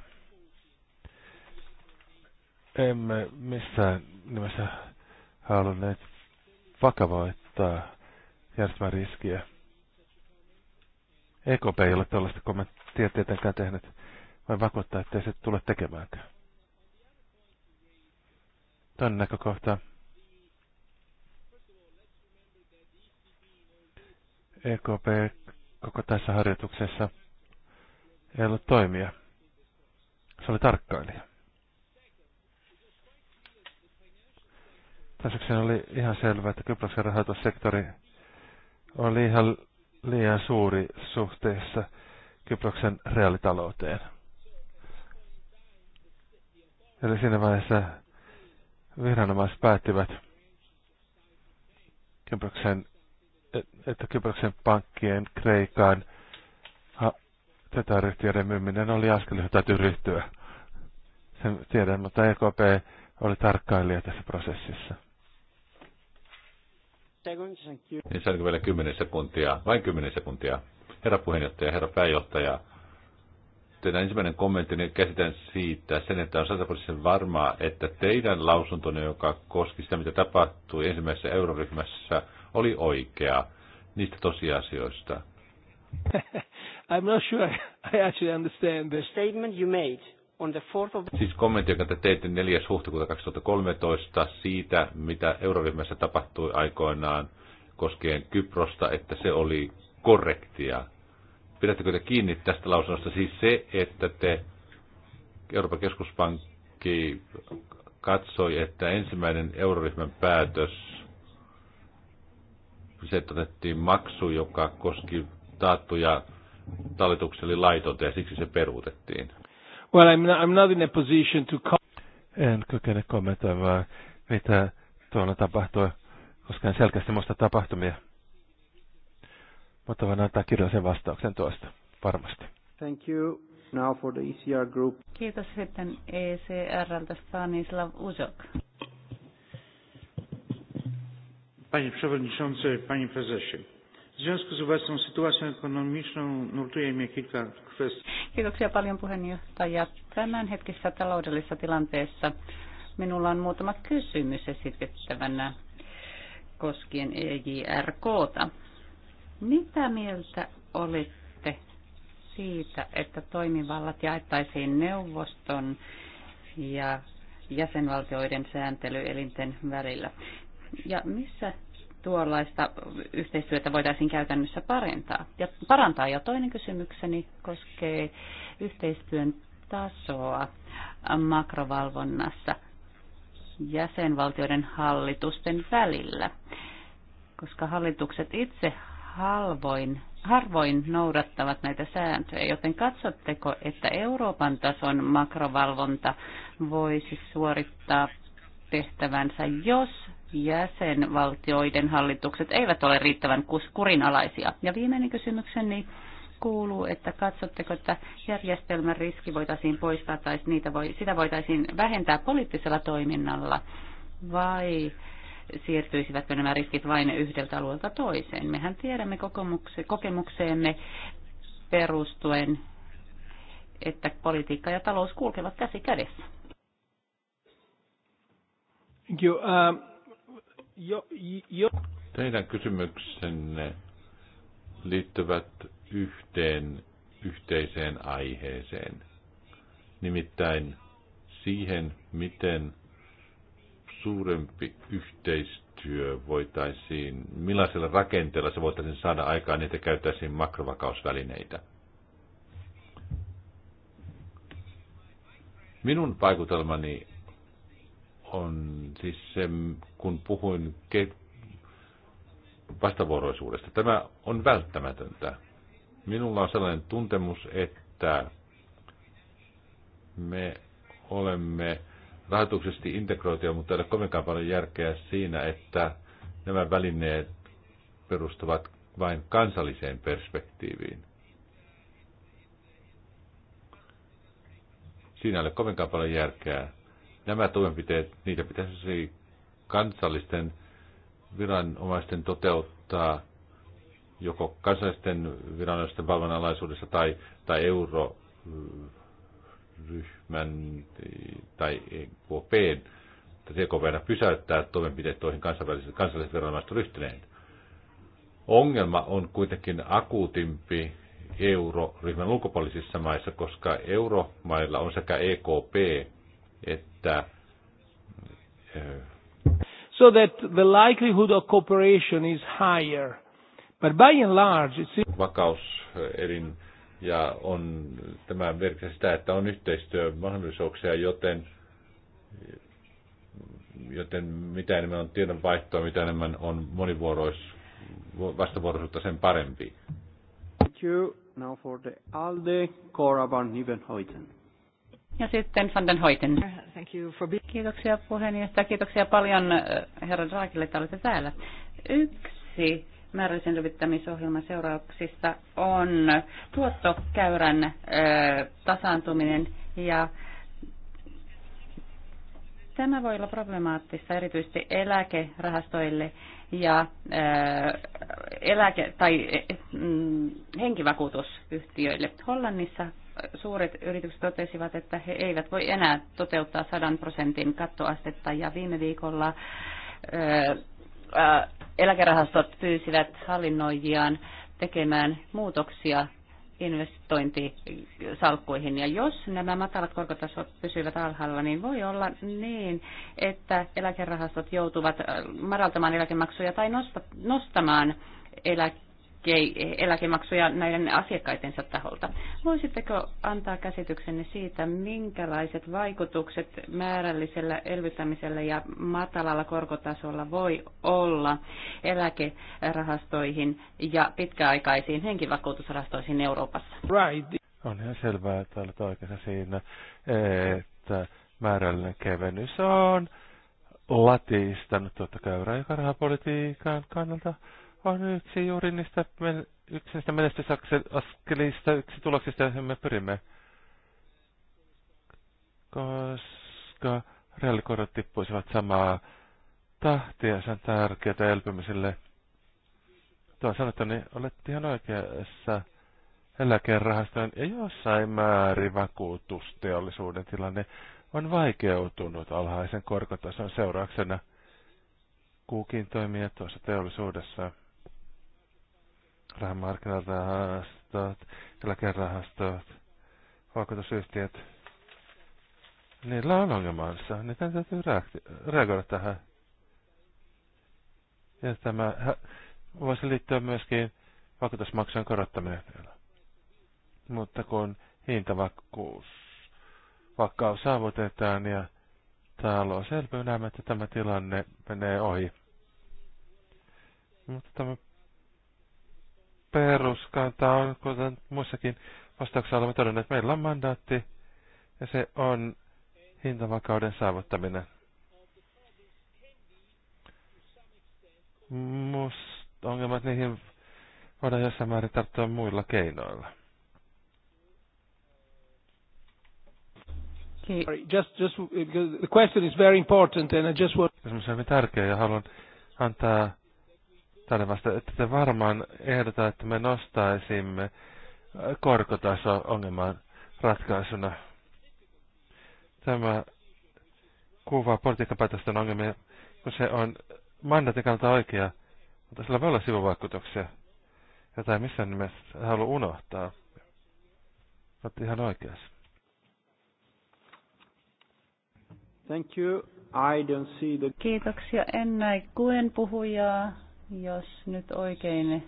Emme missään nimessä halunneet vakavoittaa järjestelmän riskiä. EKP ei ole tällaista kommenttia tietenkään tehnyt. Vain vakuuttaa, ettei se tule tekemäänkään. Toinen näkökohta. EKP koko tässä harjoituksessa ei ollut toimia. Se oli tarkkailija. Tässä oli ihan selvää, että Kyproksen rahoitussektori oli ihan liian suuri suhteessa Kyproksen reaalitalouteen. Eli siinä vaiheessa viranomaiset päättivät, Kyproksen, että Kyproksen pankkien Kreikan tätä myyminen oli askel, jota täytyy ryhtyä. Sen tiedän, mutta EKP oli tarkkailija tässä prosessissa. Niin saanko vielä 10 sekuntia, vain 10 sekuntia. Herra puheenjohtaja, herra pääjohtaja, teidän ensimmäinen kommentti, niin käsitän siitä sen, että on sataprosenttisen varmaa, että teidän lausuntonne, joka koski sitä, mitä tapahtui ensimmäisessä euroryhmässä, oli oikea niistä tosiasioista. I'm not sure I actually understand the statement you made Siis kommentti, jonka te teitte 4. huhtikuuta 2013 siitä, mitä euroryhmässä tapahtui aikoinaan koskien Kyprosta, että se oli korrektia. Pidättekö te kiinni tästä lausunnosta? Siis se, että te Euroopan keskuspankki katsoi, että ensimmäinen euroryhmän päätös, se otettiin maksu, joka koski taattuja talletuksia, eli laitonta, ja siksi se peruutettiin. Well, I'm not, I'm not in a position to en kykene kommentoimaan, mitä tuolla tapahtui, koska en selkeästi muista tapahtumia. Mutta voin antaa kirjallisen vastauksen tuosta, varmasti. Thank you. Now for the ECR group. Kiitos sitten ECRltä Stanislav Uzok. Panie Przewodniczący, Panie Prezesie. W związku z obecną sytuacją ekonomiczną nurtuje mnie kilka kwestii. Kiitoksia paljon puheenjohtaja. Tämän hetkessä taloudellisessa tilanteessa minulla on muutama kysymys esitettävänä koskien EJRKta. Mitä mieltä olette siitä, että toimivallat jaettaisiin neuvoston ja jäsenvaltioiden sääntelyelinten välillä? Ja missä tuollaista yhteistyötä voitaisiin käytännössä parantaa. Ja, parantaa. ja toinen kysymykseni koskee yhteistyön tasoa makrovalvonnassa jäsenvaltioiden hallitusten välillä, koska hallitukset itse halvoin, harvoin noudattavat näitä sääntöjä, joten katsotteko, että Euroopan tason makrovalvonta voisi suorittaa tehtävänsä, jos jäsenvaltioiden hallitukset eivät ole riittävän kurinalaisia. Ja viimeinen kysymykseni kuuluu, että katsotteko, että järjestelmän riski voitaisiin poistaa tai niitä voi, sitä voitaisiin vähentää poliittisella toiminnalla vai siirtyisivätkö nämä riskit vain yhdeltä alueelta toiseen? Mehän tiedämme kokemukseemme perustuen, että politiikka ja talous kulkevat käsi kädessä. Thank you. Uh, jo, jo. Teidän kysymyksenne liittyvät yhteen yhteiseen aiheeseen, nimittäin siihen, miten suurempi yhteistyö voitaisiin, millaisella rakenteella se voitaisiin saada aikaan, niin että käyttäisiin makrovakausvälineitä. Minun vaikutelmani on siis se, kun puhuin ke- vastavuoroisuudesta. Tämä on välttämätöntä. Minulla on sellainen tuntemus, että me olemme rahoituksesti integroituja, mutta ei ole kovinkaan paljon järkeä siinä, että nämä välineet perustuvat vain kansalliseen perspektiiviin. Siinä ei ole kovinkaan paljon järkeä. Nämä toimenpiteet, niitä pitäisi kansallisten viranomaisten toteuttaa joko kansallisten viranomaisten valvonnalaisuudessa tai, tai euroryhmän tai EKPn tekopäivänä pysäyttää toimenpiteet, toihin kansainväliset, kansalliset viranomaiset ryhtyneet. Ongelma on kuitenkin akuutimpi euroryhmän ulkopuolisissa maissa, koska euromailla on sekä EKP että että eh, so that the likelihood of cooperation is higher. But by and large, it's... Vakaus eh, erin ja on, tämä merkki sitä, että on yhteistyö mahdollisuuksia, joten, joten mitä enemmän on tiedonvaihtoa, mitä enemmän on monivuorois, vastavuoroisuutta, sen parempi. Thank you. Now for the ALDE, Cora van Nieuwenhuizen. Ja sitten Van den Hoiten. Thank you for being... Kiitoksia puheenjohtaja. Kiitoksia paljon äh, herra Draakille, että olette täällä. Yksi määrällisen levittämisohjelman seurauksista on tuottokäyrän ö, äh, tasaantuminen ja tämä voi olla problemaattista erityisesti eläkerahastoille ja ö, äh, eläke- tai ö, mm, henkivakuutusyhtiöille. Hollannissa suuret yritykset totesivat, että he eivät voi enää toteuttaa 100 prosentin kattoastetta ja viime viikolla eläkerahastot pyysivät hallinnoijiaan tekemään muutoksia investointisalkkuihin. Ja jos nämä matalat korkotasot pysyvät alhaalla, niin voi olla niin, että eläkerahastot joutuvat madaltamaan eläkemaksuja tai nostamaan eläke eläkemaksuja näiden asiakkaidensa taholta. Voisitteko antaa käsityksenne siitä, minkälaiset vaikutukset määrällisellä elvytämisellä ja matalalla korkotasolla voi olla eläkerahastoihin ja pitkäaikaisiin henkivakuutusrahastoihin Euroopassa? Right. On ihan selvää, että olet oikeassa siinä, että määrällinen kevennys on latistanut tuota käyrää, joka rahapolitiikan kannalta on ah, yksi juuri niistä, yksi niistä menestysaskelista, yksi tuloksista, joihin me pyrimme. Koska reaalikorot tippuisivat samaa tahtia, se on tärkeää elpymiselle. Tuo sanottu, niin olet ihan oikeassa eläkerahastojen ja jossain määrin vakuutusteollisuuden tilanne on vaikeutunut alhaisen korkotason seurauksena. Kuukin toimija tuossa teollisuudessa rahamarkkinarahastot, eläkerahastot, vakuutusyhtiöt, niillä on ongelmansa. Niitä täytyy reagoida tähän. Ja tämä voisi liittyä myöskin vakuutusmaksujen korottaminen. Mutta kun hintavakkuus vakkaus saavutetaan ja on selvä, näemme, että tämä tilanne menee ohi. Mutta tämä peruskanta on, kuten muissakin vastauksissa olemme todenneet, että meillä on mandaatti ja se on hintavakauden saavuttaminen. Must ongelmat niihin voidaan jossain määrin tarttua muilla keinoilla. Just, just, the question is very important and I just want... Kysymys on hyvin tärkeä ja haluan antaa tänne vasta, että te varmaan ehdota, että me nostaisimme korkotaso-ongelman ratkaisuna. Tämä kuvaa politiikkapäätösten ongelmia, kun se on mandatin kannalta oikea, mutta sillä voi olla sivuvaikutuksia, jota ei missään nimessä halua unohtaa. Olet ihan oikeassa. Thank you. I don't see the... Kiitoksia. En näe kuen puhujaa. Jos nyt oikein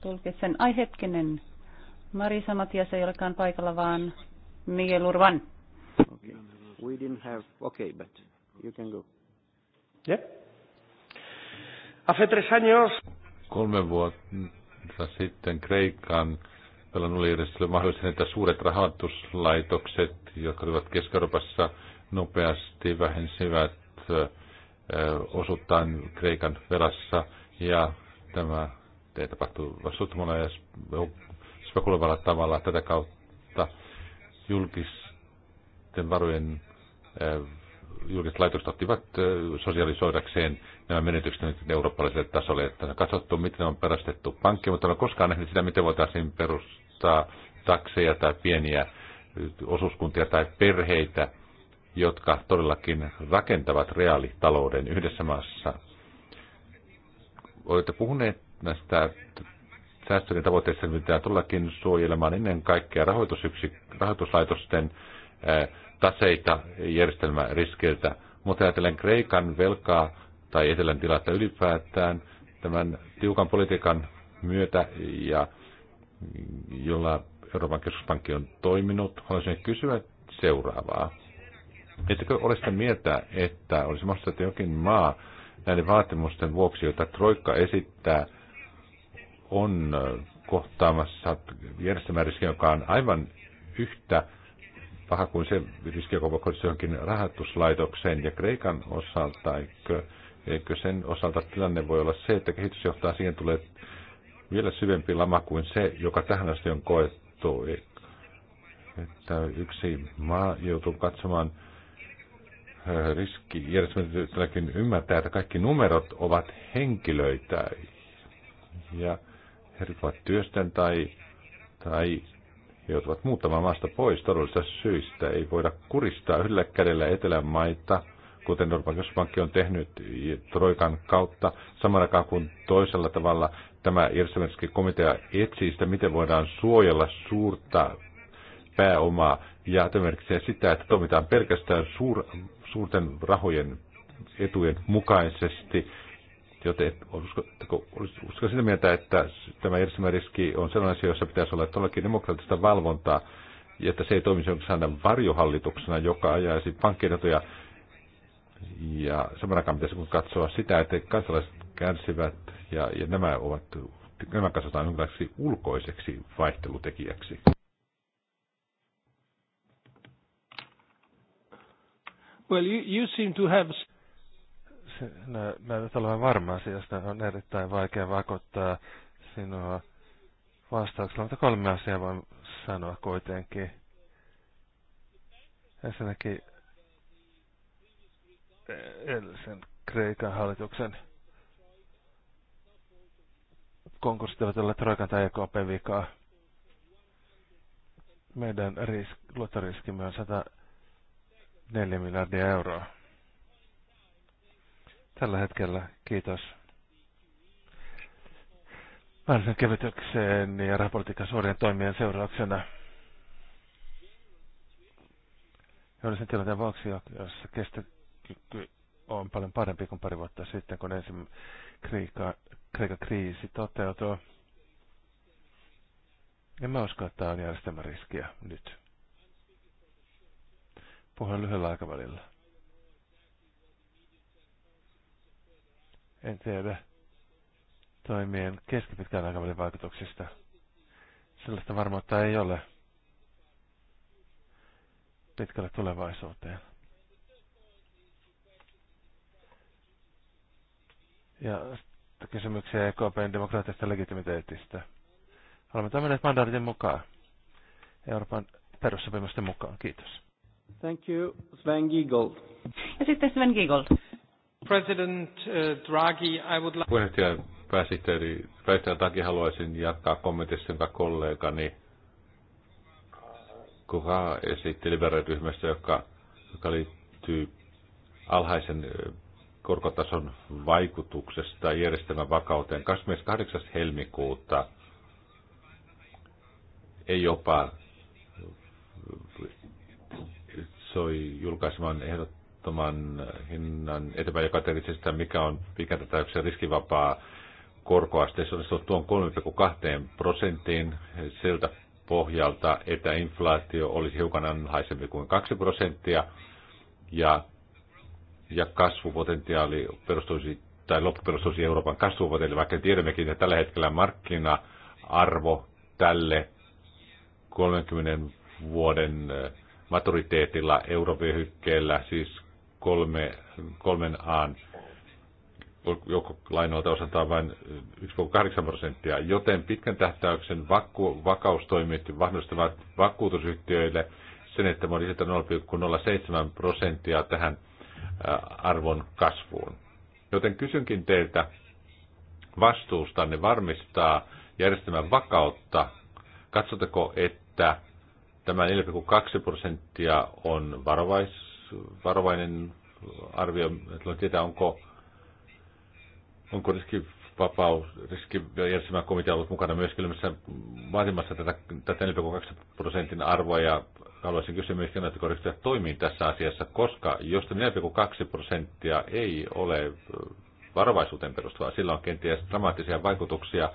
tulkitsen. Ai hetkinen, Marisa Matias ei olekaan paikalla, vaan Miguel Urban. Okay. We didn't have, okay, but you can go. Yeah. Hace tres años. Kolme vuotta sitten Kreikan tällainen oli edes että suuret rahoituslaitokset, jotka olivat Keski-Euroopassa nopeasti vähensivät Osuttaan Kreikan velassa ja tämä ei tapahtuu vastuuttamalla ja spekuloivalla tavalla tätä kautta julkisten varojen julkiset laitokset ottivat sosialisoidakseen nämä menetykset nyt eurooppalaiselle tasolle. Että on katsottu, miten on perustettu pankki, mutta en ole koskaan nähnyt sitä, miten voitaisiin perustaa takseja tai pieniä osuuskuntia tai perheitä, jotka todellakin rakentavat reaalitalouden yhdessä maassa. Olette puhuneet näistä säästöjen tavoitteista, mitä todellakin suojelemaan ennen kaikkea rahoituslaitosten taseita järjestelmäriskeiltä. Mutta ajatellen Kreikan velkaa tai Etelän tilata ylipäätään tämän tiukan politiikan myötä ja jolla Euroopan keskuspankki on toiminut, haluaisin kysyä seuraavaa. Ettäkö ole sitä mieltä, että olisi mahdollista, että jokin maa näiden vaatimusten vuoksi, joita Troikka esittää, on kohtaamassa riski, joka on aivan yhtä paha kuin se riski, joka voi kohdistua johonkin rahoituslaitokseen ja Kreikan osalta, eikö, eikö sen osalta tilanne voi olla se, että kehitys johtaa siihen tulee vielä syvempi lama kuin se, joka tähän asti on koettu. Että yksi maa joutuu katsomaan riski, järjestelmäkin ymmärtää, että kaikki numerot ovat henkilöitä ja he ovat työstään tai, tai he joutuvat muuttamaan maasta pois todellisista syistä. Ei voida kuristaa yhdellä kädellä etelämaita, kuten Euroopan keskuspankki on tehnyt Troikan kautta, samalla kuin toisella tavalla tämä järjestelmällisesti komitea etsii sitä, miten voidaan suojella suurta pääomaa, ja tämä merkitsee sitä, että toimitaan pelkästään suur, suurten rahojen etujen mukaisesti, joten olisiko, olisiko sitä mieltä, että tämä riski on sellainen asia, jossa pitäisi olla todellakin demokraattista valvontaa, ja että se ei toimisi aina varjohallituksena, joka ajaisi pankkiedetoja, ja saman aikaan pitäisi katsoa sitä, että kansalaiset kärsivät, ja, ja nämä ovat nämä katsotaan jonkinlaiseksi ulkoiseksi vaihtelutekijäksi. Well, you, you seem to have... Sinä näytät olevan varma asiasta. On erittäin vaikea vakuuttaa sinua vastauksella, mutta kolme asiaa voin sanoa kuitenkin. Ensinnäkin eh, edellisen Kreikan hallituksen konkurssit ovat olleet Troikan tai EKP vikaa. Meidän risk, luottoriskimme on 100 4 miljardia euroa. Tällä hetkellä, kiitos. Varsinaisen kevytykseen ja rahapolitiikan suorien toimien seurauksena joiden tilanteen vuoksi, jossa kestokyky on paljon parempi kuin pari vuotta sitten, kun ensin kreika Kreikan kriisi toteutuu. En mä usko, että tämä on järjestelmäriskiä nyt puhua lyhyellä aikavälillä. En tiedä toimien keskipitkän aikavälin vaikutuksista. Sellaista varmuutta ei ole pitkälle tulevaisuuteen. Ja kysymyksiä EKPn demokraattisesta legitimiteetistä. Olemme toimineet mandaatin mukaan, Euroopan perussopimusten mukaan. Kiitos. Thank you, Sven Giegold. Ja sitten Sven Giegold. President uh, Draghi, I would like... Puheenjohtaja pääsihteeri, pääsihteeri Draghi haluaisin jatkaa kommentissa, jonka kollegani Kuka esitti liberaaliryhmästä, joka, joka liittyy alhaisen korkotason vaikutuksesta järjestelmän vakauteen 28. helmikuuta ei jopa katsoi julkaisemaan ehdottoman hinnan eteenpäin, joka sitä, mikä on pitkän täyksiä riskivapaa korkoaste. Se on tuon 3,2 prosenttiin siltä pohjalta, että inflaatio olisi hiukan anhaisempi kuin 2 prosenttia ja, ja kasvupotentiaali perustuisi tai loppuperustuisi Euroopan kasvupotentiaali, vaikka tiedämmekin, että tällä hetkellä markkina-arvo tälle 30 vuoden maturiteetilla eurovyöhykkeellä, siis kolme, kolmen aan lainoilta osataan vain 1,8 prosenttia, joten pitkän tähtäyksen vakku, vakaustoimet mahdollistavat vakuutusyhtiöille sen, että me lisätä 0,07 prosenttia tähän arvon kasvuun. Joten kysynkin teiltä vastuustanne varmistaa järjestelmän vakautta. Katsotteko, että Tämä 4,2 prosenttia on varovais, varovainen arvio, että tietää, onko, onko riski vapaus, riskijärjestelmä komitea ollut mukana myös kylmässä vaatimassa tätä, tätä 4,2 prosentin arvoa ja haluaisin kysyä myös, että ryhtyä toimii tässä asiassa, koska jos 4,2 prosenttia ei ole varovaisuuteen perustuvaa, sillä on kenties dramaattisia vaikutuksia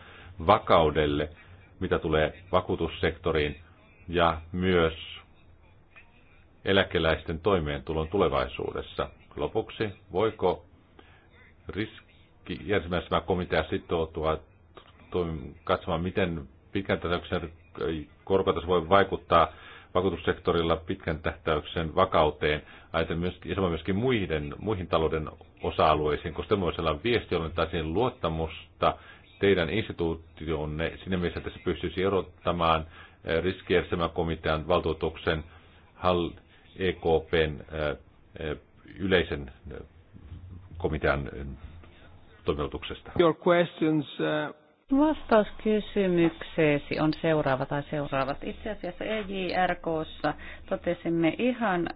vakaudelle, mitä tulee vakuutussektoriin, ja myös eläkeläisten toimeentulon tulevaisuudessa. Lopuksi, voiko riski järjestelmä komitea sitoutua katsomaan, miten pitkän tähtäyksen korkotaso voi vaikuttaa vakuutussektorilla pitkän tähtäyksen vakauteen, ajatellen myöskin, ja myöskin muihin, muihin talouden osa-alueisiin, koska tämmöisellä on viesti, jolloin taisiin luottamusta teidän instituutionne sinne, missä tässä pystyisi erottamaan riskiefsemäkomitean valtuutuksen EKPn yleisen komitean toimituksesta. Your questions, uh... Vastaus kysymykseesi on seuraava tai seuraavat. Itse asiassa EJRKssa totesimme ihan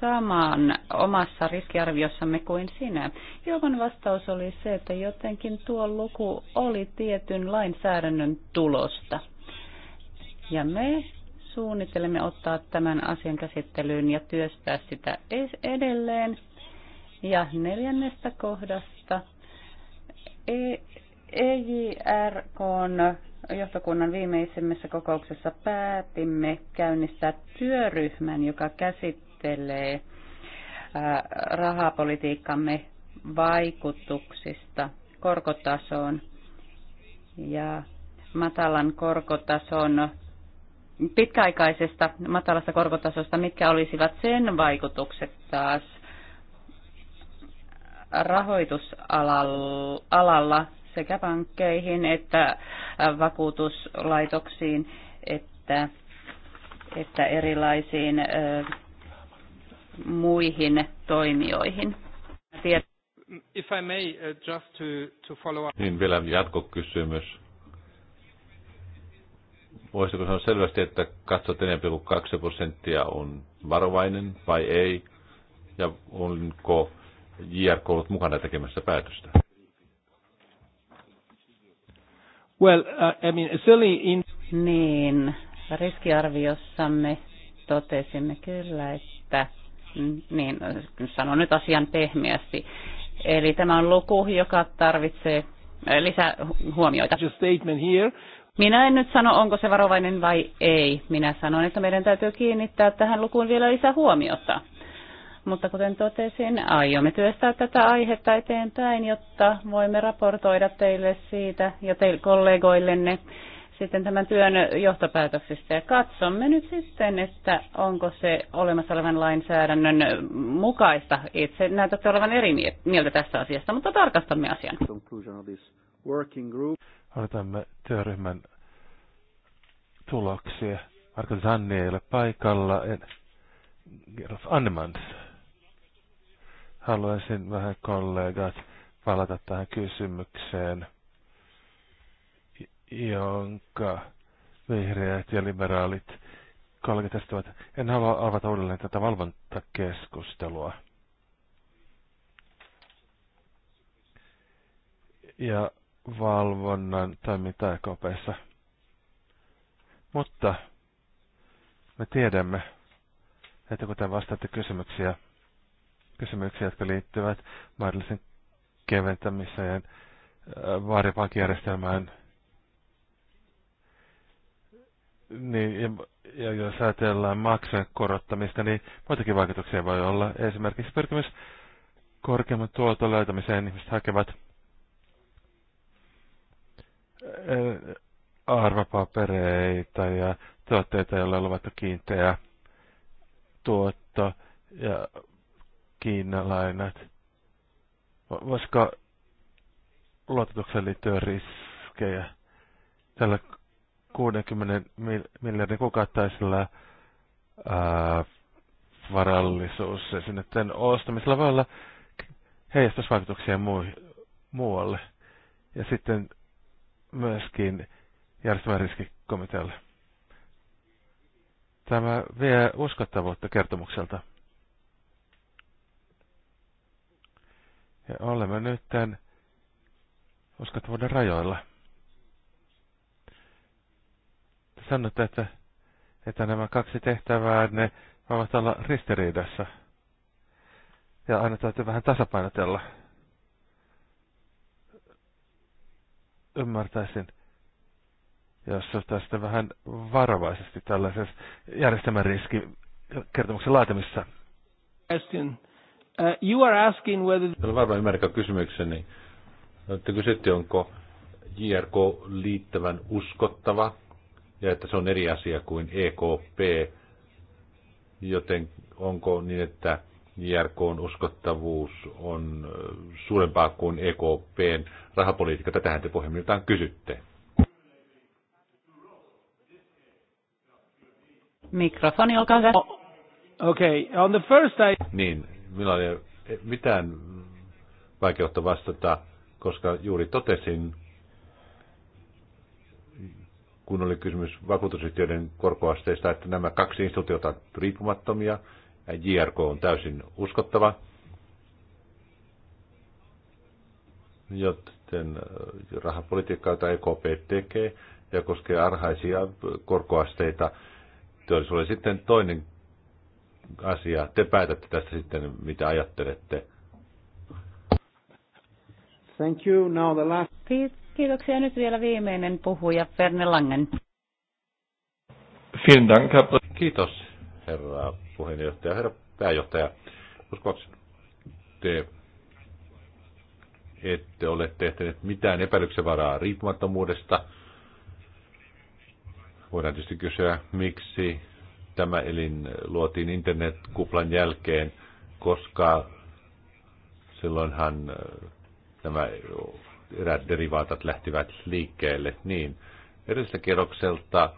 saman omassa riskiarviossamme kuin sinä. Jovan vastaus oli se, että jotenkin tuo luku oli tietyn lainsäädännön tulosta. Ja me suunnittelemme ottaa tämän asian käsittelyyn ja työstää sitä edelleen. Ja neljännestä kohdasta EJRK e johtokunnan viimeisimmässä kokouksessa päätimme käynnistää työryhmän, joka käsittelee rahapolitiikkamme vaikutuksista korkotasoon ja matalan korkotason pitkäaikaisesta matalasta korkotasosta, mitkä olisivat sen vaikutukset taas rahoitusalalla sekä pankkeihin että vakuutuslaitoksiin että, että erilaisiin ö, muihin toimijoihin. If I may, uh, just to, to follow up. Niin vielä jatkokysymys Voisiko sanoa selvästi, että katsot 2 prosenttia on varovainen vai ei? Ja onko JRK ollut mukana tekemässä päätöstä? Well, uh, I mean, silly in... Niin, riskiarviossamme totesimme kyllä, että niin, sanon nyt asian pehmeästi. Eli tämä on luku, joka tarvitsee lisää huomioita. Minä en nyt sano, onko se varovainen vai ei. Minä sanon, että meidän täytyy kiinnittää tähän lukuun vielä lisää huomiota. Mutta kuten totesin, aiomme työstää tätä aihetta eteenpäin, jotta voimme raportoida teille siitä ja teille kollegoillenne sitten tämän työn johtopäätöksistä. Ja katsomme nyt sitten, että onko se olemassa olevan lainsäädännön mukaista. Itse näytätte olevan eri mieltä tästä asiasta, mutta tarkastamme asian. Odotamme työryhmän tuloksia. Marko Zanni ei ole paikalla. En... Gerolf Annemans. Haluaisin vähän kollegat palata tähän kysymykseen, jonka vihreät ja liberaalit kollegat estävät. En halua avata uudelleen tätä valvontakeskustelua. Ja valvonnan mitä e kopeessa. Mutta me tiedämme, että kun te vastaatte kysymyksiä, kysymyksiä, jotka liittyvät mahdollisen keventämiseen, äh, vaaripankijärjestelmään, niin, ja, ja jos ajatellaan maksujen korottamista, niin muitakin vaikutuksia voi olla. Esimerkiksi pyrkimys korkeamman tuoton löytämiseen ihmiset hakevat arvapapereita ja tuotteita, joilla on luvattu kiinteä tuotto ja kiinalainat. Voisiko luototukseen liittyä riskejä tällä 60 miljardin kukattaisella varallisuus ja sinne ostamisella voi olla heijastusvaikutuksia muu, muualle. Ja sitten myöskin järjestelmän riskikomitealle. Tämä vie uskottavuutta kertomukselta. Ja olemme nyt tämän uskottavuuden rajoilla. sanotte, että, että nämä kaksi tehtävää ne voivat olla ristiriidassa. Ja aina täytyy vähän tasapainotella. ymmärtäisin, jos tästä vähän varovaisesti tällaisen järjestelmän riski kertomuksen laatimissa. Question. Uh, you are asking whether... varmaan ymmärrätkö kysymykseni. Te kysytte, onko JRK liittävän uskottava ja että se on eri asia kuin EKP, joten onko niin, että JRKn uskottavuus on äh, suurempaa kuin EKPn rahapolitiikka. Tätähän te pohjimmiltaan kysytte. Mikrofoni, olkaa hyvä. Okei, okay. on the first I... Niin, minulla ei mitään vaikeutta vastata, koska juuri totesin, kun oli kysymys vakuutusyhtiöiden korkoasteista, että nämä kaksi instituutiota ovat riippumattomia – JRK on täysin uskottava. Joten äh, rahapolitiikka, jota EKP tekee ja koskee arhaisia korkoasteita, teollisuudelle sitten toinen asia. Te päätätte tästä sitten, mitä ajattelette. Thank you. Now the last... Kiitoksia. Nyt vielä viimeinen puhuja, Ferne Langen. Vielen Dank, Kiitos, herra puheenjohtaja, herra pääjohtaja. Uskoakseni te ette ole tehneet mitään epäilyksen varaa riippumattomuudesta. Voidaan tietysti kysyä, miksi tämä elin luotiin internetkuplan jälkeen, koska silloinhan äh, nämä eräät derivaatat lähtivät liikkeelle. Niin, edelliseltä kerrokselta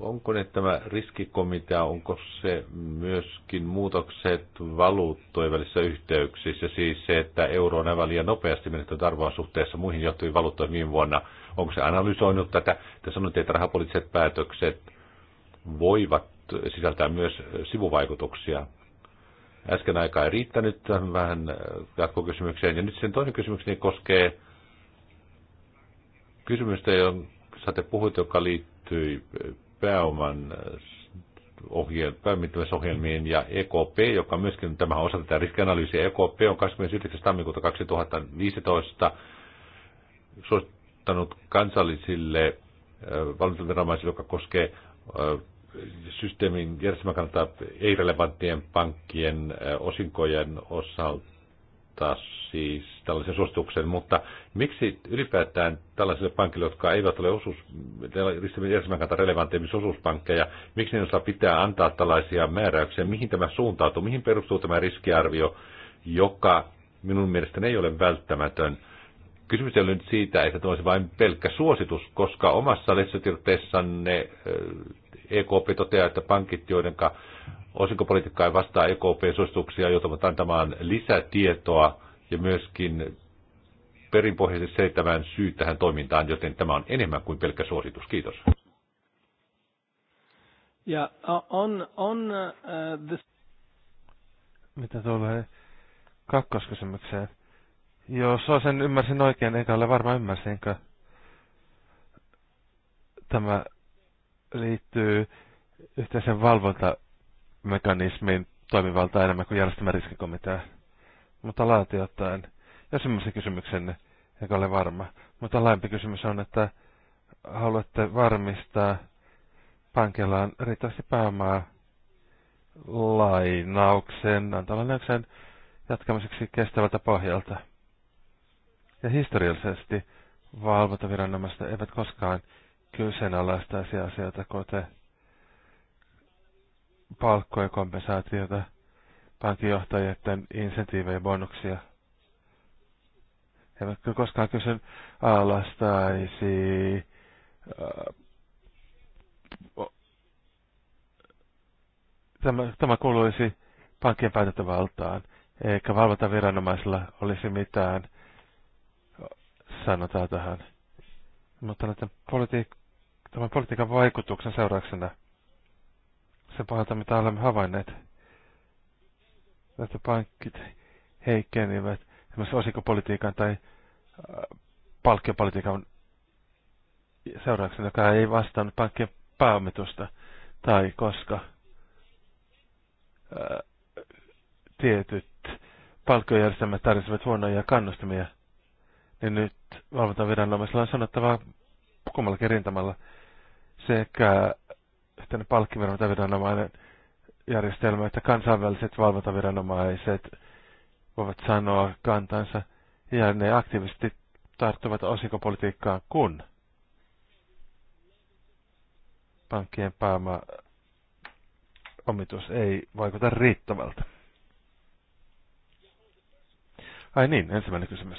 Onko ne tämä riskikomitea, onko se myöskin muutokset valuuttojen välissä yhteyksissä, siis se, että euro on aivan liian nopeasti menettänyt arvoa suhteessa muihin johtuviin valuuttoihin viime vuonna, onko se analysoinut tätä, että sanoitte, että rahapoliittiset päätökset voivat sisältää myös sivuvaikutuksia. Äsken aikaa ei riittänyt vähän jatkokysymykseen, ja nyt sen toinen kysymykseni koskee kysymystä, jonka te puhuit, joka liittyy pääoman eh, pääomittamisohjelmiin ja EKP, joka myöskin tämä osa tätä riskianalyysiä. EKP on 29. tammikuuta 2015 suosittanut kansallisille eh, valvontaviranomaisille, joka koskee eh, systeemin järjestelmän kannalta ei-relevanttien pankkien osinkojen osalta antaa siis tällaisen suosituksen, mutta miksi ylipäätään tällaisille pankille, jotka eivät ole osuus, järjestelmän kannalta relevantteja, osuuspankkeja, miksi ne osaa pitää antaa tällaisia määräyksiä, mihin tämä suuntautuu, mihin perustuu tämä riskiarvio, joka minun mielestäni ei ole välttämätön. Kysymys ei ole nyt siitä, että tämä olisi vain pelkkä suositus, koska omassa lessotirteessanne EKP eh, e toteaa, että pankit, joidenka osinkopolitiikka ei vastaa EKP-suosituksia, joutuvat antamaan lisätietoa ja myöskin perinpohjaisesti seitsemän syyt tähän toimintaan, joten tämä on enemmän kuin pelkkä suositus. Kiitos. Yeah, on, on, uh, this... Mitä tulee kakkoskysymykseen? Jos sen ymmärsin oikein, enkä ole varma ymmärsinkö. Tämä liittyy yhteisen valvonta mekanismiin toimivaltaa enemmän kuin järjestämä riskikomitea. Mutta laajasti ottaen, ja semmoisen kysymyksen, joka ole varma. Mutta laajempi kysymys on, että haluatte varmistaa pankillaan riittävästi pääomaa lainauksen, antalainauksen jatkamiseksi kestävältä pohjalta. Ja historiallisesti valvontaviranomaista eivät koskaan kyseenalaistaisi asioita, kuten palkkoja kompensaatiota, pankinjohtajien insentiivejä bonuksia. Eivätkö koskaan kysyn alastaisi tämä, tämä kuuluisi pankkien päätäntövaltaan, eikä valvontaviranomaisilla olisi mitään sanotaan tähän. Mutta näiden politi- tämän politiikan vaikutuksen seurauksena se pahalta, mitä olemme havainneet. Että pankit heikkenivät esimerkiksi osinkopolitiikan tai äh, palkkiopolitiikan seurauksena, joka ei vastannut pankkien pääomitusta, tai koska äh, tietyt palkkiojärjestelmät tarvitsevat huonoja kannustimia, niin nyt valvontaviranomaisilla on sanottavaa kummallakin rintamalla sekä yhteinen palkkiviranomainen järjestelmä, että kansainväliset valvontaviranomaiset voivat sanoa kantansa ja ne aktiivisesti tarttuvat osinkopolitiikkaan, kun pankkien pääoma omitus ei vaikuta riittävältä. Ai niin, ensimmäinen kysymys.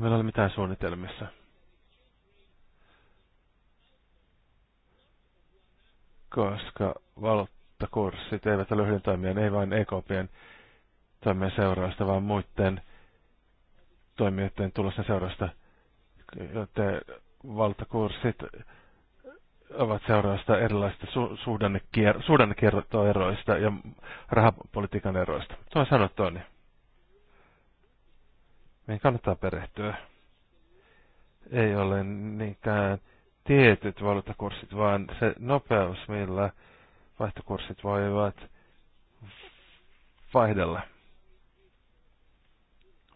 Ei meillä ole mitään suunnitelmissa. Koska valuuttakurssit eivät ole yhden toimijan, ei vain EKPn toimien seurausta, vaan muiden toimijoiden tulosten seurausta. Joten valuuttakurssit ovat seurausta erilaisista su- suhdannekiertoeroista ja rahapolitiikan eroista. Tuo on sanottu, niin meidän niin kannattaa perehtyä. Ei ole niinkään tietyt valuuttakurssit, vaan se nopeus, millä vaihtokurssit voivat vaihdella. Ja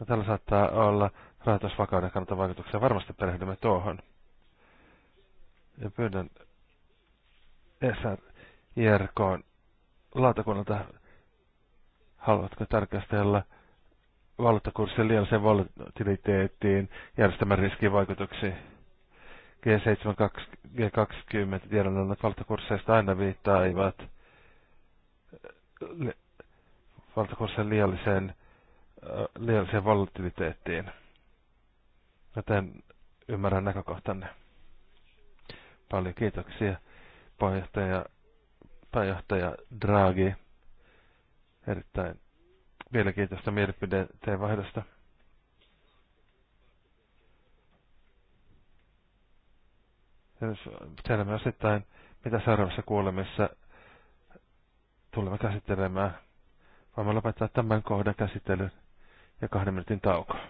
no, tällä saattaa olla rahoitusvakauden kannalta vaikutuksia. Varmasti perehdymme tuohon. Ja pyydän SR JRK lautakunnalta, haluatko tarkastella valuuttakurssien eh, liialliseen volatiliteettiin eh, järjestelmän vaikutuksi. G7 G20 tiedonannot valtakursseista aina viittaivat valuuttakurssien liialliseen, liialliseen volatiliteettiin. Joten ymmärrän näkökohtanne. Paljon kiitoksia puheenjohtaja, pääjohtaja Draghi. Erittäin mielenkiintoista mielipideteen vaihdosta. Tiedämme osittain, mitä seuraavassa kuulemissa tulemme käsittelemään. Voimme lopettaa tämän kohdan käsittelyn ja kahden minuutin taukoa.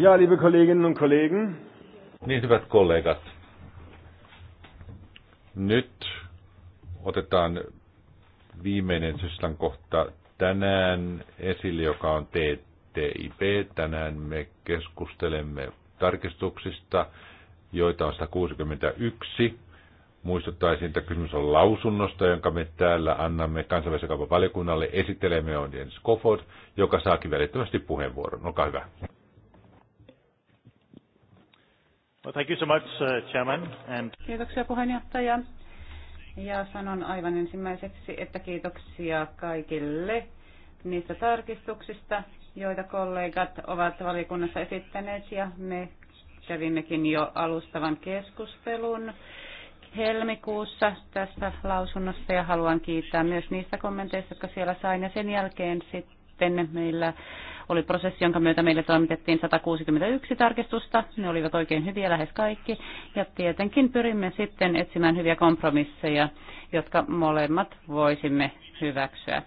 Ja, liebe Kolleginnen und Kollegen. Niin, hyvät kollegat. Nyt otetaan viimeinen syslän kohta tänään esille, joka on TTIP. Tänään me keskustelemme tarkistuksista, joita on 161. Muistuttaisin, että kysymys on lausunnosta, jonka me täällä annamme kansainvälisen kaupan valiokunnalle. Esittelemme on Jens Kofod, joka saakin välittömästi puheenvuoron. Olkaa hyvä. Well, thank you so much, uh, Chairman. And... Kiitoksia puheenjohtaja. Ja sanon aivan ensimmäiseksi, että kiitoksia kaikille niistä tarkistuksista, joita kollegat ovat valiokunnassa esittäneet ja me kävimmekin jo alustavan keskustelun helmikuussa tästä lausunnosta ja haluan kiittää myös niistä kommenteista, jotka siellä sain ja sen jälkeen sitten sitten meillä oli prosessi, jonka myötä meille toimitettiin 161 tarkistusta. Ne olivat oikein hyviä lähes kaikki. Ja tietenkin pyrimme sitten etsimään hyviä kompromisseja, jotka molemmat voisimme hyväksyä.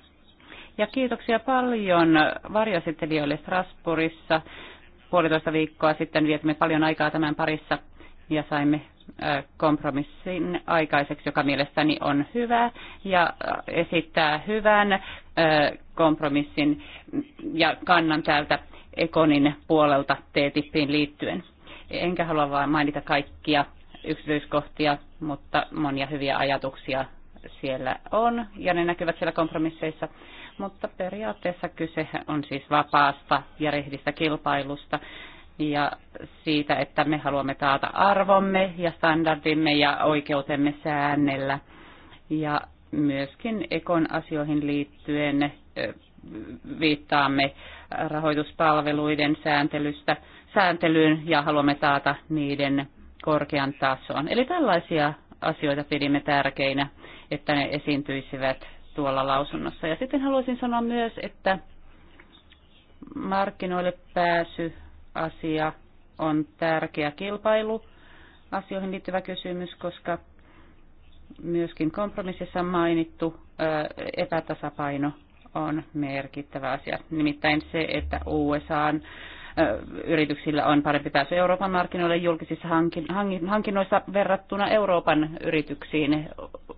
Ja kiitoksia paljon varjoesittelijöille Strasbourgissa. Puolitoista viikkoa sitten vietimme paljon aikaa tämän parissa ja saimme kompromissin aikaiseksi, joka mielestäni on hyvä ja esittää hyvän kompromissin ja kannan täältä Ekonin puolelta TTIPin liittyen. Enkä halua vain mainita kaikkia yksityiskohtia, mutta monia hyviä ajatuksia siellä on ja ne näkyvät siellä kompromisseissa. Mutta periaatteessa kyse on siis vapaasta ja rehdistä kilpailusta ja siitä, että me haluamme taata arvomme ja standardimme ja oikeutemme säännellä. Ja myöskin ekon asioihin liittyen viittaamme rahoituspalveluiden sääntelystä, sääntelyyn ja haluamme taata niiden korkean tason. Eli tällaisia asioita pidimme tärkeinä, että ne esiintyisivät tuolla lausunnossa. Ja sitten haluaisin sanoa myös, että markkinoille pääsy asia on tärkeä kilpailu asioihin liittyvä kysymys, koska myöskin kompromississa mainittu epätasapaino on merkittävä asia. Nimittäin se, että USAn yrityksillä on parempi pääsy Euroopan markkinoille julkisissa hankinnoissa verrattuna Euroopan yrityksiin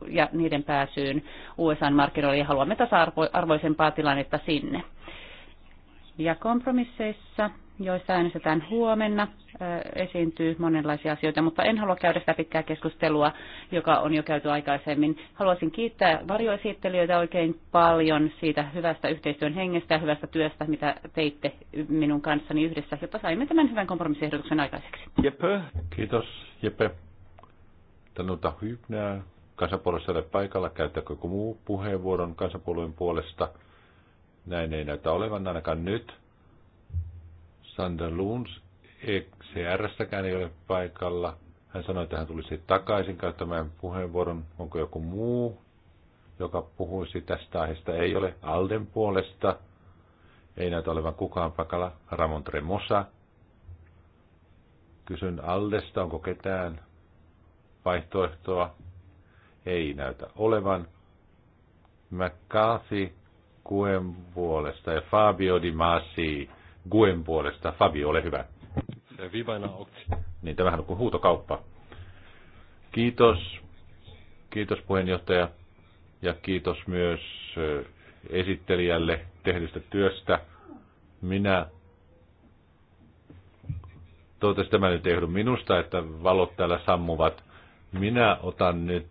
ja niiden pääsyyn USA markkinoille ja haluamme tasa-arvoisempaa tilannetta sinne. Ja kompromisseissa joissa äänestetään huomenna, esiintyy monenlaisia asioita, mutta en halua käydä sitä pitkää keskustelua, joka on jo käyty aikaisemmin. Haluaisin kiittää varjoesittelijöitä oikein paljon siitä hyvästä yhteistyön hengestä ja hyvästä työstä, mitä teitte minun kanssani yhdessä, jotta saimme tämän hyvän kompromissiehdotuksen aikaiseksi. Jeppe, kiitos Jeppe. Tänuta Hybnää, kansanpuolesta ole paikalla, käyttääkö joku muu puheenvuoron kansanpuolueen puolesta? Näin ei näytä olevan ainakaan nyt. Sander Luns ECR-stäkään ei ole paikalla. Hän sanoi, että hän tulisi takaisin käyttämään puheenvuoron. Onko joku muu, joka puhuisi tästä aiheesta? Ei ole Alden puolesta. Ei näytä olevan kukaan paikalla. Ramon Tremosa. Kysyn Aldesta, onko ketään vaihtoehtoa? Ei näytä olevan. McCarthy Kuen puolesta ja Fabio Di Masi Guen puolesta. Fabio, ole hyvä. Se auki. Niin, tämähän on kuin huutokauppa. Kiitos. Kiitos puheenjohtaja ja kiitos myös esittelijälle tehdystä työstä. Minä toivottavasti tämä nyt ei minusta, että valot täällä sammuvat. Minä otan nyt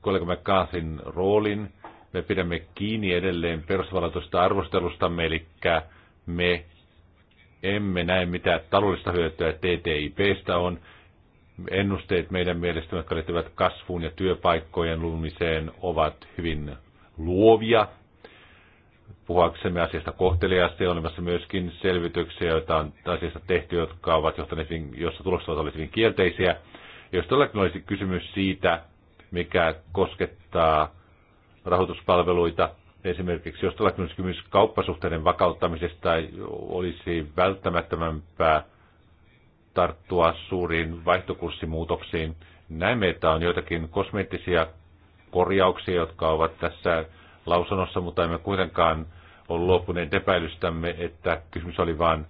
kollega McCarthyn roolin me pidämme kiinni edelleen perustavallatusta arvostelustamme, eli me emme näe, mitä taloudellista hyötyä TTIPstä on. Ennusteet meidän mielestä, jotka liittyvät kasvuun ja työpaikkojen luomiseen, ovat hyvin luovia. Puhuaksemme asiasta kohteliaasti on olemassa myöskin selvityksiä, joita on asiasta tehty, jotka ovat johtaneet, jossa tulokset ovat olleet hyvin kielteisiä. Jos todellakin olisi kysymys siitä, mikä koskettaa rahoituspalveluita. Esimerkiksi jos tällä kysymys kauppasuhteiden vakauttamisesta olisi välttämättömämpää tarttua suuriin vaihtokurssimuutoksiin. Näemme, että on joitakin kosmeettisia korjauksia, jotka ovat tässä lausunnossa, mutta emme kuitenkaan ole luopuneet epäilystämme, että kysymys oli vain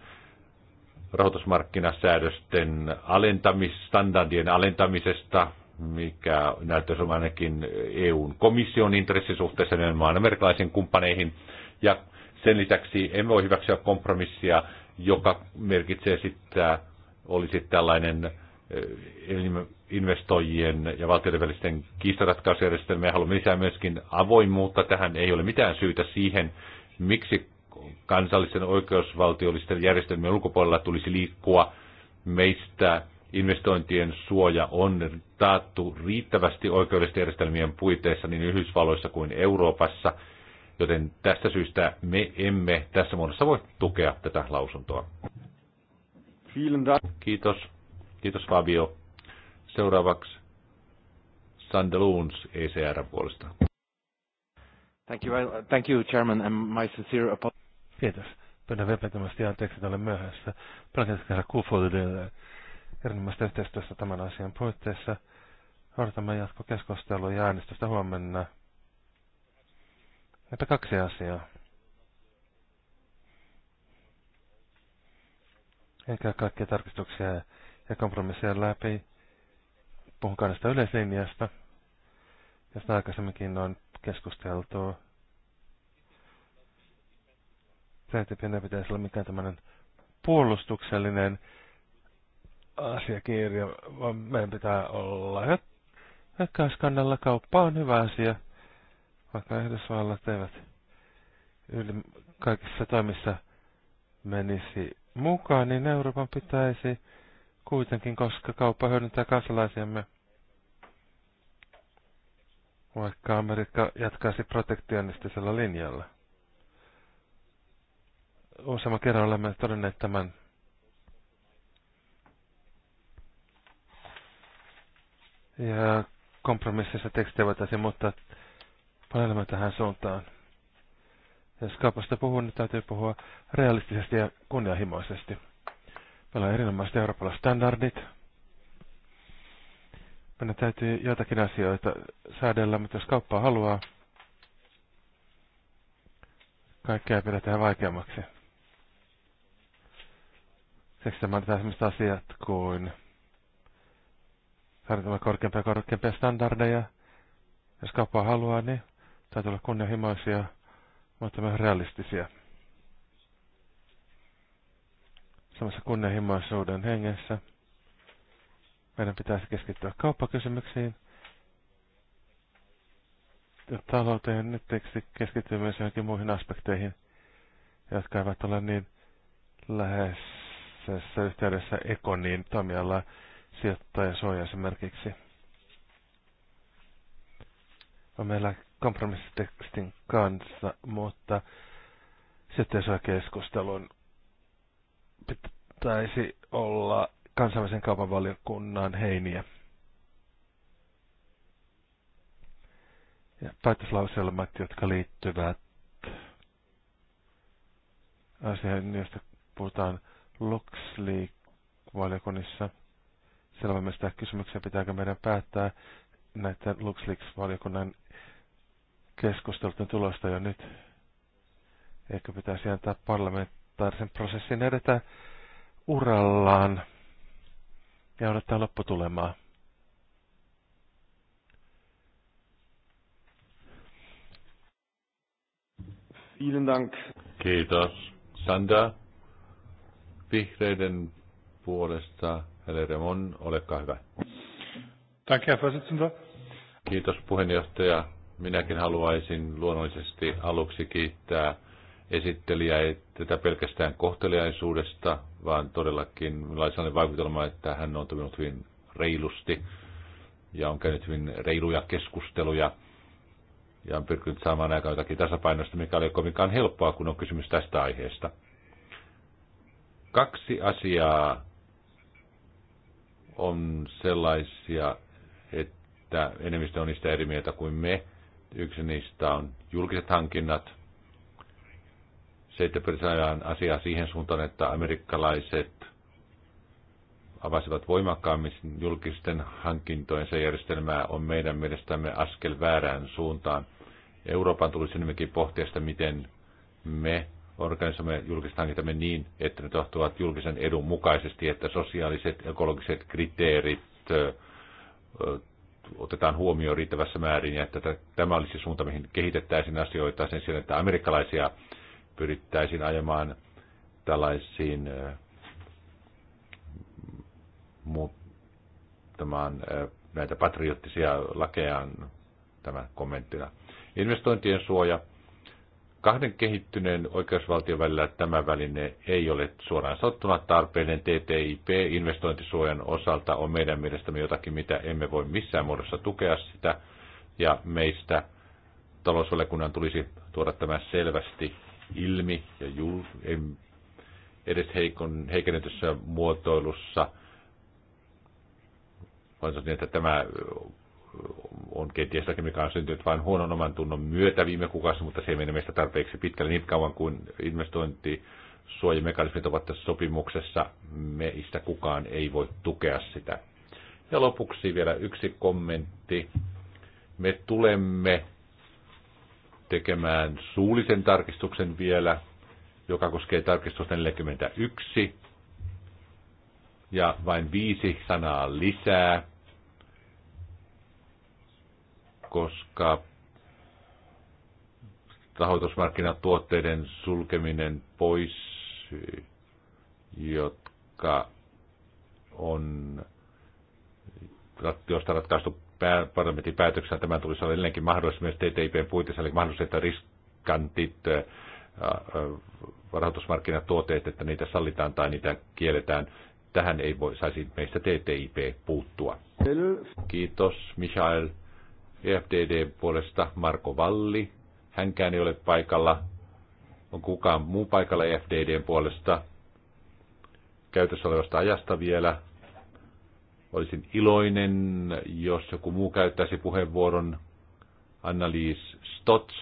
rahoitusmarkkinasäädösten standardien alentamisesta mikä näyttäisi olevan ainakin EUn komission intressisuhteessa nimenomaan amerikkalaisiin kumppaneihin. Ja sen lisäksi emme voi hyväksyä kompromissia, joka merkitsee sitä, olisi tällainen eh, investoijien ja valtioiden välisten kiistaratkaisujärjestelmä. Ja haluamme lisää myöskin avoimuutta. Tähän ei ole mitään syytä siihen, miksi kansallisen oikeusvaltiollisten järjestelmien ulkopuolella tulisi liikkua. Meistä investointien suoja on taattu riittävästi oikeudellisten järjestelmien puitteissa niin Yhdysvalloissa kuin Euroopassa, joten tästä syystä me emme tässä muodossa voi tukea tätä lausuntoa. Kiitos. Kiitos Fabio. Seuraavaksi Sandaloons ECR puolesta. Thank you, thank you Chairman, and my sincere apologies. Kiitos. Pyydän vepetämästi anteeksi tälle myöhässä. Pelkästään herra Kufoldille erinomaista yhteistyöstä tämän asian puitteissa. Odotamme jatkokeskustelua ja äänestystä huomenna. Että kaksi asiaa. Enkä kaikkia tarkistuksia ja kompromisseja läpi. Puhun kannasta yleislinjasta, josta aikaisemminkin on keskusteltu. Sen pitäisi olla mikään tämmöinen puolustuksellinen asiakirja, vaan meidän pitää olla hyökkäyskannalla. Kauppa on hyvä asia, vaikka Yhdysvallat eivät yli kaikissa toimissa menisi mukaan, niin Euroopan pitäisi kuitenkin, koska kauppa hyödyntää kansalaisiamme. Vaikka Amerikka jatkaisi protektionistisella linjalla. Useamman kerran olemme todenneet tämän Ja kompromississa tekstejä voitaisiin muuttaa paljon tähän suuntaan. Jos kaupasta puhuu, niin täytyy puhua realistisesti ja kunnianhimoisesti. Meillä on erinomaiset Euroopan standardit. Meidän täytyy joitakin asioita säädellä, mutta jos kauppaa haluaa, kaikkea pitää tehdä vaikeammaksi. Seksi tämä on asiat kuin tarjolla korkeampia korkeampia standardeja. Jos kauppa haluaa, niin täytyy olla kunnianhimoisia, mutta myös realistisia. Samassa kunnianhimoisuuden hengessä meidän pitäisi keskittyä kauppakysymyksiin ja talouteen nyt keskittyy myös johonkin muihin aspekteihin, jotka eivät ole niin läheisessä yhteydessä Ekonin toimialaan sijoittajasuoja esimerkiksi. On meillä kompromissitekstin kanssa, mutta sijoittajasuojakeskustelun pitäisi olla kansainvälisen kaupan valiokunnan heiniä. Ja päätöslauselmat, jotka liittyvät asiaan, josta puhutaan LuxLeak-valiokunnissa – siellä voi myös kysymyksiä, pitääkö meidän päättää näiden LuxLeaks-valiokunnan keskustelun tulosta jo nyt. Ehkä pitäisi antaa parlamentaarisen prosessin edetä urallaan ja odottaa lopputulemaa. Kiitos. Sanda, vihreiden puolesta Herra Remon, olekaa hyvä. Kiitos puheenjohtaja. Minäkin haluaisin luonnollisesti aluksi kiittää esittelijä ei tätä pelkästään kohteliaisuudesta, vaan todellakin sellainen vaikutelma, että hän on toiminut hyvin reilusti ja on käynyt hyvin reiluja keskusteluja ja on pyrkinyt saamaan aikaan jotakin tasapainosta, mikä oli kovinkaan helppoa, kun on kysymys tästä aiheesta. Kaksi asiaa on sellaisia, että enemmistö on niistä eri mieltä kuin me. Yksi niistä on julkiset hankinnat. Se, että pyritään asiaa siihen suuntaan, että amerikkalaiset avasivat voimakkaammin julkisten se järjestelmää, on meidän mielestämme askel väärään suuntaan. Euroopan tulisi enemmänkin pohtia sitä, miten me organisoimme julkiset hankintamme niin, että ne tohtuvat julkisen edun mukaisesti, että sosiaaliset ekologiset kriteerit otetaan huomioon riittävässä määrin ja että tämä olisi suunta, mihin kehitettäisiin asioita sen sijaan, että amerikkalaisia pyrittäisiin ajamaan tällaisiin muuttamaan näitä patriottisia lakejaan tämä kommenttina. Investointien suoja kahden kehittyneen oikeusvaltion välillä tämä väline ei ole suoraan sattuna tarpeellinen. TTIP investointisuojan osalta on meidän mielestämme jotakin, mitä emme voi missään muodossa tukea sitä. Ja meistä talousvaliokunnan tulisi tuoda tämä selvästi ilmi ja jul, en, edes heikon, heikennetyssä muotoilussa. Voin sanoa, niin, että tämä on kenties jotakin, mikä on syntynyt vain huonon oman tunnon myötä viime kuukausi, mutta se ei mene meistä tarpeeksi pitkälle niin kauan kuin investointi suojamekanismit ovat tässä sopimuksessa, meistä kukaan ei voi tukea sitä. Ja lopuksi vielä yksi kommentti. Me tulemme tekemään suullisen tarkistuksen vielä, joka koskee tarkistusta 41, ja vain viisi sanaa lisää koska rahoitusmarkkinatuotteiden sulkeminen pois, jotka on, josta ratkaistu parlamentin päätöksellä, tämä tulisi olla edelleenkin mahdollista myös TTIPn puitteissa, eli mahdollista, että riskantit rahoitusmarkkinatuotteet, että niitä sallitaan tai niitä kielletään. Tähän ei voi, saisi meistä TTIP puuttua. Kiitos, Michael. EFDD puolesta Marko Valli. Hänkään ei ole paikalla. On kukaan muu paikalla EFDD puolesta. Käytössä olevasta ajasta vielä. Olisin iloinen, jos joku muu käyttäisi puheenvuoron. Annalise Stotz.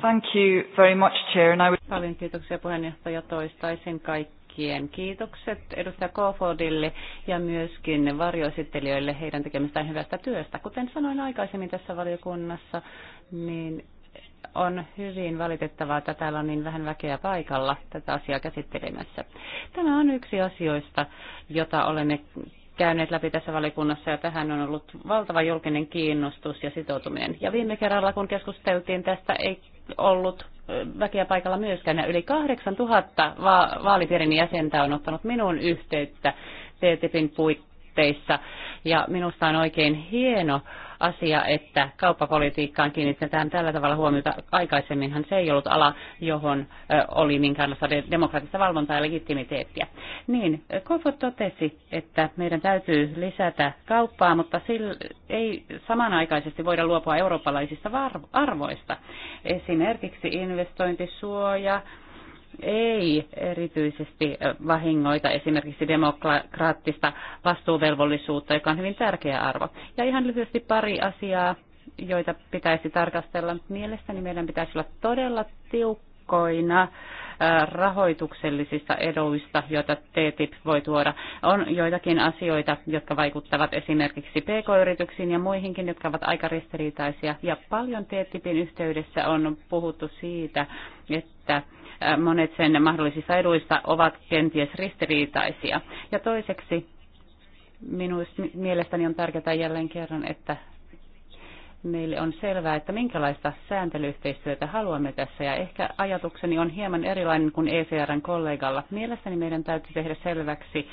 Thank you very much, Chair. And I would... Paljon kiitoksia puheenjohtaja. Toistaisin kaikki lukien. Kiitokset edustaja Kofodille ja myöskin varjoesittelijöille heidän tekemistään hyvästä työstä. Kuten sanoin aikaisemmin tässä valiokunnassa, niin on hyvin valitettavaa, että täällä on niin vähän väkeä paikalla tätä asiaa käsittelemässä. Tämä on yksi asioista, jota olemme käyneet läpi tässä valikunnassa ja tähän on ollut valtava julkinen kiinnostus ja sitoutuminen. Ja viime kerralla, kun keskusteltiin tästä, ei ollut väkeä paikalla myöskään. Ja yli 8000 va- vaalipiirin jäsentä on ottanut minun yhteyttä TTIPin puitteissa. Ja minusta on oikein hieno asia, että kauppapolitiikkaan kiinnitetään tällä tavalla huomiota. Aikaisemminhan se ei ollut ala, johon oli minkäänlaista demokraattista valvontaa ja legitimiteettiä. Niin, Kofo totesi, että meidän täytyy lisätä kauppaa, mutta sillä ei samanaikaisesti voida luopua eurooppalaisista arvoista. Esimerkiksi investointisuoja, ei erityisesti vahingoita esimerkiksi demokraattista vastuuvelvollisuutta, joka on hyvin tärkeä arvo. Ja ihan lyhyesti pari asiaa, joita pitäisi tarkastella. Mielestäni meidän pitäisi olla todella tiukkoina rahoituksellisista eduista, joita TTIP voi tuoda. On joitakin asioita, jotka vaikuttavat esimerkiksi pk-yrityksiin ja muihinkin, jotka ovat aika ristiriitaisia. Ja paljon TTIPin yhteydessä on puhuttu siitä, että monet sen mahdollisista eduista ovat kenties ristiriitaisia. Ja toiseksi minun mielestäni on tärkeää jälleen kerran, että meille on selvää, että minkälaista sääntelyyhteistyötä haluamme tässä. Ja ehkä ajatukseni on hieman erilainen kuin ECRn kollegalla. Mielestäni meidän täytyy tehdä selväksi,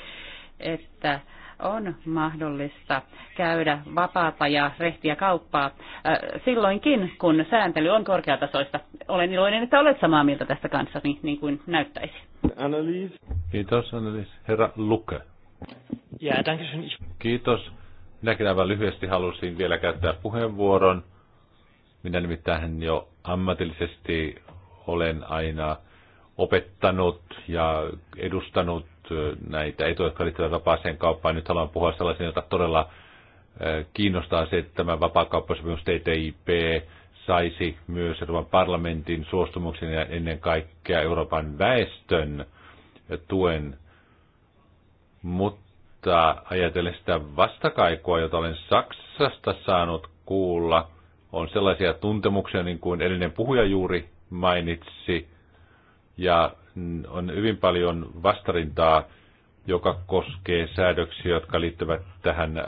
että on mahdollista käydä vapaata ja rehtiä kauppaa äh, silloinkin, kun sääntely on korkeatasoista. Olen iloinen, että olet samaa mieltä tästä kanssa, niin kuin näyttäisi. Analyys. Kiitos Annelies. Herra Luke. Ja, Kiitos. Minäkin aivan lyhyesti halusin vielä käyttää puheenvuoron. Minä nimittäin jo ammatillisesti olen aina opettanut ja edustanut näitä etuja, jotka liittyvät vapaaseen kauppaan. Nyt haluan puhua sellaisia, joita todella kiinnostaa se, että tämä vapaakauppasopimus TTIP saisi myös Euroopan parlamentin suostumuksen ja ennen kaikkea Euroopan väestön tuen. Mutta ajatellen sitä vastakaikua, jota olen Saksasta saanut kuulla, on sellaisia tuntemuksia, niin kuin edellinen puhuja juuri mainitsi, ja on hyvin paljon vastarintaa, joka koskee säädöksiä, jotka liittyvät tähän äh,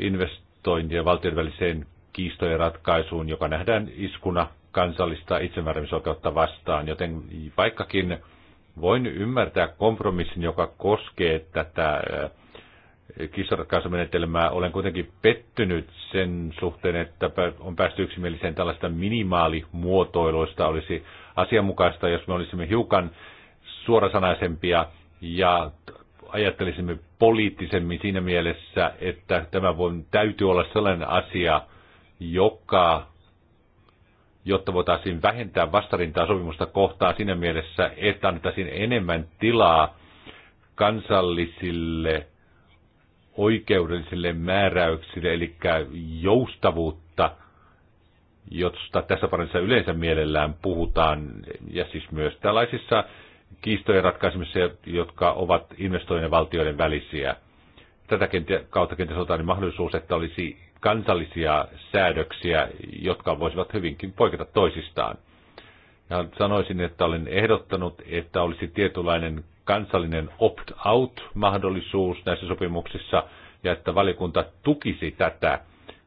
investointi- ja valtion väliseen kiistojen ratkaisuun, joka nähdään iskuna kansallista itsemääräämisoikeutta vastaan. Joten vaikkakin voin ymmärtää kompromissin, joka koskee tätä äh, kiistoratkaisumenetelmää, olen kuitenkin pettynyt sen suhteen, että on päästy yksimieliseen tällaista minimaalimuotoiluista olisi asianmukaista, jos me olisimme hiukan suorasanaisempia ja ajattelisimme poliittisemmin siinä mielessä, että tämä voi, täytyy olla sellainen asia, joka, jotta voitaisiin vähentää vastarintaa sopimusta kohtaan siinä mielessä, että annettaisiin enemmän tilaa kansallisille oikeudellisille määräyksille, eli joustavuutta josta tässä parissa yleensä mielellään puhutaan, ja siis myös tällaisissa kiistojen ratkaisemisissa, jotka ovat investoinnin valtioiden välisiä. Tätä kautta kenties otetaan niin mahdollisuus, että olisi kansallisia säädöksiä, jotka voisivat hyvinkin poiketa toisistaan. Ja sanoisin, että olen ehdottanut, että olisi tietynlainen kansallinen opt-out-mahdollisuus näissä sopimuksissa, ja että valiokunta tukisi tätä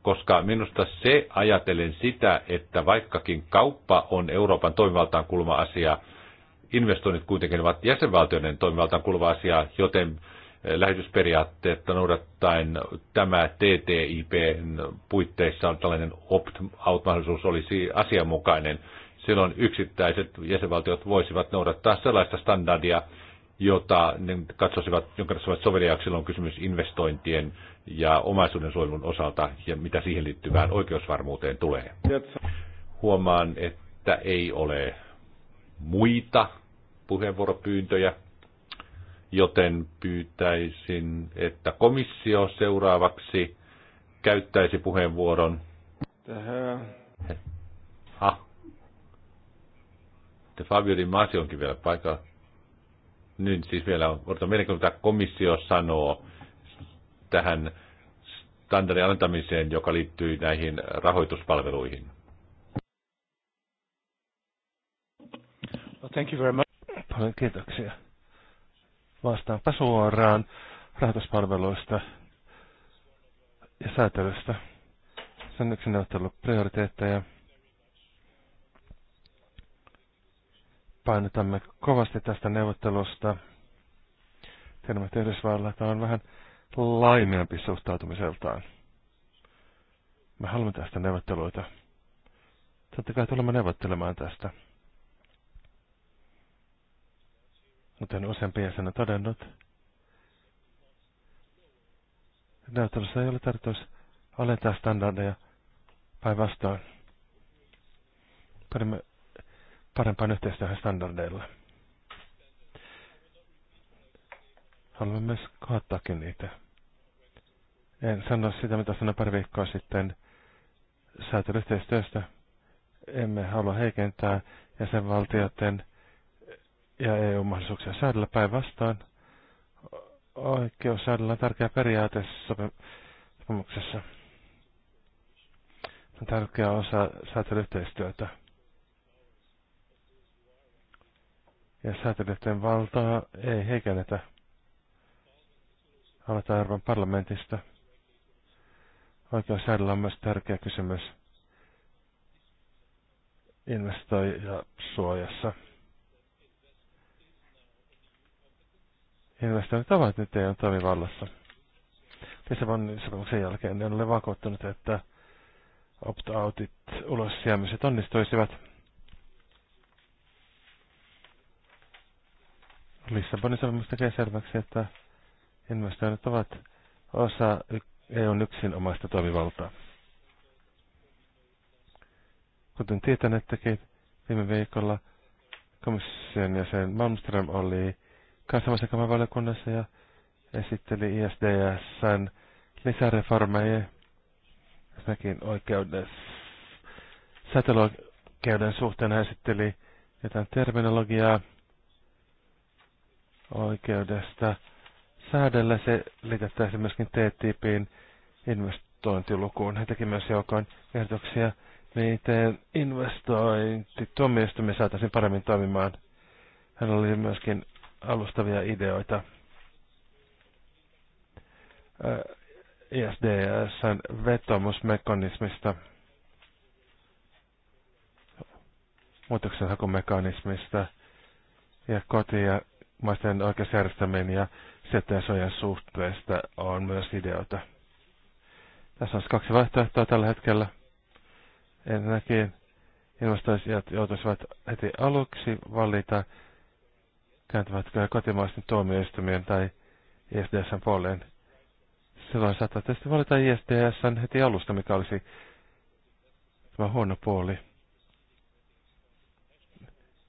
koska minusta se ajatellen sitä, että vaikkakin kauppa on Euroopan toimivaltaan kuuluva asia, investoinnit kuitenkin ovat jäsenvaltioiden toimivaltaan kuuluva asia, joten eh, lähetysperiaatteetta noudattaen tämä TTIPn puitteissa on tällainen opt-out-mahdollisuus olisi asianmukainen. Silloin yksittäiset jäsenvaltiot voisivat noudattaa sellaista standardia, jota ne katsoisivat, jonka katsoisivat soveliaaksi, on kysymys investointien ja omaisuuden suojelun osalta ja mitä siihen liittyvään oikeusvarmuuteen tulee. Huomaan, että ei ole muita puheenvuoropyyntöjä, joten pyytäisin, että komissio seuraavaksi käyttäisi puheenvuoron. Tähän. Ha. Fabio Di Masi onkin vielä paikalla. Nyt siis vielä on, odotan mielenkiintoista, komissio sanoo tähän standardin alentamiseen, joka liittyy näihin rahoituspalveluihin. Well, thank you very much. Paljon kiitoksia. Vastaanpa suoraan rahoituspalveluista ja säätelystä. Se on yksi prioriteetteja. painotamme kovasti tästä neuvottelusta. Tiedämme, että Yhdysvallat on vähän laimeampi suhtautumiseltaan. Me haluamme tästä neuvotteluita. Totta kai tulemme neuvottelemaan tästä. Kuten useampi jäsen on todennut, neuvottelussa ei ole tarkoitus alentaa standardeja päinvastoin. Pyrimme parempaan yhteistyöhön standardeilla. Haluamme myös kaattaakin niitä. En sano sitä, mitä sanoin pari viikkoa sitten säätelyyhteistyöstä. Emme halua heikentää jäsenvaltioiden ja EU-mahdollisuuksia säädellä päinvastoin. Oikeus säädellä on tärkeä periaate sopimuksessa. Se on tärkeä osa säätelyyhteistyötä. yhteistyötä ja säätelijöiden valtaa ei heikennetä. Aletaan Euroopan parlamentista. Oikeusäädellä on myös tärkeä kysymys investoija suojassa. Investoinnit ovat nyt EUn toimivallassa. Lissabonin sopimuksen jälkeen en ole vakuuttunut, että opt-outit ulos onnistuisivat. Lissabonin sopimus tekee selväksi, että investoinnit ovat osa EUn yksin omaista toimivaltaa. Kuten tietänettekin, viime viikolla komission jäsen Malmström oli kansainvälisen valiokunnassa ja esitteli ISDSn lisäreformeja ensinnäkin oikeudessa säteilyoikeuden suhteen hän esitteli jotain terminologiaa, oikeudesta säädellä. Se liitettäisiin myöskin TTIPin investointilukuun. He teki myös joukoin ehdotuksia, miten investointituomioistumme saataisiin paremmin toimimaan. Hän oli myöskin alustavia ideoita. ISDSn vetomusmekanismista, muutoksenhakumekanismista ja koti- ja maisten oikeusjärjestelmien ja CTSOjen suhteesta on myös ideoita. Tässä on kaksi vaihtoehtoa tällä hetkellä. Ensinnäkin ilmastoisijat joutuisivat heti aluksi valita, kääntyvätkö he kotimaisten tuomioistumien tai ISDSn puoleen. Silloin saattaa tietysti valita ISDSn heti alusta, mikä olisi tämä huono puoli.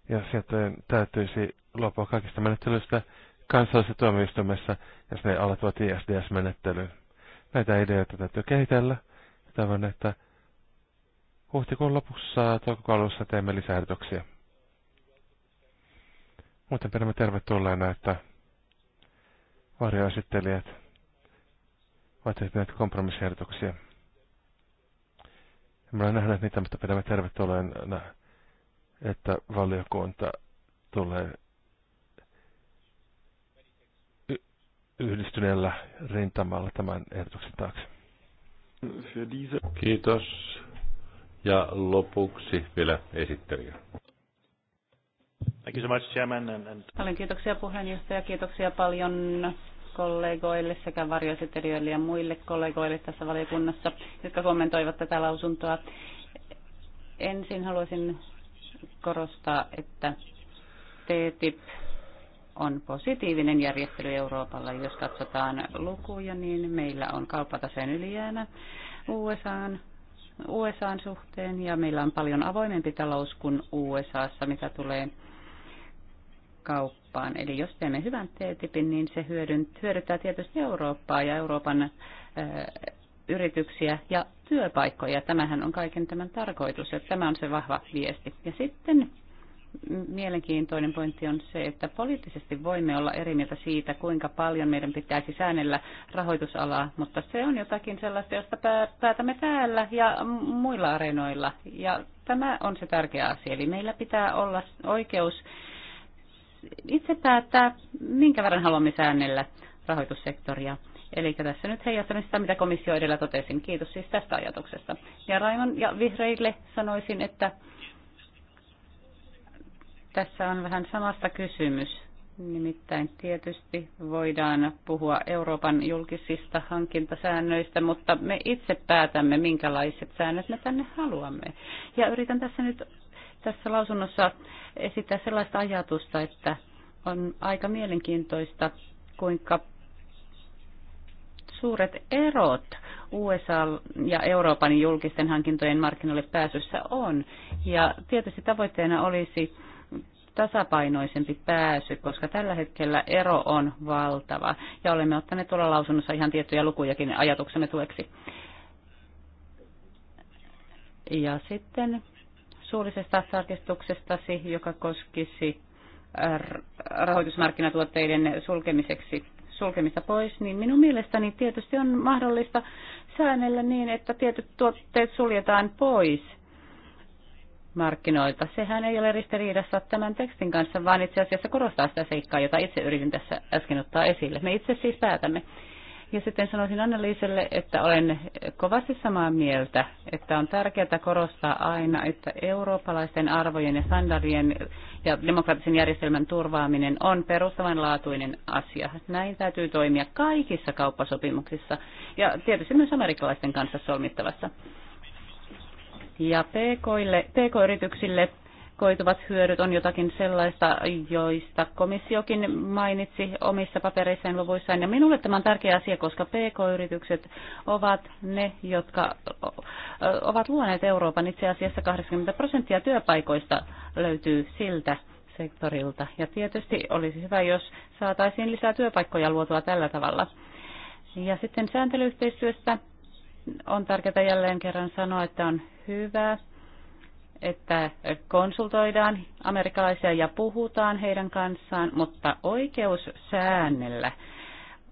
Ja sieltä täytyisi luopua kaikista menettelyistä kansallisessa tuomioistuimessa, jos ne aloittavat ISDS-menettelyyn. Näitä ideoita täytyy kehitellä. Toivon, että huhtikuun lopussa toukokuun alussa teemme lisäehdotuksia. Muuten pidämme tervetulleena, että varjoesittelijät ovat tehneet kompromissiehdotuksia. Me olemme nähneet niitä, mutta pidämme tervetulleena, että valiokunta tulee yhdistyneellä rintamalla tämän ehdotuksen taakse. Kiitos. Ja lopuksi vielä esittelijä. Thank you so much, Chairman. And, and... Paljon kiitoksia puheenjohtaja, kiitoksia paljon kollegoille sekä varjoesittelijöille ja muille kollegoille tässä valiokunnassa, jotka kommentoivat tätä lausuntoa. Ensin haluaisin korostaa, että TTIP on positiivinen järjestely Euroopalla. Jos katsotaan lukuja, niin meillä on kauppataseen ylijäämä USAan, USAn suhteen ja meillä on paljon avoimempi talous kuin USAssa, mitä tulee kauppaan. Eli jos teemme hyvän TTIPin, niin se hyödyttää tietysti Eurooppaa ja Euroopan ö, yrityksiä ja työpaikkoja. Tämähän on kaiken tämän tarkoitus että tämä on se vahva viesti. Ja sitten mielenkiintoinen pointti on se, että poliittisesti voimme olla eri mieltä siitä, kuinka paljon meidän pitäisi säännellä rahoitusalaa, mutta se on jotakin sellaista, josta päätämme täällä ja muilla areenoilla. Ja tämä on se tärkeä asia. Eli meillä pitää olla oikeus itse päättää, minkä verran haluamme säännellä rahoitussektoria. Eli tässä nyt heijastan sitä, mitä komissio edellä totesin. Kiitos siis tästä ajatuksesta. Ja Raimon ja vihreille sanoisin, että tässä on vähän samasta kysymys. Nimittäin tietysti voidaan puhua Euroopan julkisista hankintasäännöistä, mutta me itse päätämme, minkälaiset säännöt me tänne haluamme. Ja yritän tässä nyt tässä lausunnossa esittää sellaista ajatusta, että on aika mielenkiintoista, kuinka suuret erot USA ja Euroopan julkisten hankintojen markkinoille pääsyssä on. Ja tietysti tavoitteena olisi tasapainoisempi pääsy, koska tällä hetkellä ero on valtava. Ja olemme ottaneet tuolla lausunnossa ihan tiettyjä lukujakin ajatuksemme tueksi. Ja sitten suullisesta tarkistuksestasi, joka koskisi äh, rahoitusmarkkinatuotteiden sulkemiseksi sulkemista pois, niin minun mielestäni tietysti on mahdollista säännellä niin, että tietyt tuotteet suljetaan pois markkinoilta. Sehän ei ole ristiriidassa tämän tekstin kanssa, vaan itse asiassa korostaa sitä seikkaa, jota itse yritin tässä äsken ottaa esille. Me itse siis päätämme. Ja sitten sanoisin Anneliiselle, että olen kovasti samaa mieltä, että on tärkeää korostaa aina, että eurooppalaisten arvojen ja standardien ja demokraattisen järjestelmän turvaaminen on perustavanlaatuinen asia. Näin täytyy toimia kaikissa kauppasopimuksissa ja tietysti myös amerikkalaisten kanssa solmittavassa ja PK-yrityksille koituvat hyödyt on jotakin sellaista, joista komissiokin mainitsi omissa papereissaan luvuissaan. Ja minulle tämä on tärkeä asia, koska PK-yritykset ovat ne, jotka ovat luoneet Euroopan. Itse asiassa 80 prosenttia työpaikoista löytyy siltä sektorilta. Ja tietysti olisi hyvä, jos saataisiin lisää työpaikkoja luotua tällä tavalla. Ja sitten sääntelyyhteistyöstä on tärkeää jälleen kerran sanoa, että on hyvä, että konsultoidaan amerikkalaisia ja puhutaan heidän kanssaan, mutta oikeus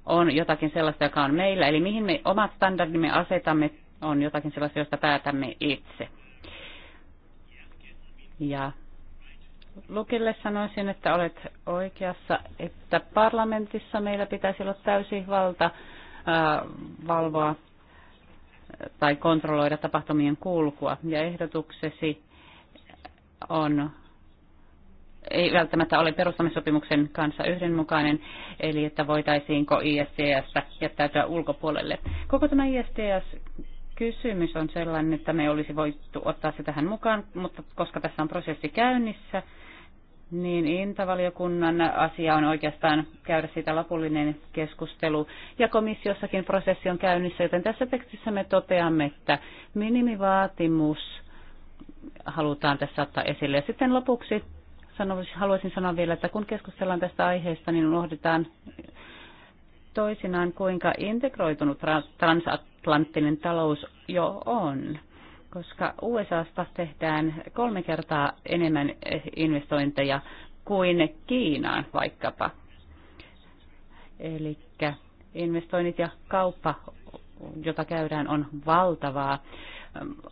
on jotakin sellaista, joka on meillä. Eli mihin me omat standardimme asetamme, on jotakin sellaista, josta päätämme itse. Ja Lukille sanoisin, että olet oikeassa, että parlamentissa meillä pitäisi olla täysi valta äh, valvoa tai kontrolloida tapahtumien kulkua. Ja ehdotuksesi on ei välttämättä ole perustamissopimuksen kanssa yhdenmukainen, eli että voitaisiinko ISTS jättäytyä ulkopuolelle. Koko tämä ISTS-kysymys on sellainen, että me olisi voitu ottaa se tähän mukaan, mutta koska tässä on prosessi käynnissä, niin Intavaliokunnan asia on oikeastaan käydä siitä lopullinen keskustelu. Ja komissiossakin prosessi on käynnissä, joten tässä tekstissä me toteamme, että minimivaatimus halutaan tässä ottaa esille. Ja sitten lopuksi haluaisin sanoa vielä, että kun keskustellaan tästä aiheesta, niin unohdetaan toisinaan, kuinka integroitunut transatlanttinen talous jo on koska USAsta tehdään kolme kertaa enemmän investointeja kuin Kiinaan vaikkapa. Eli investoinnit ja kauppa, jota käydään, on valtavaa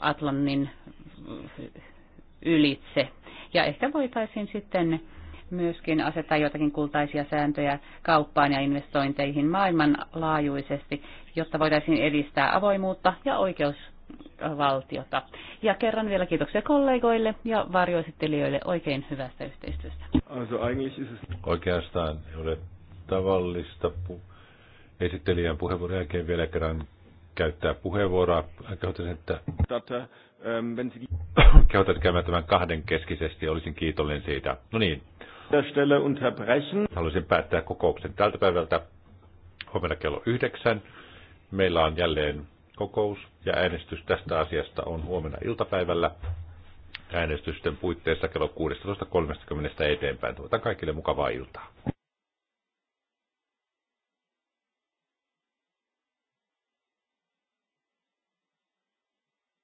Atlannin ylitse. Ja ehkä voitaisiin sitten myöskin asettaa jotakin kultaisia sääntöjä kauppaan ja investointeihin maailmanlaajuisesti, jotta voitaisiin edistää avoimuutta ja oikeus, valtiota. Ja kerran vielä kiitoksia kollegoille ja varjoesittelijöille oikein hyvästä yhteistyöstä. Oikeastaan ei ole tavallista pu- esittelijän puheenvuoron jälkeen vielä kerran käyttää puheenvuoroa. Ähm, Kehotan, että Tätä, ähm, Kehotan käymään tämän kahden keskisesti ja olisin kiitollinen siitä. No niin. Haluaisin päättää kokouksen tältä päivältä huomenna kello yhdeksän. Meillä on jälleen kokous ja äänestys tästä asiasta on huomenna iltapäivällä äänestysten puitteissa kello 16.30 eteenpäin. Tuotan kaikille mukavaa iltaa.